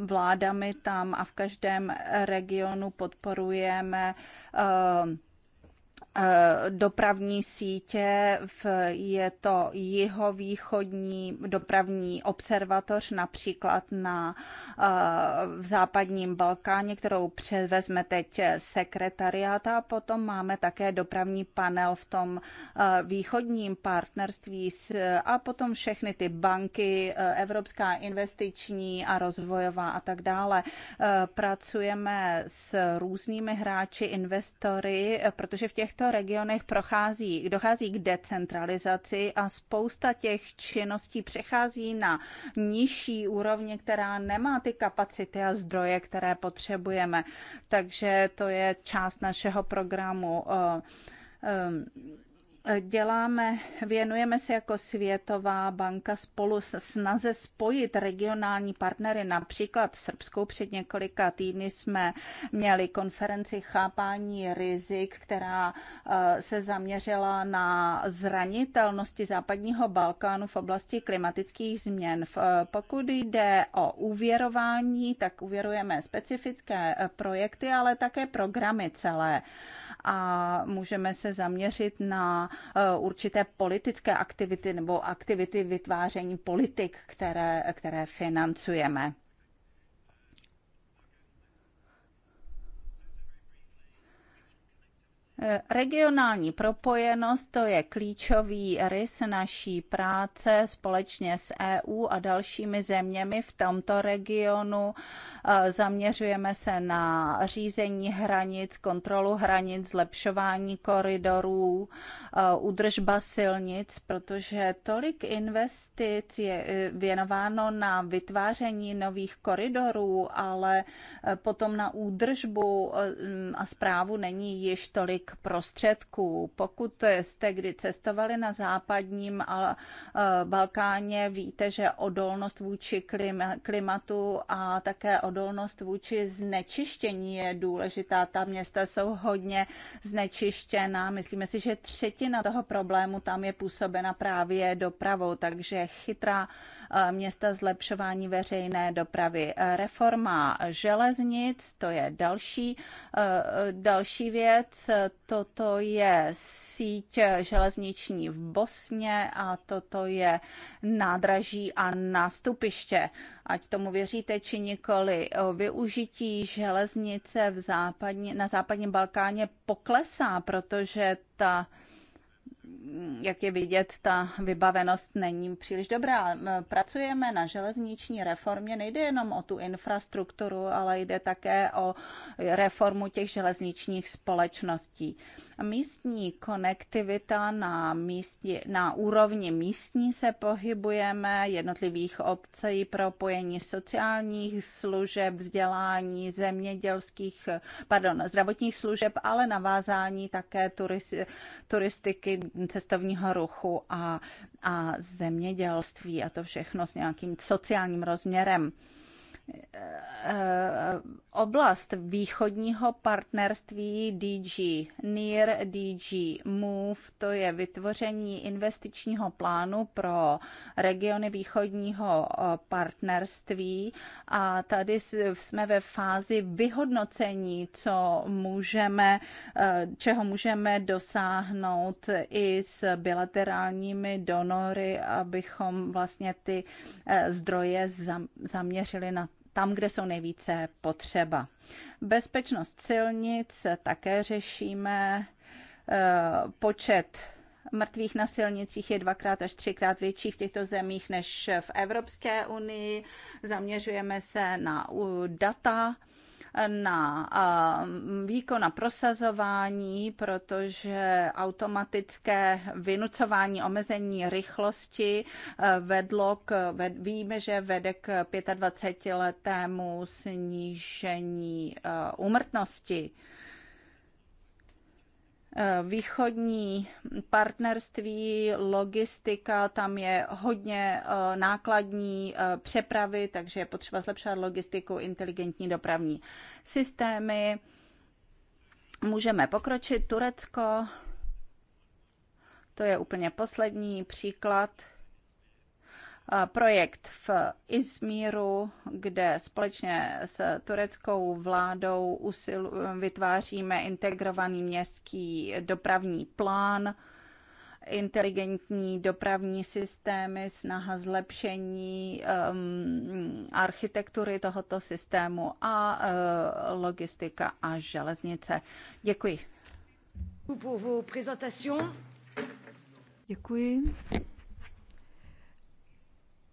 vládami tam a v každém regionu podporujeme eh, Eh, dopravní sítě, v, je to jihovýchodní dopravní observatoř například na, eh, v západním Balkáně, kterou převezme teď sekretariát a potom máme také dopravní panel v tom eh, východním partnerství a potom všechny ty banky, Evropská investiční a rozvojová a tak dále. Pracujeme s různými hráči, investory, protože v těchto těchto regionech prochází, dochází k decentralizaci a spousta těch činností přechází na nižší úrovně, která nemá ty kapacity a zdroje, které potřebujeme. Takže to je část našeho programu. Um, děláme, věnujeme se jako Světová banka spolu s snaze spojit regionální partnery. Například v Srbsku před několika týdny jsme měli konferenci chápání rizik, která eh, se zaměřila na zranitelnosti západního Balkánu v oblasti klimatických změn. Eh, pokud jde o uvěrování, tak uvěrujeme specifické eh, projekty, ale také programy celé a můžeme se zaměřit na eh, určité politické aktivity nebo aktivity vytváření politik, které, které financujeme. Regionální propojenost to je klíčový rys naší práce společně s EU a dalšími zeměmi v tomto regionu. Eh, zaměřujeme se na řízení hranic, kontrolu hranic, zlepšování koridorů, udržba eh, silnic, protože tolik investic je eh, věnováno na vytváření nových koridorů, ale potom na údržbu a zprávu není již tolik prostředků. Pokud jste kdy cestovali na západním Balkáně, víte, že odolnost vůči klimatu a také odolnost vůči znečištění je důležitá. Ta města jsou hodně znečištěná. Myslíme si, že třetina toho problému tam je působena právě dopravou, takže chytrá Eh, města zlepšování veřejné dopravy. Eh, reforma železnic, to je další, eh, další věc. Toto je síť železniční v Bosně a toto je nádraží a nástupiště ať tomu věříte či nikoli, o využití železnice v západní, na západním Balkáně poklesá, protože ta jak je vidět, ta vybavenost není příliš dobrá. Pracujeme na železniční reformě, nejde jenom o tu infrastrukturu, ale jde také o reformu těch železničních společností. Místní konektivita na, místě, na úrovni místní se pohybujeme, jednotlivých obcí, propojení sociálních služeb, vzdělání, zemědělských, pardon, zdravotních služeb, ale navázání také turistiky, cestovního ruchu a, a zemědělství a to všechno s nějakým sociálním rozměrem eh, eh, Oblast východního partnerství DG NIR, DG MOVE, to je vytvoření investičního plánu pro regiony východního partnerství a tady jsme ve fázi vyhodnocení, co můžeme, čeho můžeme dosáhnout i s bilaterálními donory, abychom vlastně ty e, zdroje zaměřili na tam, kde jsou nejvíce potřeba. Bezpečnost silnic také řešíme. Eh, počet mrtvých na silnicích je dvakrát až třikrát větší v těchto zemích než v Evropské unii. Zaměřujeme se na data na výkon, a prosazování, protože automatické vynucování omezení rychlosti e, vedlo k, víme, že vede k 25-letému snížení e, úmrtnosti. Eh, východní partnerství, logistika, tam je hodně eh, nákladní eh, přepravy, takže je potřeba zlepšovat logistiku, inteligentní dopravní systémy. Můžeme pokročit. Turecko, to je úplně poslední příklad projekt v Izmíru, kde společně s tureckou vládou usil, vytváříme integrovaný městský dopravní plán, inteligentní dopravní systémy, snaha zlepšení um, architektury tohoto systému a uh, logistika a železnice. Děkuji. Děkuji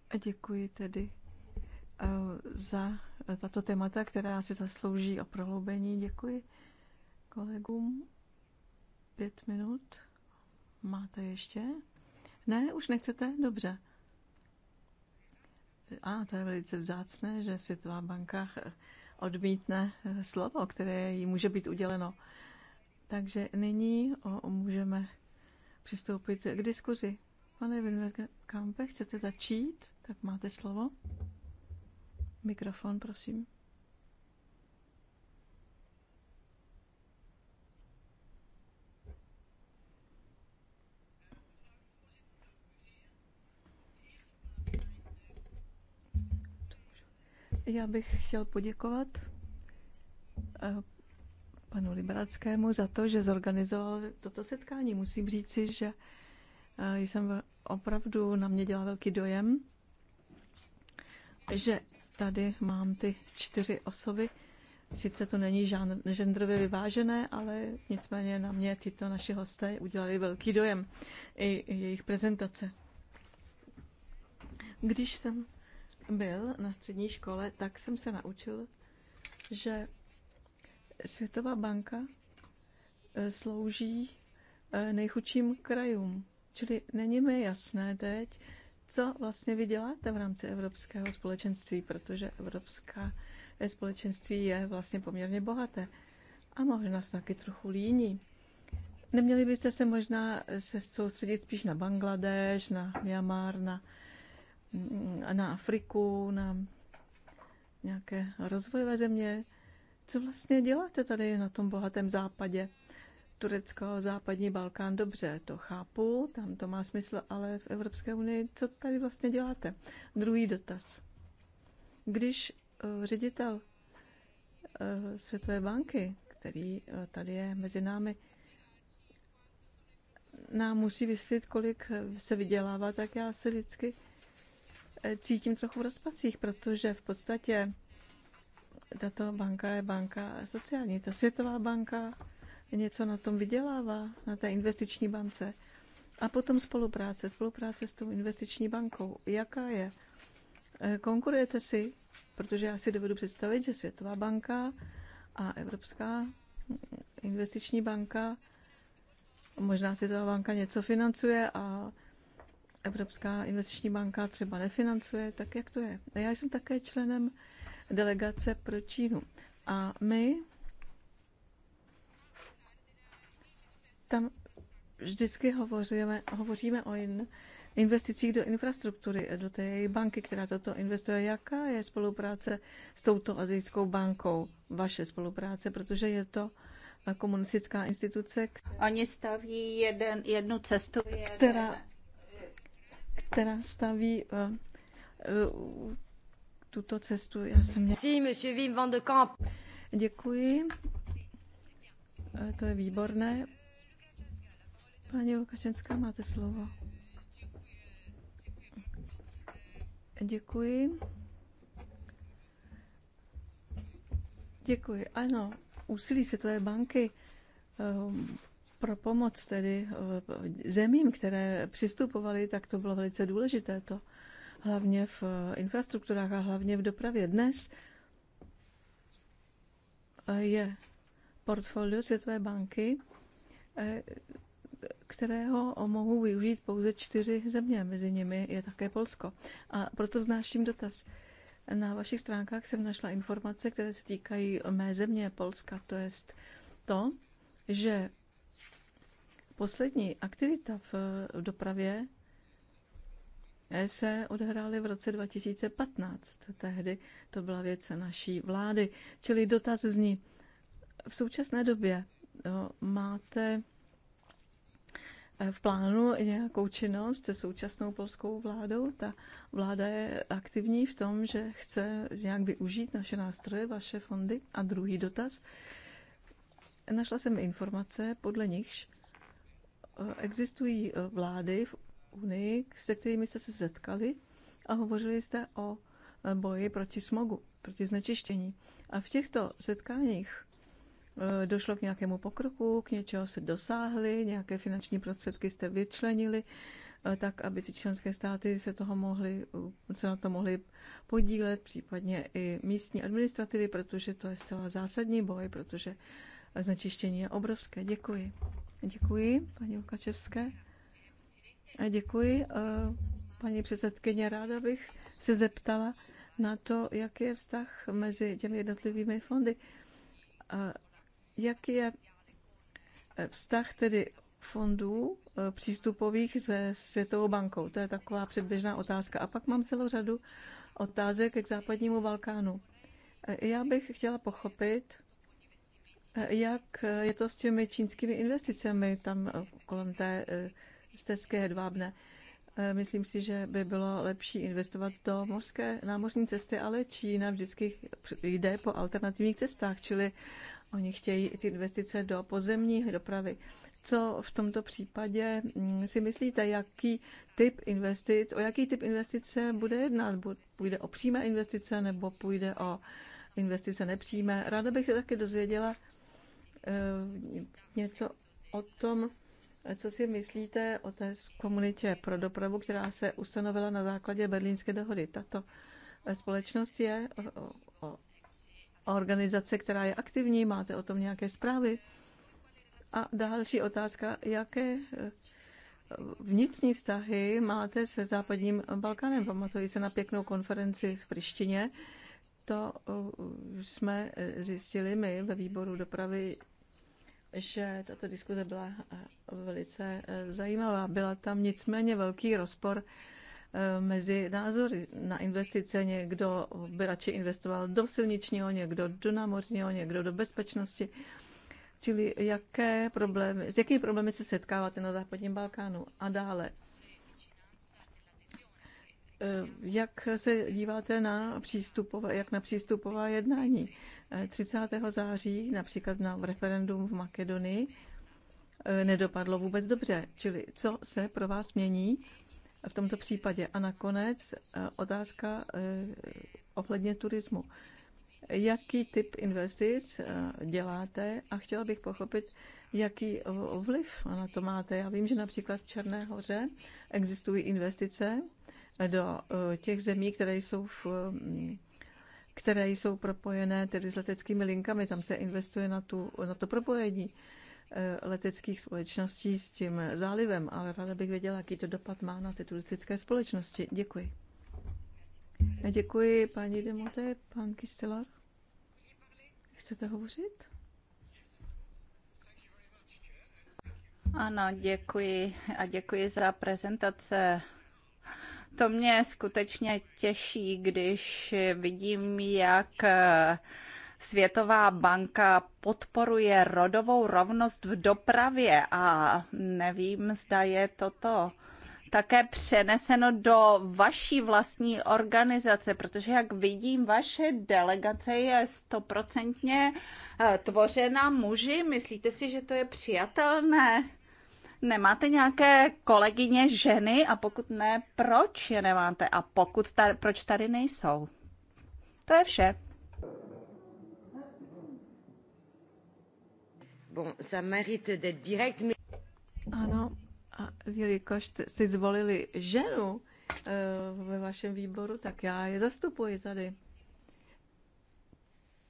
a děkuji tedy eh, za tato témata, která si zaslouží o prohloubení. Děkuji kolegům. Pět minut. Máte ještě? Ne, už nechcete? Dobře. A to je velice vzácné, že Světová banka odmítne slovo, které jí může být uděleno. Takže nyní můžeme přistoupit k diskuzi. Pane Vinverkampe, chcete začít? Tak máte slovo. Mikrofon, prosím. Já bych chtěl poděkovat eh, panu Liberackému za to, že zorganizoval toto setkání. Musím říci, že eh, jsem opravdu na mě dělá velký dojem, že tady mám ty čtyři osoby. Sice to není žendrově vyvážené, ale nicméně na mě tyto naši hosté udělali velký dojem i jejich prezentace. Když jsem byl na střední škole, tak jsem se naučil, že Světová banka e, slouží e, nejchudším krajům. Čili není mi jasné teď, co vlastně vy děláte v rámci Evropského společenství, protože Evropská společenství je vlastně poměrně bohaté a možná se taky trochu líní. Neměli byste se možná se soustředit spíš na Bangladeš, na Myanmar, na, na Afriku, na nějaké rozvojové země? Co vlastně děláte tady na tom bohatém západě? Turecko, západní Balkán, dobře, to chápu, tam to má smysl, ale v Evropské unii, co tady vlastně děláte? Druhý dotaz. Když eh, ředitel eh, Světové banky, který eh, tady je mezi námi, nám musí vysvětlit, kolik se vydělává, tak já se vždycky cítím trochu v rozpacích, protože v podstatě tato banka je banka sociální. Ta Světová banka něco na tom vydělává, na té investiční bance. A potom spolupráce, spolupráce s tou investiční bankou. Jaká je? Eh, konkurujete si, protože já si dovedu představit, že Světová banka a Evropská investiční banka, možná Světová banka něco financuje a Evropská investiční banka třeba nefinancuje, tak jak to je? Já jsem také členem delegace pro Čínu. A my Tam vždycky hovoříme, hovoříme o in, investicích do infrastruktury, do té její banky, která toto investuje. Jaká je spolupráce s touto azijskou bankou, vaše spolupráce, protože je to komunistická instituce. Oni staví jeden, jednu cestu, která, jeden. která staví uh, uh, tuto cestu. Já jsem měla... Si, monsieur Wim van de Kamp. Děkuji. Eh, to je výborné. Paní Lukašenská, máte slovo. Děkuji. Děkuji. Ano, úsilí Světové banky ehm, pro pomoc tedy eh, zemím, které přistupovaly, tak to bylo velice důležité to hlavně v eh, infrastrukturách a hlavně v dopravě. Dnes eh, je portfolio Světové banky kterého mohou využít pouze čtyři země, mezi nimi je také Polsko. A proto vznáším dotaz. Na vašich stránkách jsem našla informace, které se týkají mé země Polska, to je to, že poslední aktivita v dopravě se odehrály v roce 2015. Tehdy to byla věc naší vlády. Čili dotaz zní, v současné době no, máte v plánu nějakou činnost se současnou polskou vládou. Ta vláda je aktivní v tom, že chce nějak využít naše nástroje, vaše fondy. A druhý dotaz. Našla jsem informace, podle nichž eh, existují eh, vlády v Unii, se kterými jste se setkali a hovořili jste o eh, boji proti smogu, proti znečištění. A v těchto setkáních Eh, došlo k nějakému pokroku, k něčeho se dosáhli, nějaké finanční prostředky jste vyčlenili, eh, tak aby ty členské státy se, toho mohly, eh, se na to mohly podílet, případně i místní administrativy, protože to je zcela zásadní boj, protože znečištění je obrovské. Děkuji. Děkuji, paní Lukačevské. A děkuji, paní předsedkyně. Ráda bych se zeptala na to, jaký je vztah mezi těmi jednotlivými fondy. Jaký je eh, vztah tedy fondů eh, přístupových se Světovou bankou? To je taková předběžná otázka. A pak mám celou řadu otázek k západnímu Balkánu. Eh, já bych chtěla pochopit, jak je to s těmi čínskými investicemi tam kolem té stezky hedvábné. Myslím si, že by bylo lepší investovat do mořské námořní cesty, ale Čína vždycky jde po alternativních cestách, čili Oni chtějí i ty investice do pozemní dopravy. Co v tomto případě mm, si myslíte, jaký typ investic, o jaký typ investice bude jednat? Půjde o přímé investice nebo půjde o investice nepřímé? Ráda bych se taky dozvěděla eh, něco o tom, co si myslíte o té komunitě pro dopravu, která se ustanovila na základě berlínské dohody? Tato eh, společnost je organizace, která je aktivní? Máte o tom nějaké zprávy? A další otázka, jaké eh, vnitřní vztahy máte se západním Balkánem? Pamatuji se na pěknou konferenci v Prištině. To eh, jsme eh, zjistili my ve výboru dopravy, že tato diskuze byla velice zajímavá. Byla tam nicméně velký rozpor Eh, mezi názory na investice. Někdo by radši investoval do silničního, někdo do námořního, někdo do bezpečnosti. Čili jaké problémy, s jakými problémy se setkáváte na západním Balkánu a dále? Eh, jak se díváte na přístupová, jak na přístupová jednání? 30. Eh, září, například na referendum v Makedonii, nedopadlo vůbec dobře. Čili co se pro vás mění v tomto případě. A nakonec eh, otázka eh, ohledně turismu. Jaký typ investic eh, děláte a chtěla bych pochopit, jaký vliv na to máte. Já vím, že například v Černé hoře existují investice do těch zemí, které jsou v které jsou propojené tedy s leteckými linkami. Tam se investuje na, tu, na to propojení. Eh, leteckých společností s tím zálivem, ale ráda bych věděla, jaký to dopad má na ty turistické společnosti. Děkuji. Eh, děkuji, paní Demote, pan Kistelar. Chcete hovořit? Ano, děkuji a děkuji za prezentace. To mě skutečně těší, když vidím, jak eh, Světová banka podporuje rodovou rovnost v dopravě a nevím, zda je toto také přeneseno do vaší vlastní organizace, protože jak vidím, vaše delegace je stoprocentně eh, tvořena muži. Myslíte si, že to je přijatelné? Nemáte nějaké kolegyně ženy a pokud ne, proč je nemáte a pokud tady, proč tady nejsou? To je vše. Bon, ça mérite d'être direct, mais... Ano, a jelikož si zvolili ženu eh, ve vašem výboru, tak já je zastupuji tady.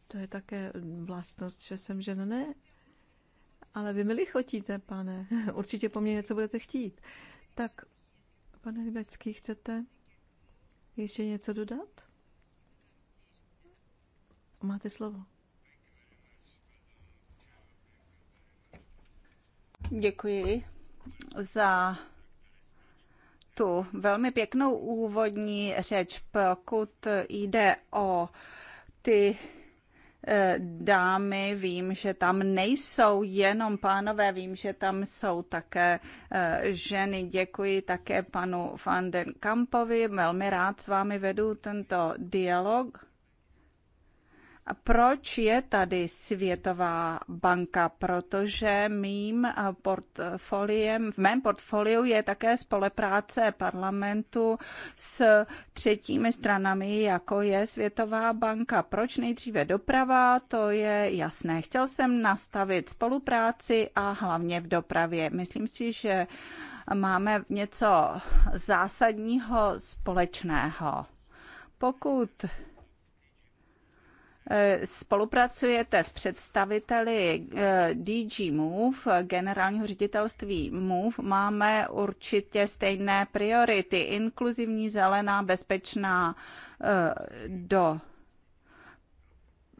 To je také vlastnost, že jsem žena, ne? Ale vy milí chotíte, pane. Určitě po mně něco budete chtít. Tak, pane Hybecký, chcete ještě něco dodat? Máte slovo. Děkuji za tu velmi pěknou úvodní řeč, pokud jde o ty eh, dámy, vím, že tam nejsou jenom pánové, vím, že tam jsou také eh, ženy. Děkuji také panu van den Kampovi, velmi rád s vámi vedu tento dialog. Proč je tady Světová banka? Protože mým eh, portfoliem, v mém portfoliu je také spolupráce parlamentu s třetími stranami, jako je Světová banka. Proč nejdříve doprava? To je jasné. Chtěl jsem nastavit spolupráci a hlavně v dopravě. Myslím si, že máme něco zásadního společného. Pokud Eh, spolupracujete s představiteli eh, DG Move, generálního ředitelství Move. Máme určitě stejné priority. Inkluzivní, zelená, bezpečná eh, do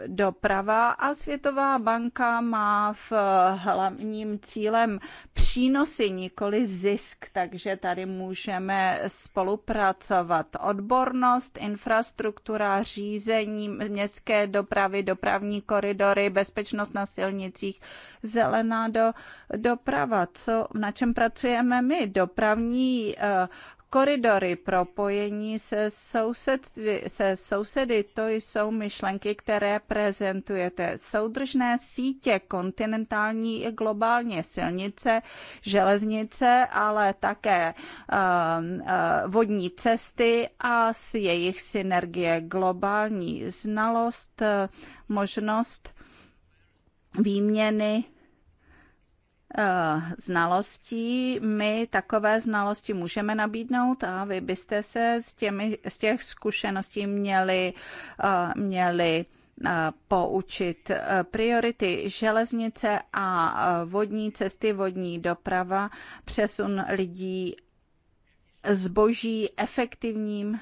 doprava a Světová banka má v eh, hlavním cílem přínosy, nikoli zisk, takže tady můžeme spolupracovat. Odbornost, infrastruktura, řízení městské dopravy, dopravní koridory, bezpečnost na silnicích, zelená do, doprava. Co, na čem pracujeme my? Dopravní eh, koridory propojení se, sousedství, se sousedy, to jsou myšlenky, které prezentujete. Soudržné sítě, kontinentální i globálně, silnice, železnice, ale také um, uh, vodní cesty a s jejich synergie globální znalost, uh, možnost výměny Eh, znalostí. My takové znalosti můžeme nabídnout a vy byste se z, těmi, z těch zkušeností měli, eh, měli eh, poučit. Priority železnice a vodní cesty, vodní doprava, přesun lidí zboží efektivním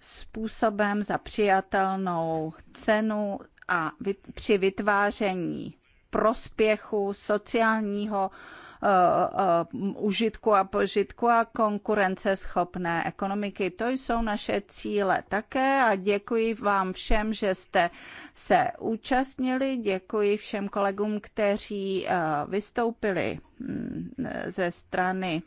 způsobem za přijatelnou cenu a při vytváření prospěchu sociálního eh, eh, užitku a požitku a konkurenceschopné ekonomiky. To jsou naše cíle také a děkuji vám všem, že jste se účastnili. Děkuji všem kolegům, kteří eh, vystoupili mm, ze strany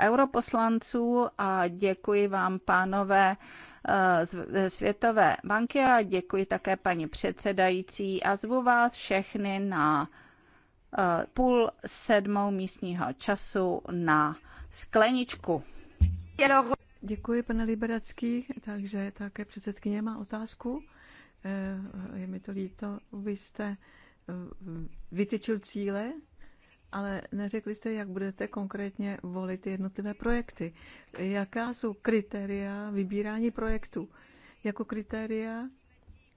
europoslanců a děkuji vám, pánové, Eh, ze Světové banky a děkuji také paní předsedající a zvu vás všechny na eh, půl sedmou místního času na skleničku. Děkuji, pane Liberacký. Takže také předsedkyně má otázku. Eh, je mi to líto, vy jste vytyčil cíle ale neřekli jste, jak budete konkrétně volit jednotlivé projekty. Jaká jsou kritéria vybírání projektů? Jako kritéria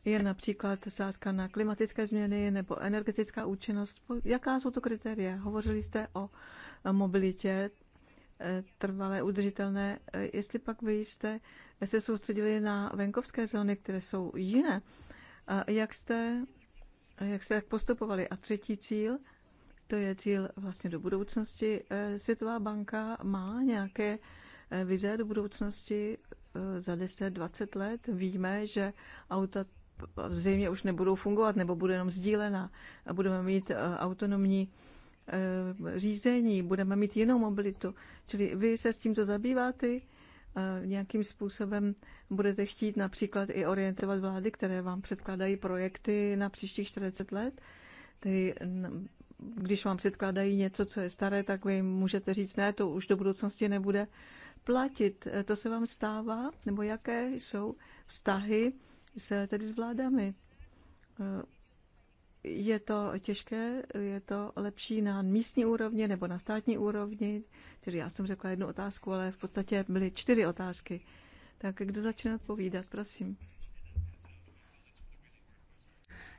je například sázka na klimatické změny nebo energetická účinnost. Jaká jsou to kritéria? Hovořili jste o mobilitě e, trvalé, udržitelné. E, jestli pak vy jste se soustředili na venkovské zóny, které jsou jiné, jak jste, jak jste postupovali? A třetí cíl – to je cíl vlastně do budoucnosti. Eh, Světová banka má nějaké eh, vize do budoucnosti eh, za 10-20 let. Víme, že auta zřejmě už nebudou fungovat nebo bude jenom sdílena a budeme mít autonomní řízení, budeme mít jinou mobilitu. Čili vy se s tímto zabýváte, nějakým způsobem budete chtít například i orientovat vlády, které vám předkládají projekty na příštích 40 let, tedy když vám předkládají něco, co je staré, tak vy můžete říct, ne, to už do budoucnosti nebude platit. E, to se vám stává? Nebo jaké jsou vztahy s, tedy s vládami? E, je to těžké, je to lepší na místní úrovni nebo na státní úrovni? Tedy já jsem řekla jednu otázku, ale v podstatě byly čtyři otázky. Tak kdo začne odpovídat, prosím?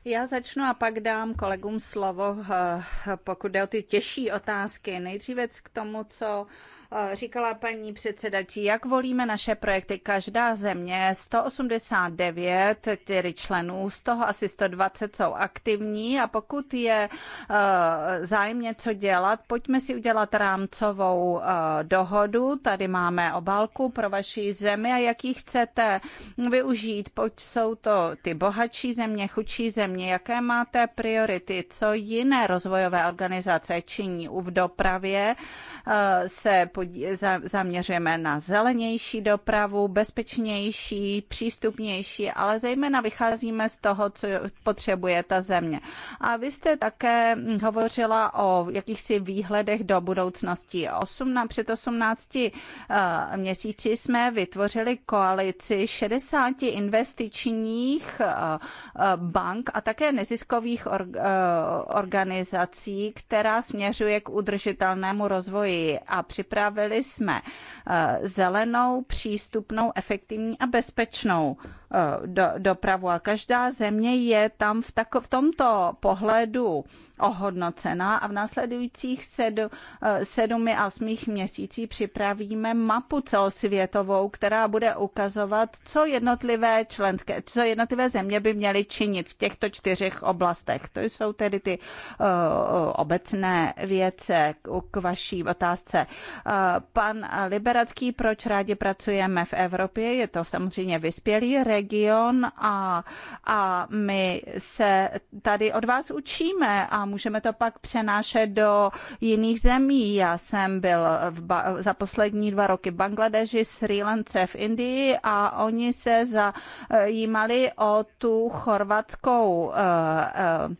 Já začnu a pak dám kolegům slovo, eh, pokud jde o ty těžší otázky. Nejdříve k tomu, co říkala paní předsedající, jak volíme naše projekty. Každá země 189 tedy členů, z toho asi 120 jsou aktivní a pokud je eh, zájem něco dělat, pojďme si udělat rámcovou eh, dohodu. Tady máme obálku pro vaši zemi a jaký chcete využít, pojď jsou to ty bohatší země, chudší země, jaké máte priority, co jiné rozvojové organizace činí v dopravě eh, se zaměřujeme na zelenější dopravu, bezpečnější, přístupnější, ale zejména vycházíme z toho, co potřebuje ta země. A vy jste také hovořila o jakýchsi výhledech do budoucnosti. 18, před 18 eh, měsíci jsme vytvořili koalici 60 investičních eh, eh, bank a také neziskových organizací, která směřuje k udržitelnému rozvoji a připravuje Připravili jsme eh, zelenou, přístupnou, efektivní a bezpečnou Eh, do, dopravu a každá země je tam v, tako, v tomto pohledu ohodnocena a v následujících sedm, eh, sedmi a osmých měsících připravíme mapu celosvětovou, která bude ukazovat, co jednotlivé členské, co jednotlivé země by měly činit v těchto čtyřech oblastech. To jsou tedy ty uh, obecné věce k, k vaší otázce. Uh, pan Liberacký, proč rádi pracujeme v Evropě? Je to samozřejmě vyspělý region, region a, a my se tady od vás učíme a můžeme to pak přenášet do jiných zemí. Já jsem byl v ba- za poslední dva roky v Bangladeži, Sri Lance, v Indii a oni se zajímali o tu chorvatskou uh, uh,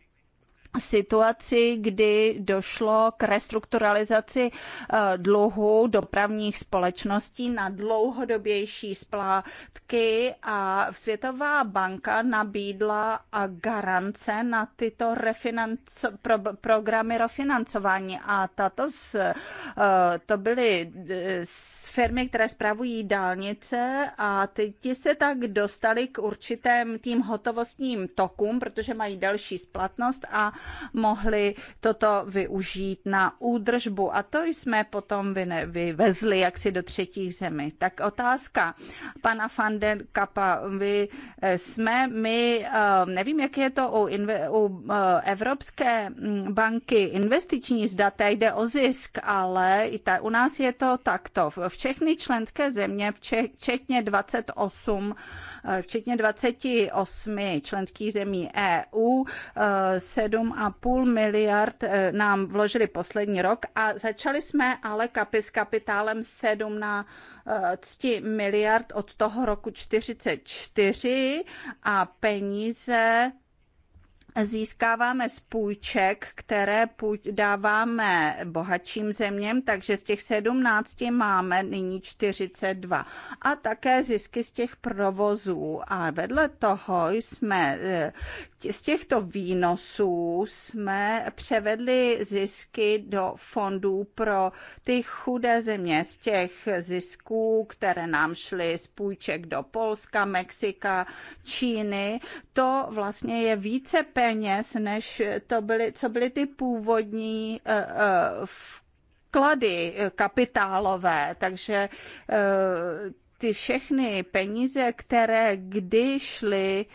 situaci, kdy došlo k restrukturalizaci eh, dluhu dopravních společností na dlouhodobější splátky a Světová banka nabídla garance na tyto refinanco- pro- programy refinancování a tato z, eh, to byly eh, z firmy, které spravují dálnice a ty, ti se tak dostali k určitém tým hotovostním tokům, protože mají další splatnost a mohli toto využít na údržbu a to jsme potom vyvezli jaksi do třetích zemí. Tak otázka pana van den Kappa, vy eh, jsme my, eh, nevím, jak je to u, inve, u eh, Evropské mm, banky investiční zdata, jde o zisk, ale i ta, u nás je to takto. Všechny členské země, včetně 28 Eh, včetně 28 členských zemí EU, 7,5 eh, miliard eh, nám vložili poslední rok a začali jsme ale kapi s kapitálem 7 na cti miliard od toho roku 44 a peníze získáváme z půjček, které dáváme bohatším zeměm, takže z těch 17 máme nyní 42. A také zisky z těch provozů. A vedle toho jsme eh, z těchto výnosů jsme převedli zisky do fondů pro ty chudé země. Z těch zisků, které nám šly z půjček do Polska, Mexika, Číny, to vlastně je více peněz, než to byly, co byly ty původní eh, eh, vklady kapitálové. Takže eh, ty všechny peníze, které kdy šly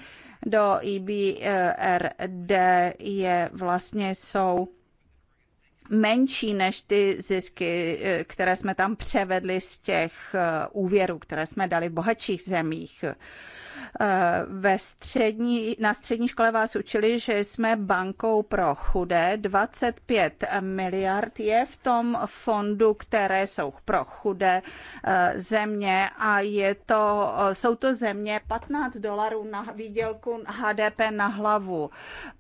do IBRD je vlastně jsou menší než ty zisky, eh, které jsme tam převedli z těch eh, úvěrů, které jsme dali v bohatších zemích. Eh, ve střední, na střední škole vás učili, že jsme bankou pro chudé. 25 miliard je v tom fondu, které jsou pro chudé eh, země a je to, eh, jsou to země 15 dolarů na výdělku HDP na hlavu.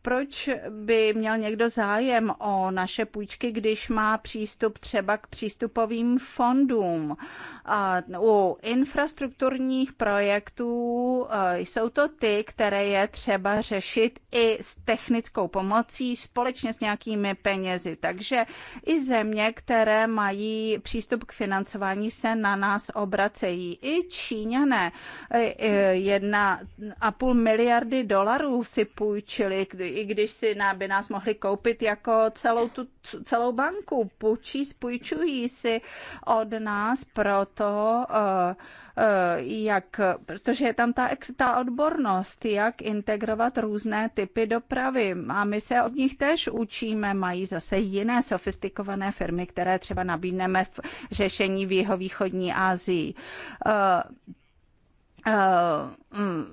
Proč by měl někdo zájem o naše půjčky, když má přístup třeba k přístupovým fondům? U infrastrukturních projektů Eh, jsou to ty, které je třeba řešit i s technickou pomocí společně s nějakými penězi. Takže i země, které mají přístup k financování, se na nás obracejí. I Číňané eh, eh, jedna a půl miliardy dolarů si půjčili, i když si by nás mohli koupit jako celou tu celou banku. Půjčí, půjčují si od nás proto uh, Eh, jak, protože je tam ta, ta odbornost, jak integrovat různé typy dopravy. A my se od nich též učíme, mají zase jiné sofistikované firmy, které třeba nabídneme v řešení v jihovýchodní Asii. Uh, uh, mm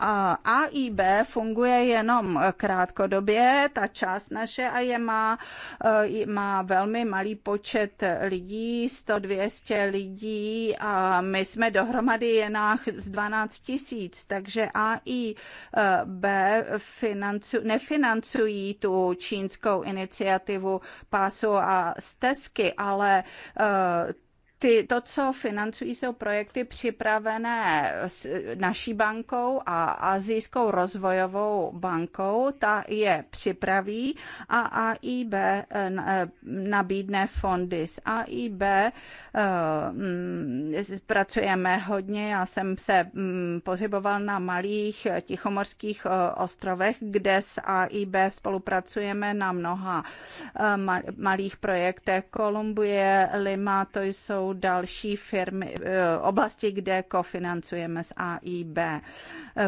AIB funguje jenom krátkodobě, ta část naše a je má, e, má velmi malý počet lidí, 100-200 lidí a my jsme dohromady jenách z 12 tisíc, takže AIB financu, nefinancují tu čínskou iniciativu pásu a stezky, ale e, ty, to, co financují, jsou projekty připravené s naší bankou a Azijskou rozvojovou bankou. Ta je připraví a AIB eh, eh, nabídne fondy. S AIB eh, mm, pracujeme hodně. Já jsem se mm, pohyboval na malých tichomorských ostrovech, kde s AIB spolupracujeme na mnoha malých projektech. Kolumbie, Lima, to jsou jsou další firmy, eh, oblasti, kde kofinancujeme s AIB.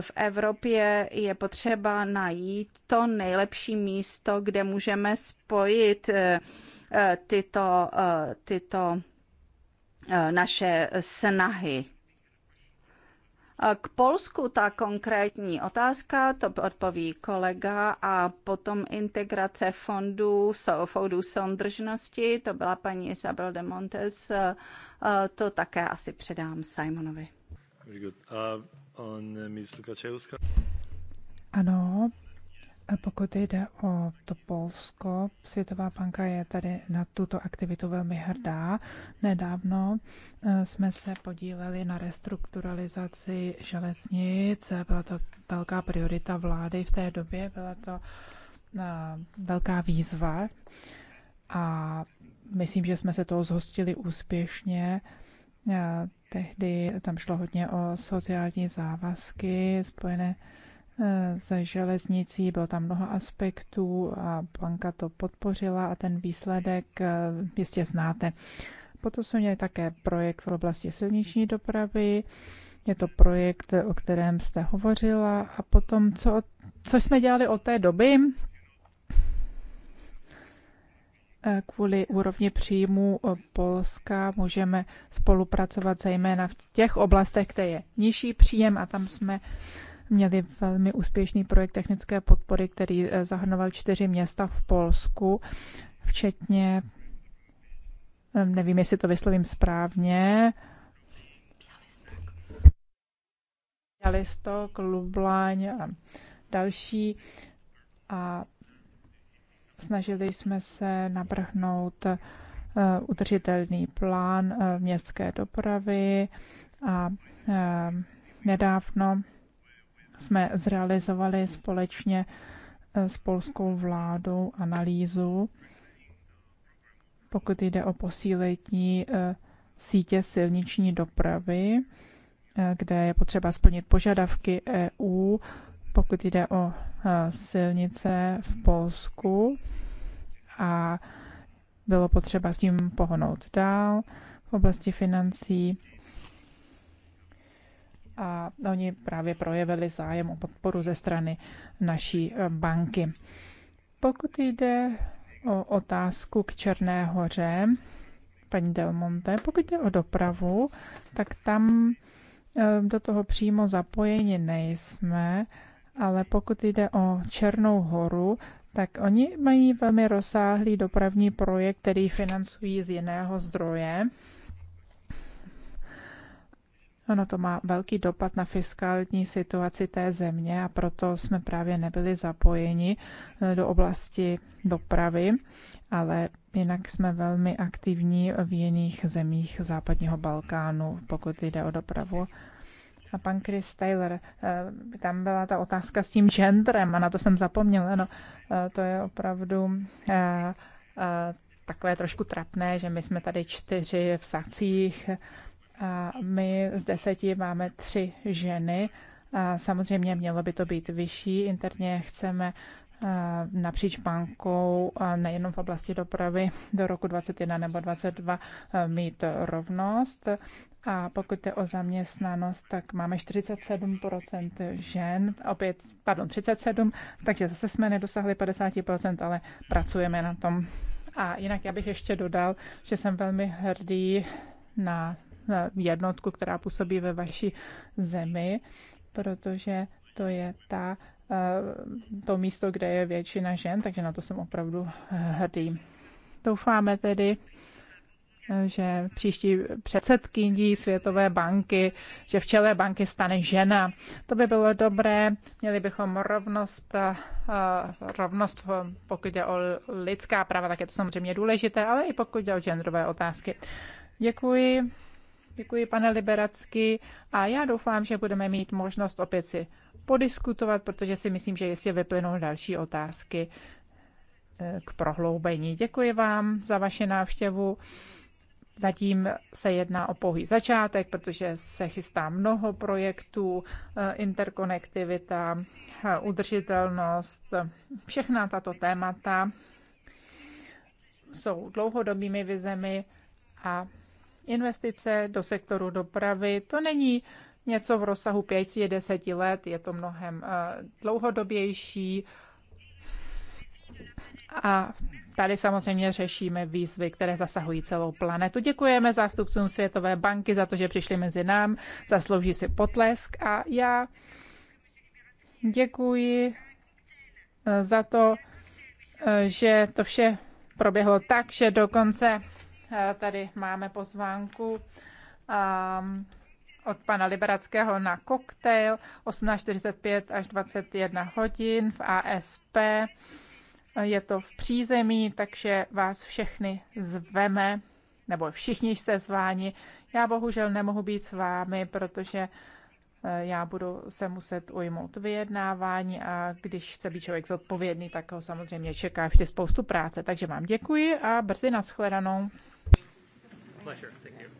V Evropě je potřeba najít to nejlepší místo, kde můžeme spojit eh, eh, tyto, tyto naše snahy. K Polsku ta konkrétní otázka, to odpoví kolega, a potom integrace fondů, fondů soudržnosti, to byla paní Isabel de Montes, eh, to také asi předám Simonovi. Uh, uh, ano, pokud jde o to Polsko, Světová banka je tady na tuto aktivitu velmi hrdá. Nedávno eh, jsme se podíleli na restrukturalizaci železnic. Byla to velká priorita vlády v té době, byla to eh, velká výzva a myslím, že jsme se toho zhostili úspěšně. Eh, tehdy tam šlo hodně o sociální závazky spojené Eh, se železnicí, bylo tam mnoho aspektů a banka to podpořila a ten výsledek eh, jistě znáte. Potom jsme měli také projekt v oblasti silniční dopravy, je to projekt, o kterém jste hovořila a potom, co, co jsme dělali od té doby, eh, kvůli úrovni příjmů Polska můžeme spolupracovat zejména v těch oblastech, kde je nižší příjem a tam jsme měli velmi úspěšný projekt technické podpory, který eh, zahrnoval čtyři města v Polsku, včetně, eh, nevím, jestli to vyslovím správně, Jalistok, Lublaň a další. A snažili jsme se nabrhnout eh, udržitelný plán městské dopravy a nedávno jsme zrealizovali společně eh, s polskou vládou analýzu, pokud jde o posílení eh, sítě silniční dopravy, eh, kde je potřeba splnit požadavky EU, pokud jde o silnice v Polsku a bylo potřeba s tím pohnout dál v oblasti financí a oni právě projevili zájem o podporu ze strany naší eh, banky. Pokud jde o otázku k Černé hoře, paní Del Monte, pokud jde o dopravu, tak tam eh, do toho přímo zapojeni nejsme, ale pokud jde o Černou horu, tak oni mají velmi rozsáhlý dopravní projekt, který financují z jiného zdroje. Ono to má velký dopad na fiskální situaci té země a proto jsme právě nebyli zapojeni eh, do oblasti dopravy, ale jinak jsme velmi aktivní v jiných zemích západního Balkánu, pokud jde o dopravu. A pan Chris Taylor, eh, tam byla ta otázka s tím genderem a na to jsem zapomněla. No, eh, to je opravdu takové trošku trapné, že my jsme tady čtyři v sacích a my z deseti máme tři ženy. A samozřejmě mělo by to být vyšší. Interně chceme napříč bankou, nejenom v oblasti dopravy, do roku 2021 nebo 2022 mít rovnost. A pokud je o zaměstnanost, tak máme 47% žen, opět, pardon, 37, takže zase jsme nedosahli 50%, ale pracujeme na tom. A jinak já bych ještě dodal, že jsem velmi hrdý na Eh, jednotku, která působí ve vaší zemi, protože to je ta, eh, to místo, kde je většina žen, takže na to jsem opravdu eh, hrdý. Doufáme tedy, že příští předsedkyní Světové banky, že v čele banky stane žena. To by bylo dobré, měli bychom rovnost, rovnost pokud je o lidská práva, tak je to samozřejmě důležité, ale i pokud jde o genderové otázky. Děkuji Děkuji, pane Liberacky, a já doufám, že budeme mít možnost opět si podiskutovat, protože si myslím, že jestli vyplynou další otázky eh, k prohloubení. Děkuji vám za vaše návštěvu. Zatím se jedná o pouhý začátek, protože se chystá mnoho projektů, eh, interkonektivita, eh, udržitelnost, všechna tato témata jsou dlouhodobými vizemi a Investice do sektoru dopravy, to není něco v rozsahu 5-10 let, je to mnohem eh, dlouhodobější. A tady samozřejmě řešíme výzvy, které zasahují celou planetu. Děkujeme zástupcům Světové banky za to, že přišli mezi nám, zaslouží si potlesk a já děkuji eh, za to, eh, že to vše proběhlo tak, že dokonce Tady máme pozvánku um, od pana Liberackého na koktejl 18.45 až 21 hodin v ASP. Je to v přízemí, takže vás všechny zveme, nebo všichni jste zváni. Já bohužel nemohu být s vámi, protože eh, já budu se muset ujmout vyjednávání a když chce být člověk zodpovědný, tak ho samozřejmě čeká vždy spoustu práce. Takže vám děkuji a brzy nashledanou pleasure. thank you.